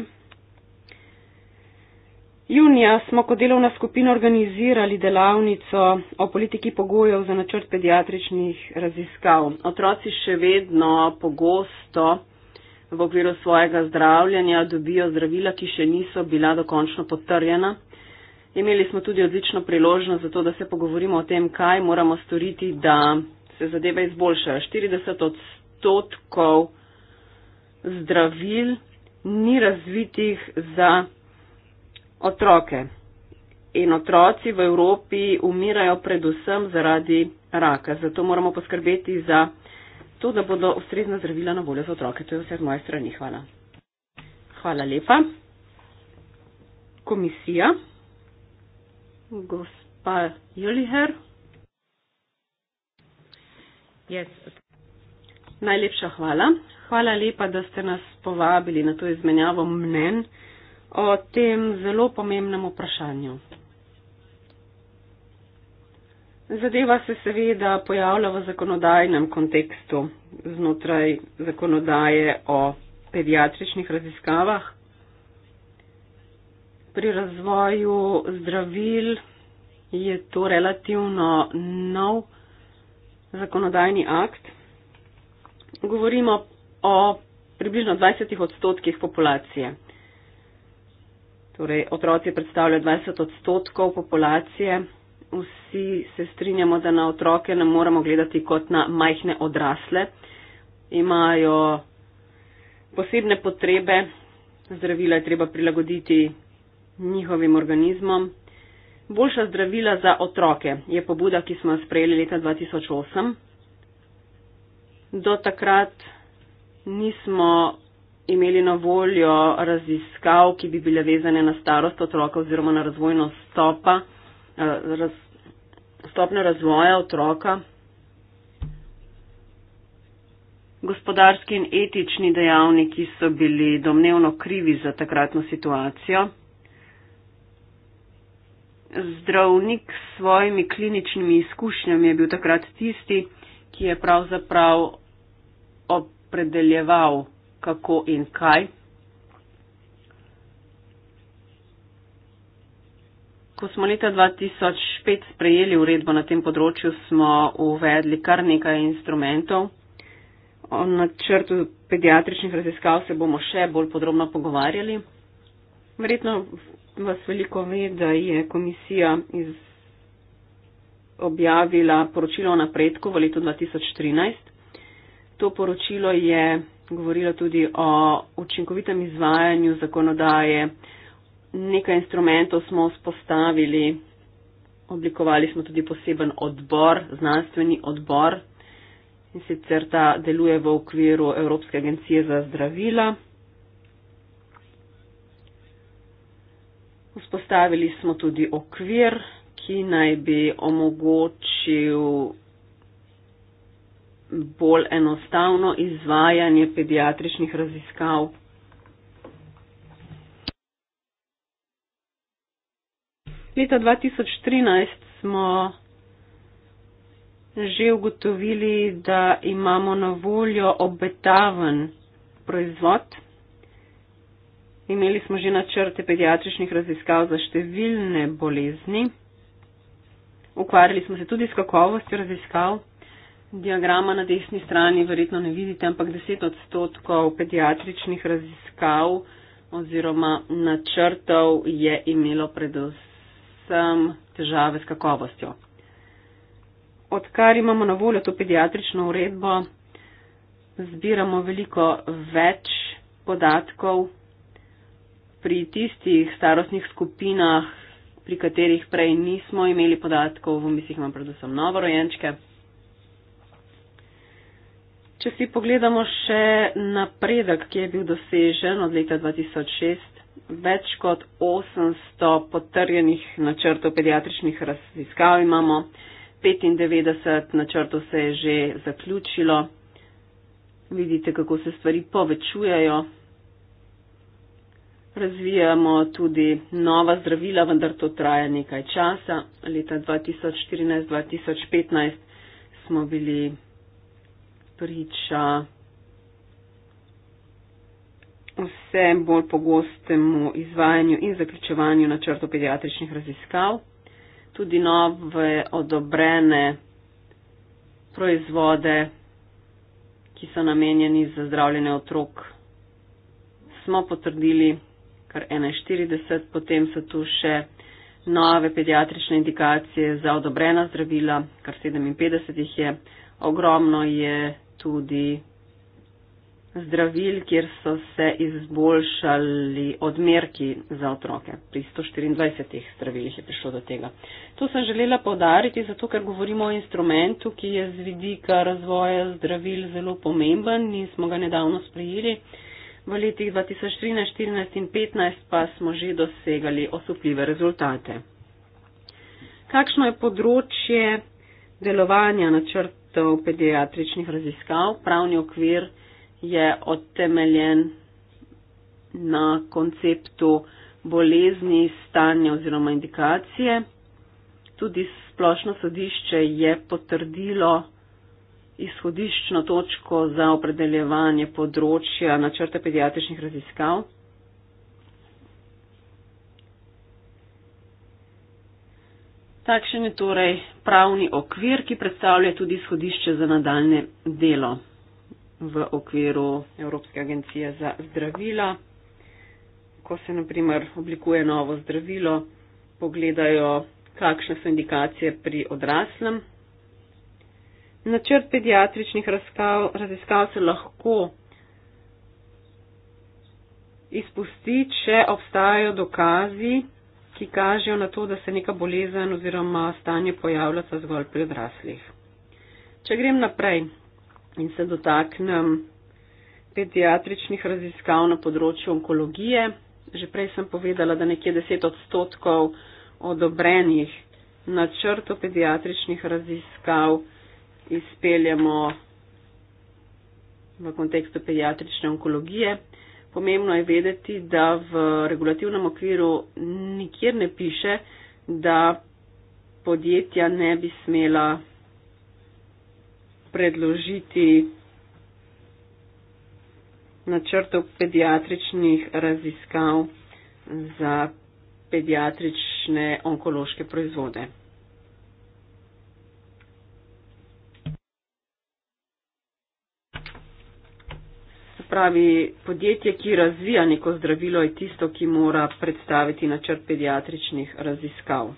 Junija smo kot delovna skupina organizirali delavnico o politiki pogojev za načrt pediatričnih raziskav. Otroci še vedno pogosto v okviru svojega zdravljanja dobijo zdravila, ki še niso bila dokončno potrjena Imeli smo tudi odlično priložnost za to, da se pogovorimo o tem, kaj moramo storiti, da se zadeve izboljšajo. 40 odstotkov zdravil ni razvitih za otroke. In otroci v Evropi umirajo predvsem zaradi raka. Zato moramo poskrbeti za to, da bodo ustrezna zdravila na voljo za otroke. To je vse z moje strani. Hvala. Hvala lepa. Komisija gospa Juliher. Yes. Najlepša hvala. Hvala lepa, da ste nas povabili na to izmenjavo mnen o tem zelo pomembnem vprašanju. Zadeva se seveda pojavlja v zakonodajnem kontekstu znotraj zakonodaje o pediatričnih raziskavah, pri razvoju zdravil je to relativno nov zakonodajni akt. Govorimo o približno 20 odstotkih populacije. Torej, otroci predstavljajo 20 odstotkov populacije. Vsi se strinjamo, da na otroke ne moramo gledati kot na majhne odrasle. Imajo posebne potrebe, zdravila je treba prilagoditi njihovim organizmom. Boljša zdravila za otroke je pobuda, ki smo jo sprejeli leta 2008. Do takrat nismo imeli na voljo raziskav, ki bi bile vezane na starost otroka oziroma na razvojno stopa, eh, raz, stopno razvoja otroka. Gospodarski in etični dejavniki so bili domnevno krivi za takratno situacijo zdravnik s svojimi kliničnimi izkušnjami je bil takrat tisti, ki je pravzaprav opredeljeval, kako in kaj. Ko smo leta 2005 sprejeli uredbo na tem področju, smo uvedli kar nekaj instrumentov. O načrtu pediatričnih raziskav se bomo še bolj podrobno pogovarjali. Verjetno vas veliko ve, da je komisija iz objavila poročilo o napredku v letu 2013. To poročilo je govorilo tudi o učinkovitem izvajanju zakonodaje. Nekaj instrumentov smo vzpostavili, oblikovali smo tudi poseben odbor, znanstveni odbor, in sicer ta deluje v okviru Evropske agencije za zdravila. Vzpostavili smo tudi okvir, ki naj bi omogočil bolj enostavno izvajanje pediatričnih raziskav. Leta 2013 smo že ugotovili, da imamo na voljo obetaven proizvod. Imeli smo že načrte pediatričnih raziskav za številne bolezni. Ukvarjali smo se tudi s kakovostjo raziskav. Diagrama na desni strani verjetno ne vidite, ampak 10 odstotkov pediatričnih raziskav oziroma načrtov je imelo predvsem težave s kakovostjo. Odkar imamo na voljo to pediatrično uredbo, zbiramo veliko več podatkov, pri tistih starostnih skupinah, pri katerih prej nismo imeli podatkov, v mislih imam predvsem novorojenčke. Če si pogledamo še napredek, ki je bil dosežen od leta 2006, več kot 800 potrjenih načrtov pediatričnih raziskav imamo, 95 načrtov se je že zaključilo. Vidite, kako se stvari povečujajo, razvijamo tudi nova zdravila, vendar to traja nekaj časa. Leta 2014-2015 smo bili priča vse bolj pogostemu izvajanju in zaključevanju načrto pediatričnih raziskav. Tudi nove odobrene proizvode, ki so namenjeni za zdravljene otrok, smo potrdili kar 41, potem so tu še nove pediatrične indikacije za odobrena zdravila, kar 57 jih je. Ogromno je tudi zdravil, kjer so se izboljšali odmerki za otroke. Pri 124 zdravilih je prišlo do tega. To sem želela povdariti, zato ker govorimo o instrumentu, ki je z vidika razvoja zdravil zelo pomemben in smo ga nedavno sprejeli. V letih 2013, 2014 in 2015 pa smo že dosegali osupljive rezultate. Kakšno je področje delovanja načrtov pediatričnih raziskav? Pravni okvir je otemeljen na konceptu bolezni, stanja oziroma indikacije. Tudi splošno sodišče je potrdilo, izhodiščno točko za opredeljevanje področja načrta pediatričnih raziskav. Takšen je torej pravni okvir, ki predstavlja tudi izhodišče za nadaljne delo v okviru Evropske agencije za zdravila. Ko se naprimer oblikuje novo zdravilo, pogledajo, kakšne so indikacije pri odraslem Načrt pediatričnih razkav, raziskav se lahko izpusti, če obstajajo dokazi, ki kažejo na to, da se neka bolezen oziroma stanje pojavlja zgolj pri odraslih. Če grem naprej in se dotaknem pediatričnih raziskav na področju onkologije, že prej sem povedala, da nekje 10 odstotkov odobrenih načrtov pediatričnih raziskav izpeljemo v kontekstu pediatrične onkologije. Pomembno je vedeti, da v regulativnem okviru nikjer ne piše, da podjetja ne bi smela predložiti načrtov pediatričnih raziskav za pediatrične onkološke proizvode. pravi, podjetje, ki razvija neko zdravilo, je tisto, ki mora predstaviti načrt pediatričnih raziskav.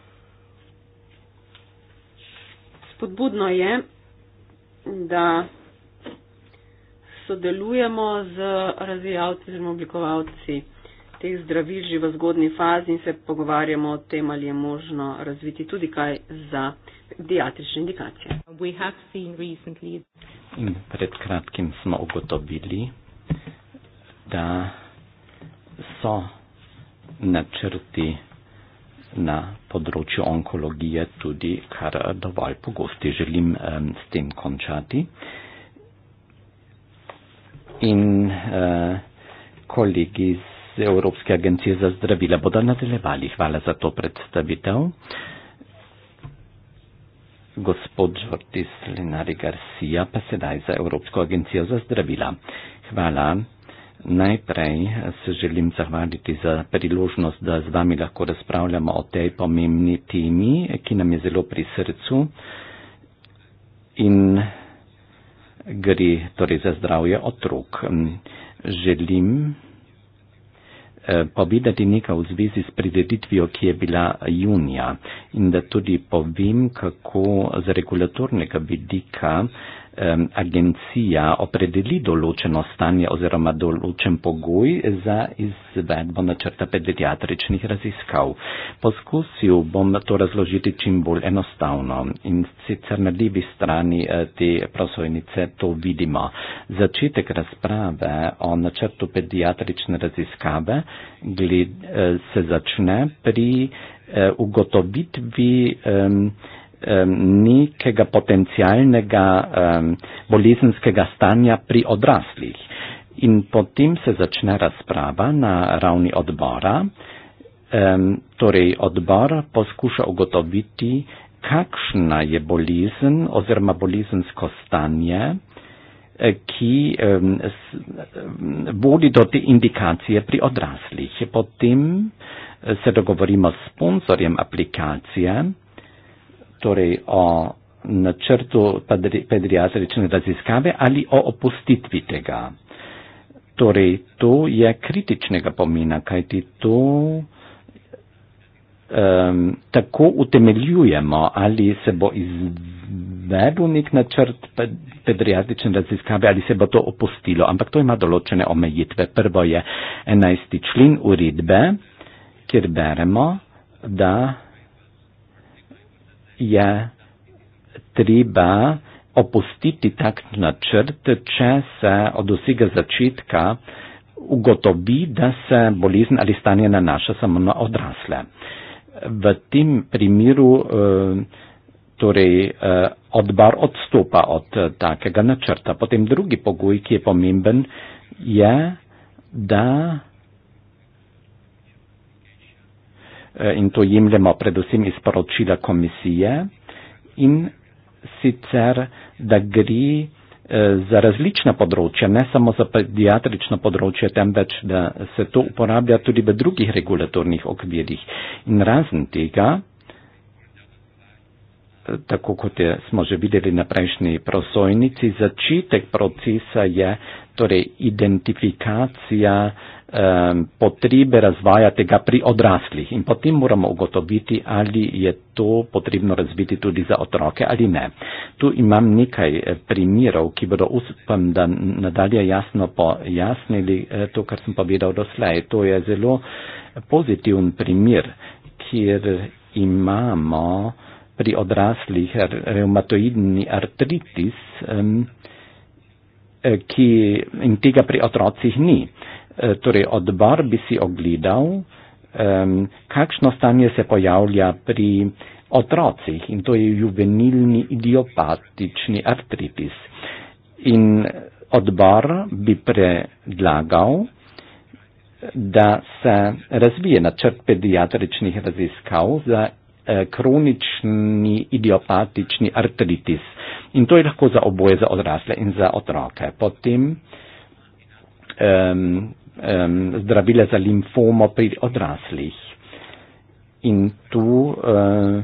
Spodbudno je, da sodelujemo z razvijalci oziroma oblikovalci teh zdravil že v zgodni fazi in se pogovarjamo o tem, ali je možno razviti tudi kaj za pediatrične indikacije. In pred kratkim smo ugotovili, da so načrti na področju onkologije tudi kar dovolj pogosti. Želim um, s tem končati. In uh, kolegi iz Evropske agencije za zdravila bodo nadaljevali. Hvala za to predstavitev. Gospod Žortis Linari Garcia pa sedaj za Evropsko agencijo za zdravila. Hvala. Najprej se želim zahvaliti za priložnost, da z vami lahko razpravljamo o tej pomembni temi, ki nam je zelo pri srcu in gre torej za zdravje otrok. Želim Eh, povedati nekaj v zvezi s prideditvijo, ki je bila junija in da tudi povem, kako z regulatornega vidika eh, um, agencija opredeli določeno stanje oziroma določen pogoj za izvedbo načrta pediatričnih raziskav. Poskusil bom to razložiti čim bolj enostavno in sicer na levi strani eh, te prosojnice to vidimo. Začetek razprave o načrtu pediatrične raziskave gled, eh, se začne pri eh, ugotovitvi um, nekega ehm, potencijalnega um, ehm, bolezenskega stanja pri odraslih. In potem se začne razprava na ravni odbora, um, torej odbor poskuša ugotoviti, kakšna je bolezen oziroma bolezensko stanje, eh, ki um, s, um, vodi do te indikacije pri odraslih. Potem eh, se dogovorimo s sponzorjem aplikacije, torej o načrtu pedijatrične raziskave ali o opustitvi tega. Torej, to je kritičnega pomena, kajti to um, tako utemeljujemo, ali se bo izvedel nek načrt pedijatrične raziskave ali se bo to opustilo. Ampak to ima določene omejitve. Prvo je 11. člen uredbe, kjer beremo, da je treba opustiti tak načrt, če se od vsega začetka ugotovi, da se bolezen ali stanje nanaša samo na odrasle. V tem primeru eh, torej, eh, odbor odstopa od eh, takega načrta. Potem drugi pogoj, ki je pomemben, je, da Eh, in to jemljemo predvsem iz poročila komisije in sicer, da gre eh, za različna področja, ne samo za pediatrično področje, temveč, da se to uporablja tudi v drugih regulatornih okvirjih. In razen tega, eh, tako kot je, smo že videli na prejšnji prosojnici, začetek procesa je torej identifikacija potrebe razvoja tega pri odraslih in potem moramo ugotoviti, ali je to potrebno razviti tudi za otroke ali ne. Tu imam nekaj eh, primerov, ki bodo upam, da nadalje jasno pojasnili eh, to, kar sem povedal doslej. To je zelo pozitiven primer, kjer imamo pri odraslih reumatoidni artritis, eh, ki in tega pri otrocih ni. Eh, torej odbor bi si ogledal, um, kakšno stanje se pojavlja pri otrocih in to je juvenilni idiopatični artritis. In odbor bi predlagal, da se razvije načrt pediatričnih raziskav za eh, kronični idiopatični artritis. In to je lahko za oboje, za odrasle in za otroke. Potem um, um, zdravila za limfomo pri odraslih. In tu uh,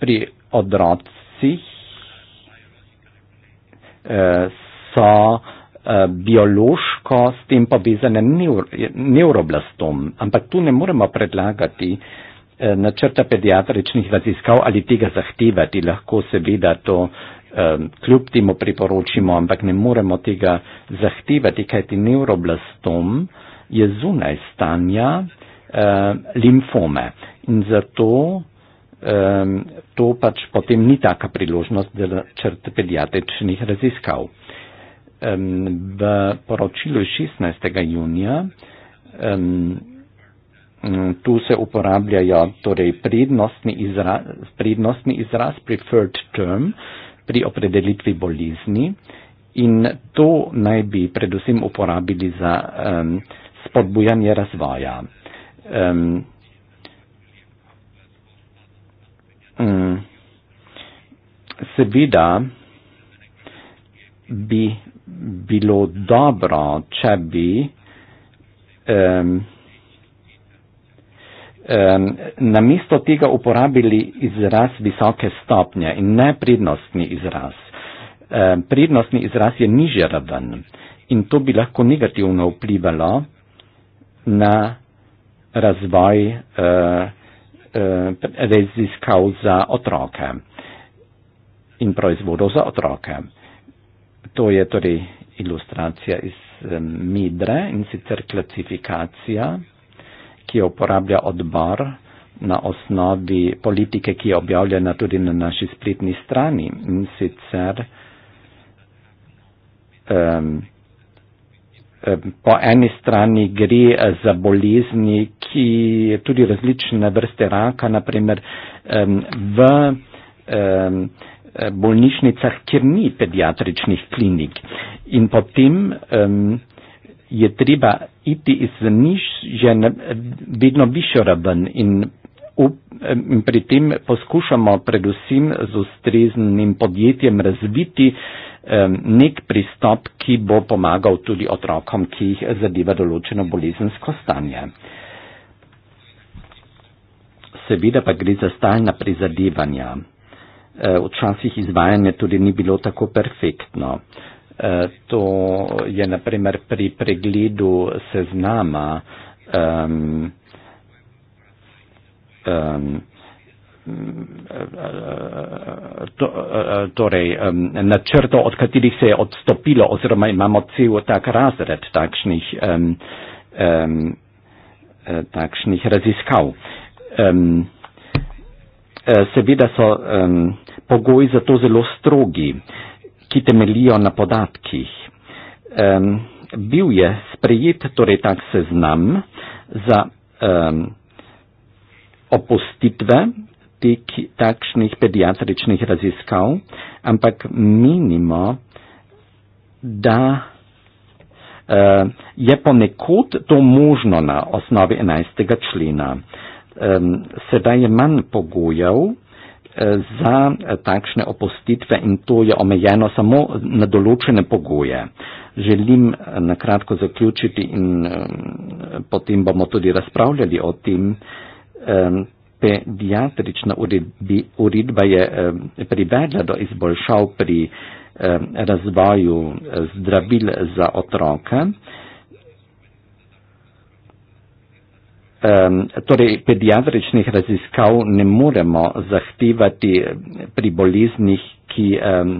pri odrocih uh, so uh, biološko s tem povezane neur neuroblastom, ampak tu ne moremo predlagati uh, načrta pediatričnih raziskav ali tega zahtevati. Lahko seveda to uh, Ehm, kljub temu priporočimo, ampak ne moremo tega zahtevati, kajti neuroblastom je zunaj stanja eh, limfome. In zato eh, to pač potem ni taka priložnost za črte pediatričnih raziskav. Eh, v poročilu 16. junija eh, tu se uporabljajo torej prednostni izraz, prednostni izraz preferred term, eh, pri opredelitvi bolizni in to naj bi predvsem uporabili za um, spodbujanje razvoja. Um, um, seveda bi bilo dobro, če bi um, um, namesto tega uporabili izraz visoke stopnje in ne prednostni izraz. Um, prednostni izraz je nižja raven in to bi lahko negativno vplivalo na razvoj uh, uh, raziskav za otroke in proizvodov za otroke. To je torej ilustracija iz um, Midre in sicer klasifikacija ki jo uporablja odbor na osnovi politike, ki je objavljena tudi na naši spletni strani. In sicer um, po eni strani gre za bolezni, ki tudi različne vrste raka, naprimer um, v um, bolnišnicah, kjer ni pediatričnih klinik. In potem um, je treba iti iz nižje na vedno višjo raven in, in pri tem poskušamo predvsem z ustreznim podjetjem razviti nek pristop, ki bo pomagal tudi otrokom, ki jih zadeva določeno bolezensko stanje. Seveda pa gre za stalna prizadevanja. E, včasih izvajanje tudi ni bilo tako perfektno. Eh, to je naprimer pri pregledu seznama um, um, to, eh, torej, um, načrtov, od katerih se je odstopilo, oziroma imamo cel tak razred takšnih, um, um, takšnih raziskav. Um, seveda so um, pogoji za to zelo strogi. Um, ki temeljijo na podatkih. Um, bil je sprejet torej tak seznam za um, opustitve tek, takšnih pediatričnih raziskav, ampak menimo, da uh, je ponekod to možno na osnovi 11. člena. Um, sedaj je manj pogojev, za eh, takšne opustitve in to je omejeno samo na določene pogoje. Želim eh, na kratko zaključiti in eh, potem bomo tudi razpravljali o tem. Pediatrična uredba je privedla do izboljšav pri razvoju zdravil za otroke. Um, torej, pediatričnih raziskav ne moremo zahtevati pri boliznih, ki um,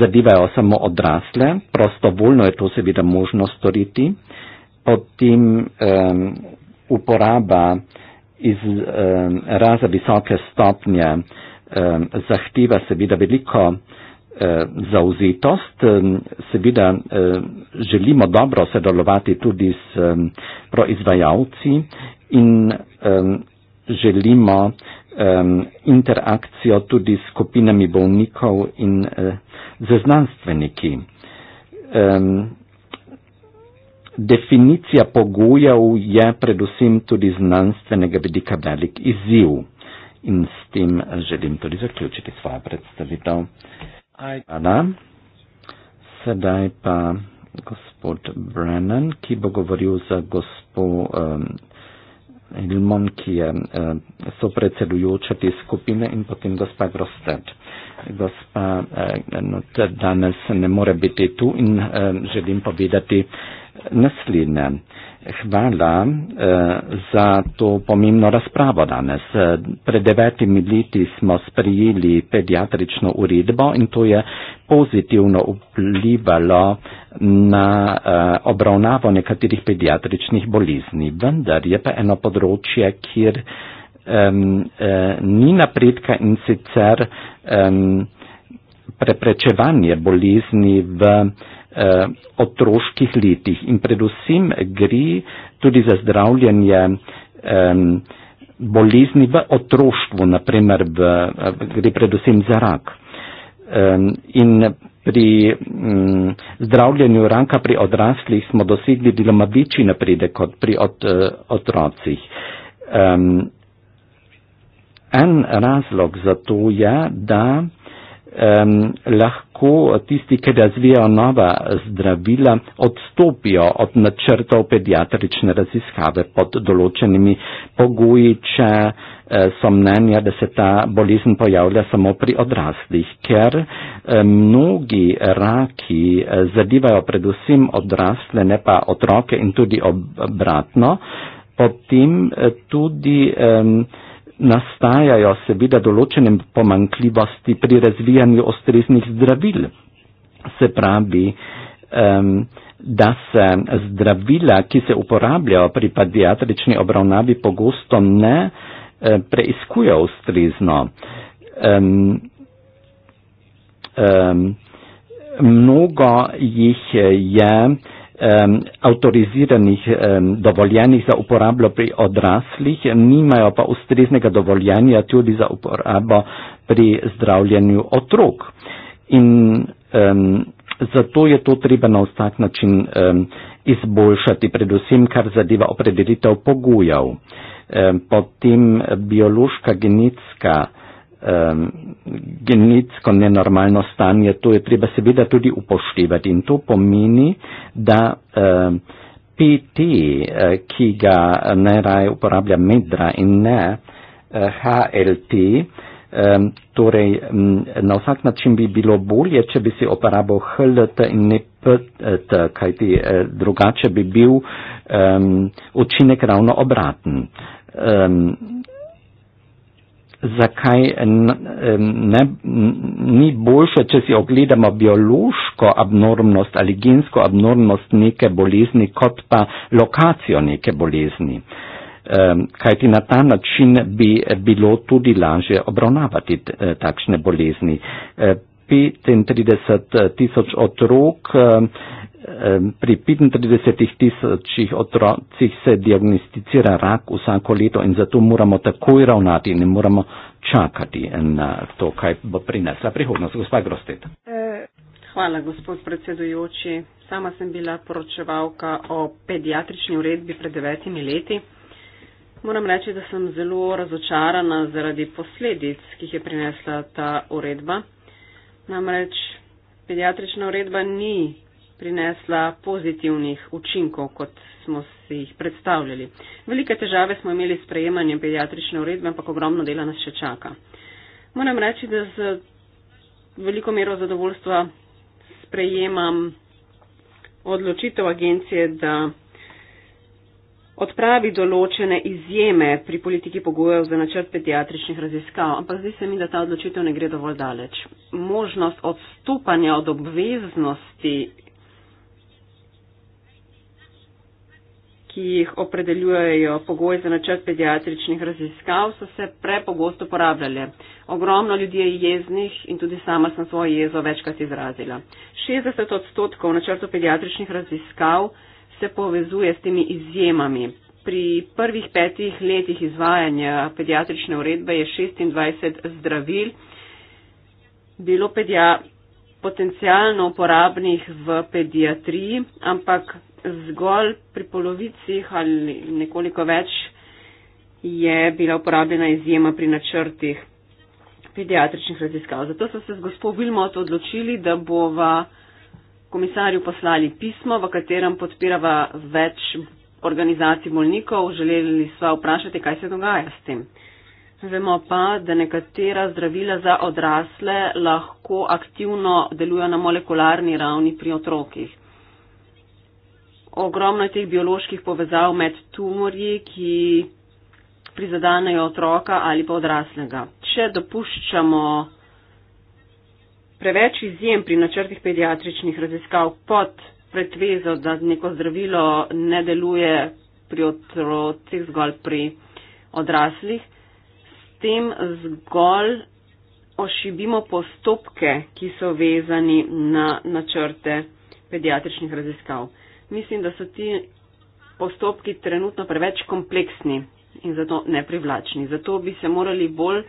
zadevajo samo odrasle. Prostovoljno je to seveda možno storiti. Potem um, uporaba iz um, raza visoke stopnje um, zahteva seveda veliko. Eh, zauzetost. Seveda eh, želimo dobro sodelovati tudi s proizvajalci in želimo interakcijo tudi s skupinami bolnikov in eh, z znanstveniki. Definicija pogojev je predvsem tudi znanstvenega vidika velik izziv. In s tem želim tudi zaključiti svojo predstavitev. Hvala. Sedaj pa gospod Brennan, ki bo govoril za gospo um, Ilmon, um, ki je um, sopredsedujoča te skupine in potem gospa Grostet. Gospa uh, no, danes ne more biti tu in um, želim povedati naslednje. Uh, Hvala eh, za to pomembno razpravo danes. Eh, pred devetimi leti smo sprijeli pediatrično uredbo in to je pozitivno vplivalo na eh, obravnavo nekaterih pediatričnih bolezni. Vendar je pa eno področje, kjer ehm, eh, ni napredka in sicer ehm, preprečevanje bolezni v. Eh, eh, otroških letih in predvsem gre tudi za zdravljanje eh, bolezni v otroštvu, naprimer v, eh, gre predvsem za rak. Eh, in pri hm, zdravljenju raka pri odraslih smo dosegli deloma večji napredek kot pri ot, eh, otrocih. Um, en razlog za to je, da um, lahko tisti, ki razvijajo nova zdravila, odstopijo od načrtov pediatrične raziskave pod določenimi pogoji, če eh, so mnenja, da se ta bolezen pojavlja samo pri odraslih, ker eh, mnogi raki eh, zadivajo predvsem odrasle, ne pa otroke in tudi obratno, potem tudi. Um, nastajajo seveda določene pomankljivosti pri razvijanju ostreznih zdravil. Se pravi, um, da se zdravila, ki se uporabljajo pri pediatrični obravnavi, pogosto ne um, preiskujejo ustrezno. Um, um, mnogo jih je um, avtoriziranih um, dovoljenih za uporabo pri odraslih, nimajo pa ustreznega dovoljenja tudi za uporabo pri zdravljenju otrok. In um, zato je to treba na vsak način um, izboljšati, predvsem kar zadeva opredelitev pogojev. Um, potem biološka genetska um, genetsko nenormalno stanje, to je treba seveda tudi upoštevati. In to pomeni, da um, ehm, PT, eh, ki ga najraje uporablja medra in ne HLT, eh, um, ehm, torej um, na vsak način bi bilo bolje, če bi si uporabil HLT in ne PT, kajti eh, drugače bi bil um, učinek ravno obraten. Um, zakaj ne, ni boljše, če si ogledamo biološko abnormnost ali gensko abnormnost neke bolezni, kot pa lokacijo neke bolezni. Kaj ti na ta način bi bilo tudi lažje obravnavati e, takšne bolezni. 35 e, e, tisoč otrok pri 35 tisočih otrocih se diagnosticira rak vsako leto in zato moramo takoj ravnati in ne moramo čakati na to, kaj bo prinesla prihodnost. Gospa Grostet. Eh, hvala, gospod predsedujoči. Sama sem bila poročevalka o pediatrični uredbi pred devetimi leti. Moram reči, da sem zelo razočarana zaradi posledic, ki jih je prinesla ta uredba. Namreč pediatrična uredba ni prinesla pozitivnih učinkov, kot smo si jih predstavljali. Velike težave smo imeli s prejemanjem pediatrične uredbe, ampak ogromno dela nas še čaka. Moram reči, da z veliko mero zadovoljstva sprejemam odločitev agencije, da odpravi določene izjeme pri politiki pogojev za načrt pediatričnih raziskav, ampak zdi se mi, da ta odločitev ne gre dovolj daleč. Možnost odstupanja od obveznosti ki jih opredeljujejo pogoji za načrt pediatričnih raziskav, so se prepogosto uporabljale. Ogromno ljudi je jeznih in tudi sama sem svojo jezo večkrat izrazila. 60 odstotkov načrtov pediatričnih raziskav se povezuje s temi izjemami. Pri prvih petih letih izvajanja pediatrične uredbe je 26 zdravil bilo pedia potencijalno uporabnih v pediatriji, ampak zgolj pri polovici ali nekoliko več je bila uporabljena izjema pri načrtih pediatričnih raziskav. Zato so se z gospod Vilmot odločili, da bova komisarju poslali pismo, v katerem podpirava več organizacij bolnikov, želeli sva vprašati, kaj se dogaja s tem. Vemo pa, da nekatera zdravila za odrasle lahko aktivno delujejo na molekularni ravni pri otrokih ogromno je teh bioloških povezav med tumorji, ki prizadanejo otroka ali pa odraslega. Če dopuščamo preveč izjem pri načrtih pediatričnih raziskav pod pretvezo, da neko zdravilo ne deluje pri otrocih, zgolj pri odraslih, s tem zgolj ošibimo postopke, ki so vezani na načrte pediatričnih raziskav mislim, da so ti postopki trenutno preveč kompleksni in zato neprivlačni. Zato bi se morali bolj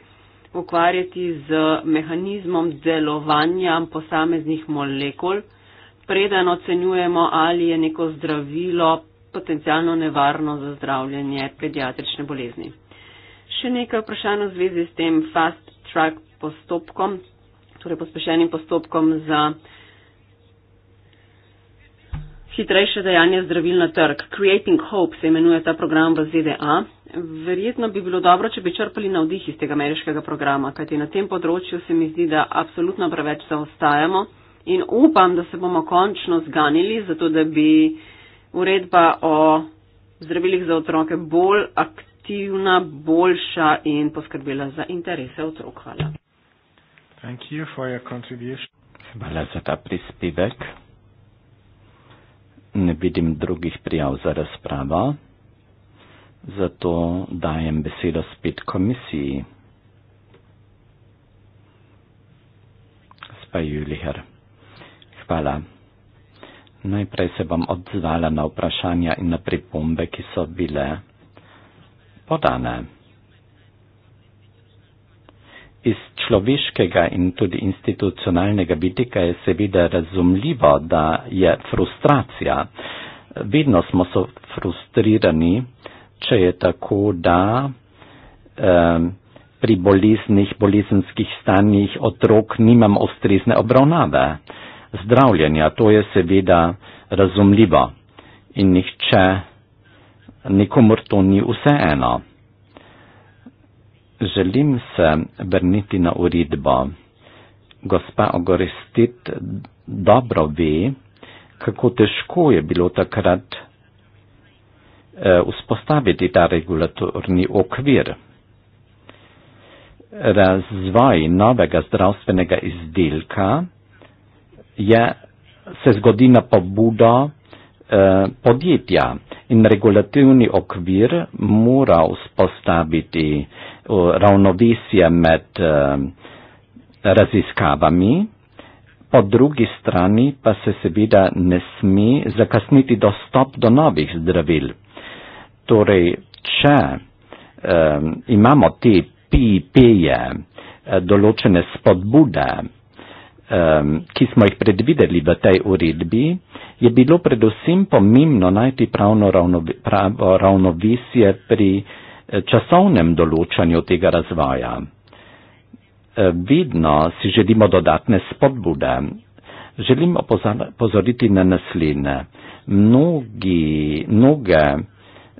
ukvarjati z mehanizmom delovanja posameznih molekul, preden ocenjujemo, ali je neko zdravilo potencijalno nevarno za zdravljenje pediatrične bolezni. Še nekaj vprašanj v zvezi s tem fast track postopkom, torej pospešenim postopkom za hitrejše dajanje zdravil na trg. Creating Hope se imenuje ta program v ZDA. Verjetno bi bilo dobro, če bi črpali navdih iz tega ameriškega programa, kajti na tem področju se mi zdi, da absolutno preveč zaostajamo in upam, da se bomo končno zganili, zato da bi uredba o zdravilih za otroke bolj aktivna, boljša in poskrbela za interese otrok. Hvala. Hvala za ta prispevek. Ne vidim drugih prijav za razpravo, zato dajem besedo spet komisiji. Spaj Juliher. Hvala. Najprej se bom odzvala na vprašanja in na pripombe, ki so bile podane. Iz človeškega in tudi institucionalnega vidika je seveda razumljivo, da je frustracija. Vedno smo so frustrirani, če je tako, da um, pri boleznih, bolezenskih stanjih otrok nimamo ustrezne obravnave, zdravljenja. To je seveda razumljivo in nihče, nikomor to ni vseeno. Želim se brniti na uredbo. Gospa Ogoristit dobro ve, kako težko je bilo takrat eh, vzpostaviti ta regulatorni okvir. Razvoj novega zdravstvenega izdelka je, se zgodi na pobudo Eh, podjetja in regulativni okvir mora vzpostaviti eh, ravnovesje med eh, raziskavami, po drugi strani pa se seveda ne sme zakasniti dostop do novih zdravil. Torej, če um, imamo te PIP-je, določene spodbude, um, ki smo jih predvideli v tej uredbi, je bilo predvsem pomembno najti pravno ravnovesje pri eh, časovnem določanju tega razvoja. Eh, vedno si želimo dodatne spodbude. Želim opozoriti na naslednje. Mnogi, mnoge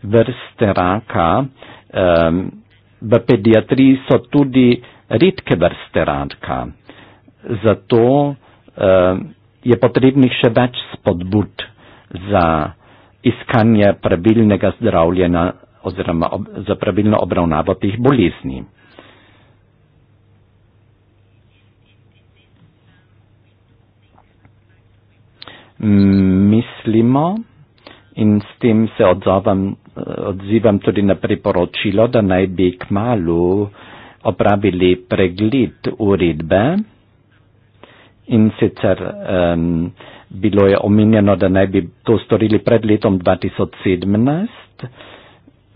vrste raka um, v pediatriji so tudi redke vrste raka zato eh, je potrebnih še več spodbud za iskanje pravilnega zdravljena oziroma za pravilno obravnavo teh bolezni. Mislimo in s tem se odzovam, odzivam tudi na priporočilo, da naj bi k malu opravili pregled uredbe in sicer um, bilo je omenjeno, da naj bi to storili pred letom 2017.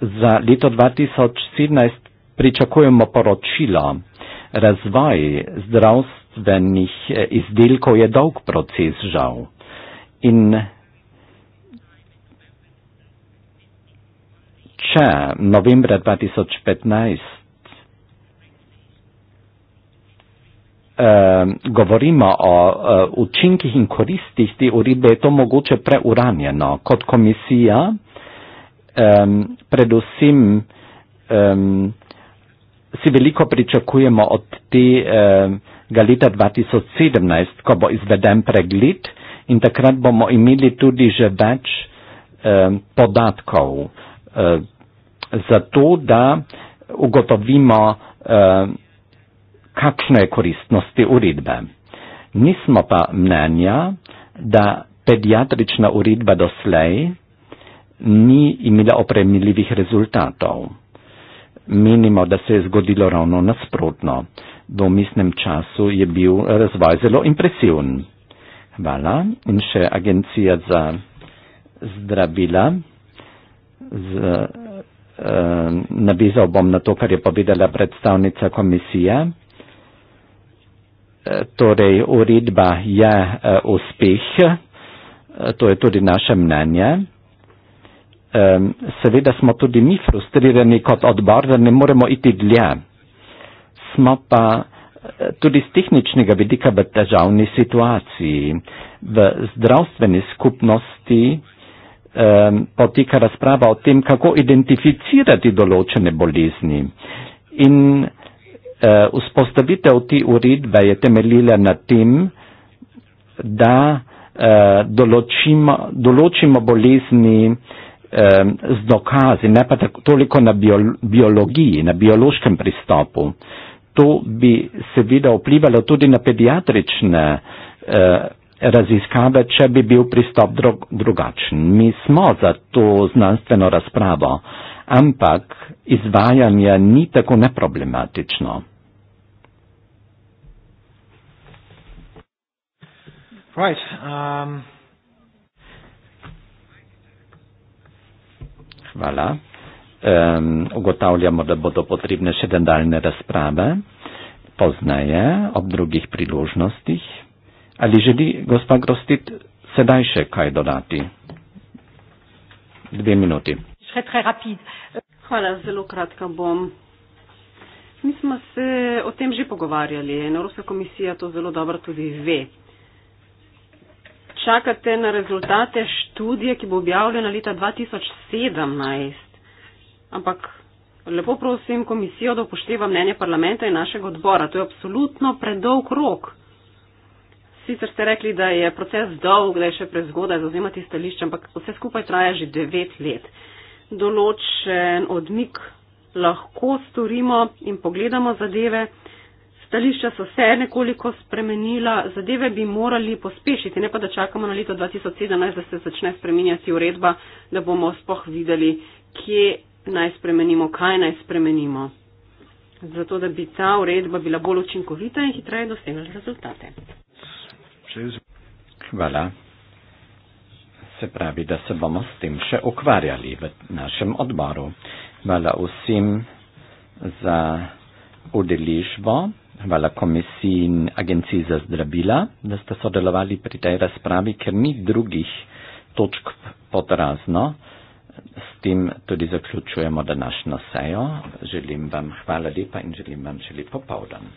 Za leto 2017 pričakujemo poročilo. Razvoj zdravstvenih eh, izdelkov je dolg proces žal. In če novembra 2015 govorimo o učinkih in koristih te uredbe, je to mogoče preuranjeno. Kot komisija, predvsem si veliko pričakujemo od tega leta 2017, ko bo izveden pregled in takrat bomo imeli tudi že več podatkov za to, da ugotovimo, kakšne je koristnosti uredbe. Nismo pa mnenja, da pediatrična uredba doslej ni imela opremljivih rezultatov. Menimo, da se je zgodilo ravno nasprotno. V umestnem času je bil razvoj zelo impresiven. Hvala. In še agencija za zdravila. Z, eh, eh nabizal bom na to, kar je povedala predstavnica komisije. Eh, torej uredba je eh, uspeh, eh, to je tudi naše mnenje. Seveda smo tudi mi frustrirani kot odbor, da ne moremo iti dlje. Smo pa tudi z tehničnega vidika v težavni situaciji. V zdravstveni skupnosti poteka razprava o tem, kako identificirati določene bolezni. In Eh, vzpostavitev te uredbe je temeljila na tem, da eh, določimo, določimo bolezni eh, z dokazi, ne pa tako, toliko na bio, biologiji, na biološkem pristopu. To bi seveda vplivalo tudi na pediatrične eh, raziskave, če bi bil pristop drug, drugačen. Mi smo za to znanstveno razpravo, ampak izvajanje ni tako neproblematično. Right. Um. Hvala. Um, ugotavljamo, da bodo potrebne še nadaljne razprave. Poznaje ob drugih priložnostih. Ali želi gospa Grostit sedaj še kaj dodati? Dve minuti. Hvala, zelo kratka bom. Mi smo se o tem že pogovarjali in Evropska komisija to zelo dobro tudi ve čakate na rezultate študije, ki bo objavljena leta 2017. Ampak lepo prosim komisijo, da upošteva mnenje parlamenta in našega odbora. To je absolutno predolg rok. Sicer ste rekli, da je proces dolg, da je še prezgodaj zauzemati stališče, ampak vse skupaj traja že devet let. Določen odmik lahko storimo in pogledamo zadeve stališča so se nekoliko spremenila, zadeve bi morali pospešiti, ne pa da čakamo na leto 2017, da se začne spreminjati uredba, da bomo spoh videli, kje naj spremenimo, kaj naj spremenimo, zato da bi ta uredba bila bolj učinkovita in hitreje dosegla rezultate. Hvala. Se pravi, da se bomo s tem še ukvarjali v našem odboru. Hvala vsem za udeležbo. Hvala komisiji in agenciji za zdravila, da ste sodelovali pri tej razpravi, ker ni drugih točk pod razno. S tem tudi zaključujemo današnjo sejo. Želim vam hvala lepa in želim vam še lepo povdan.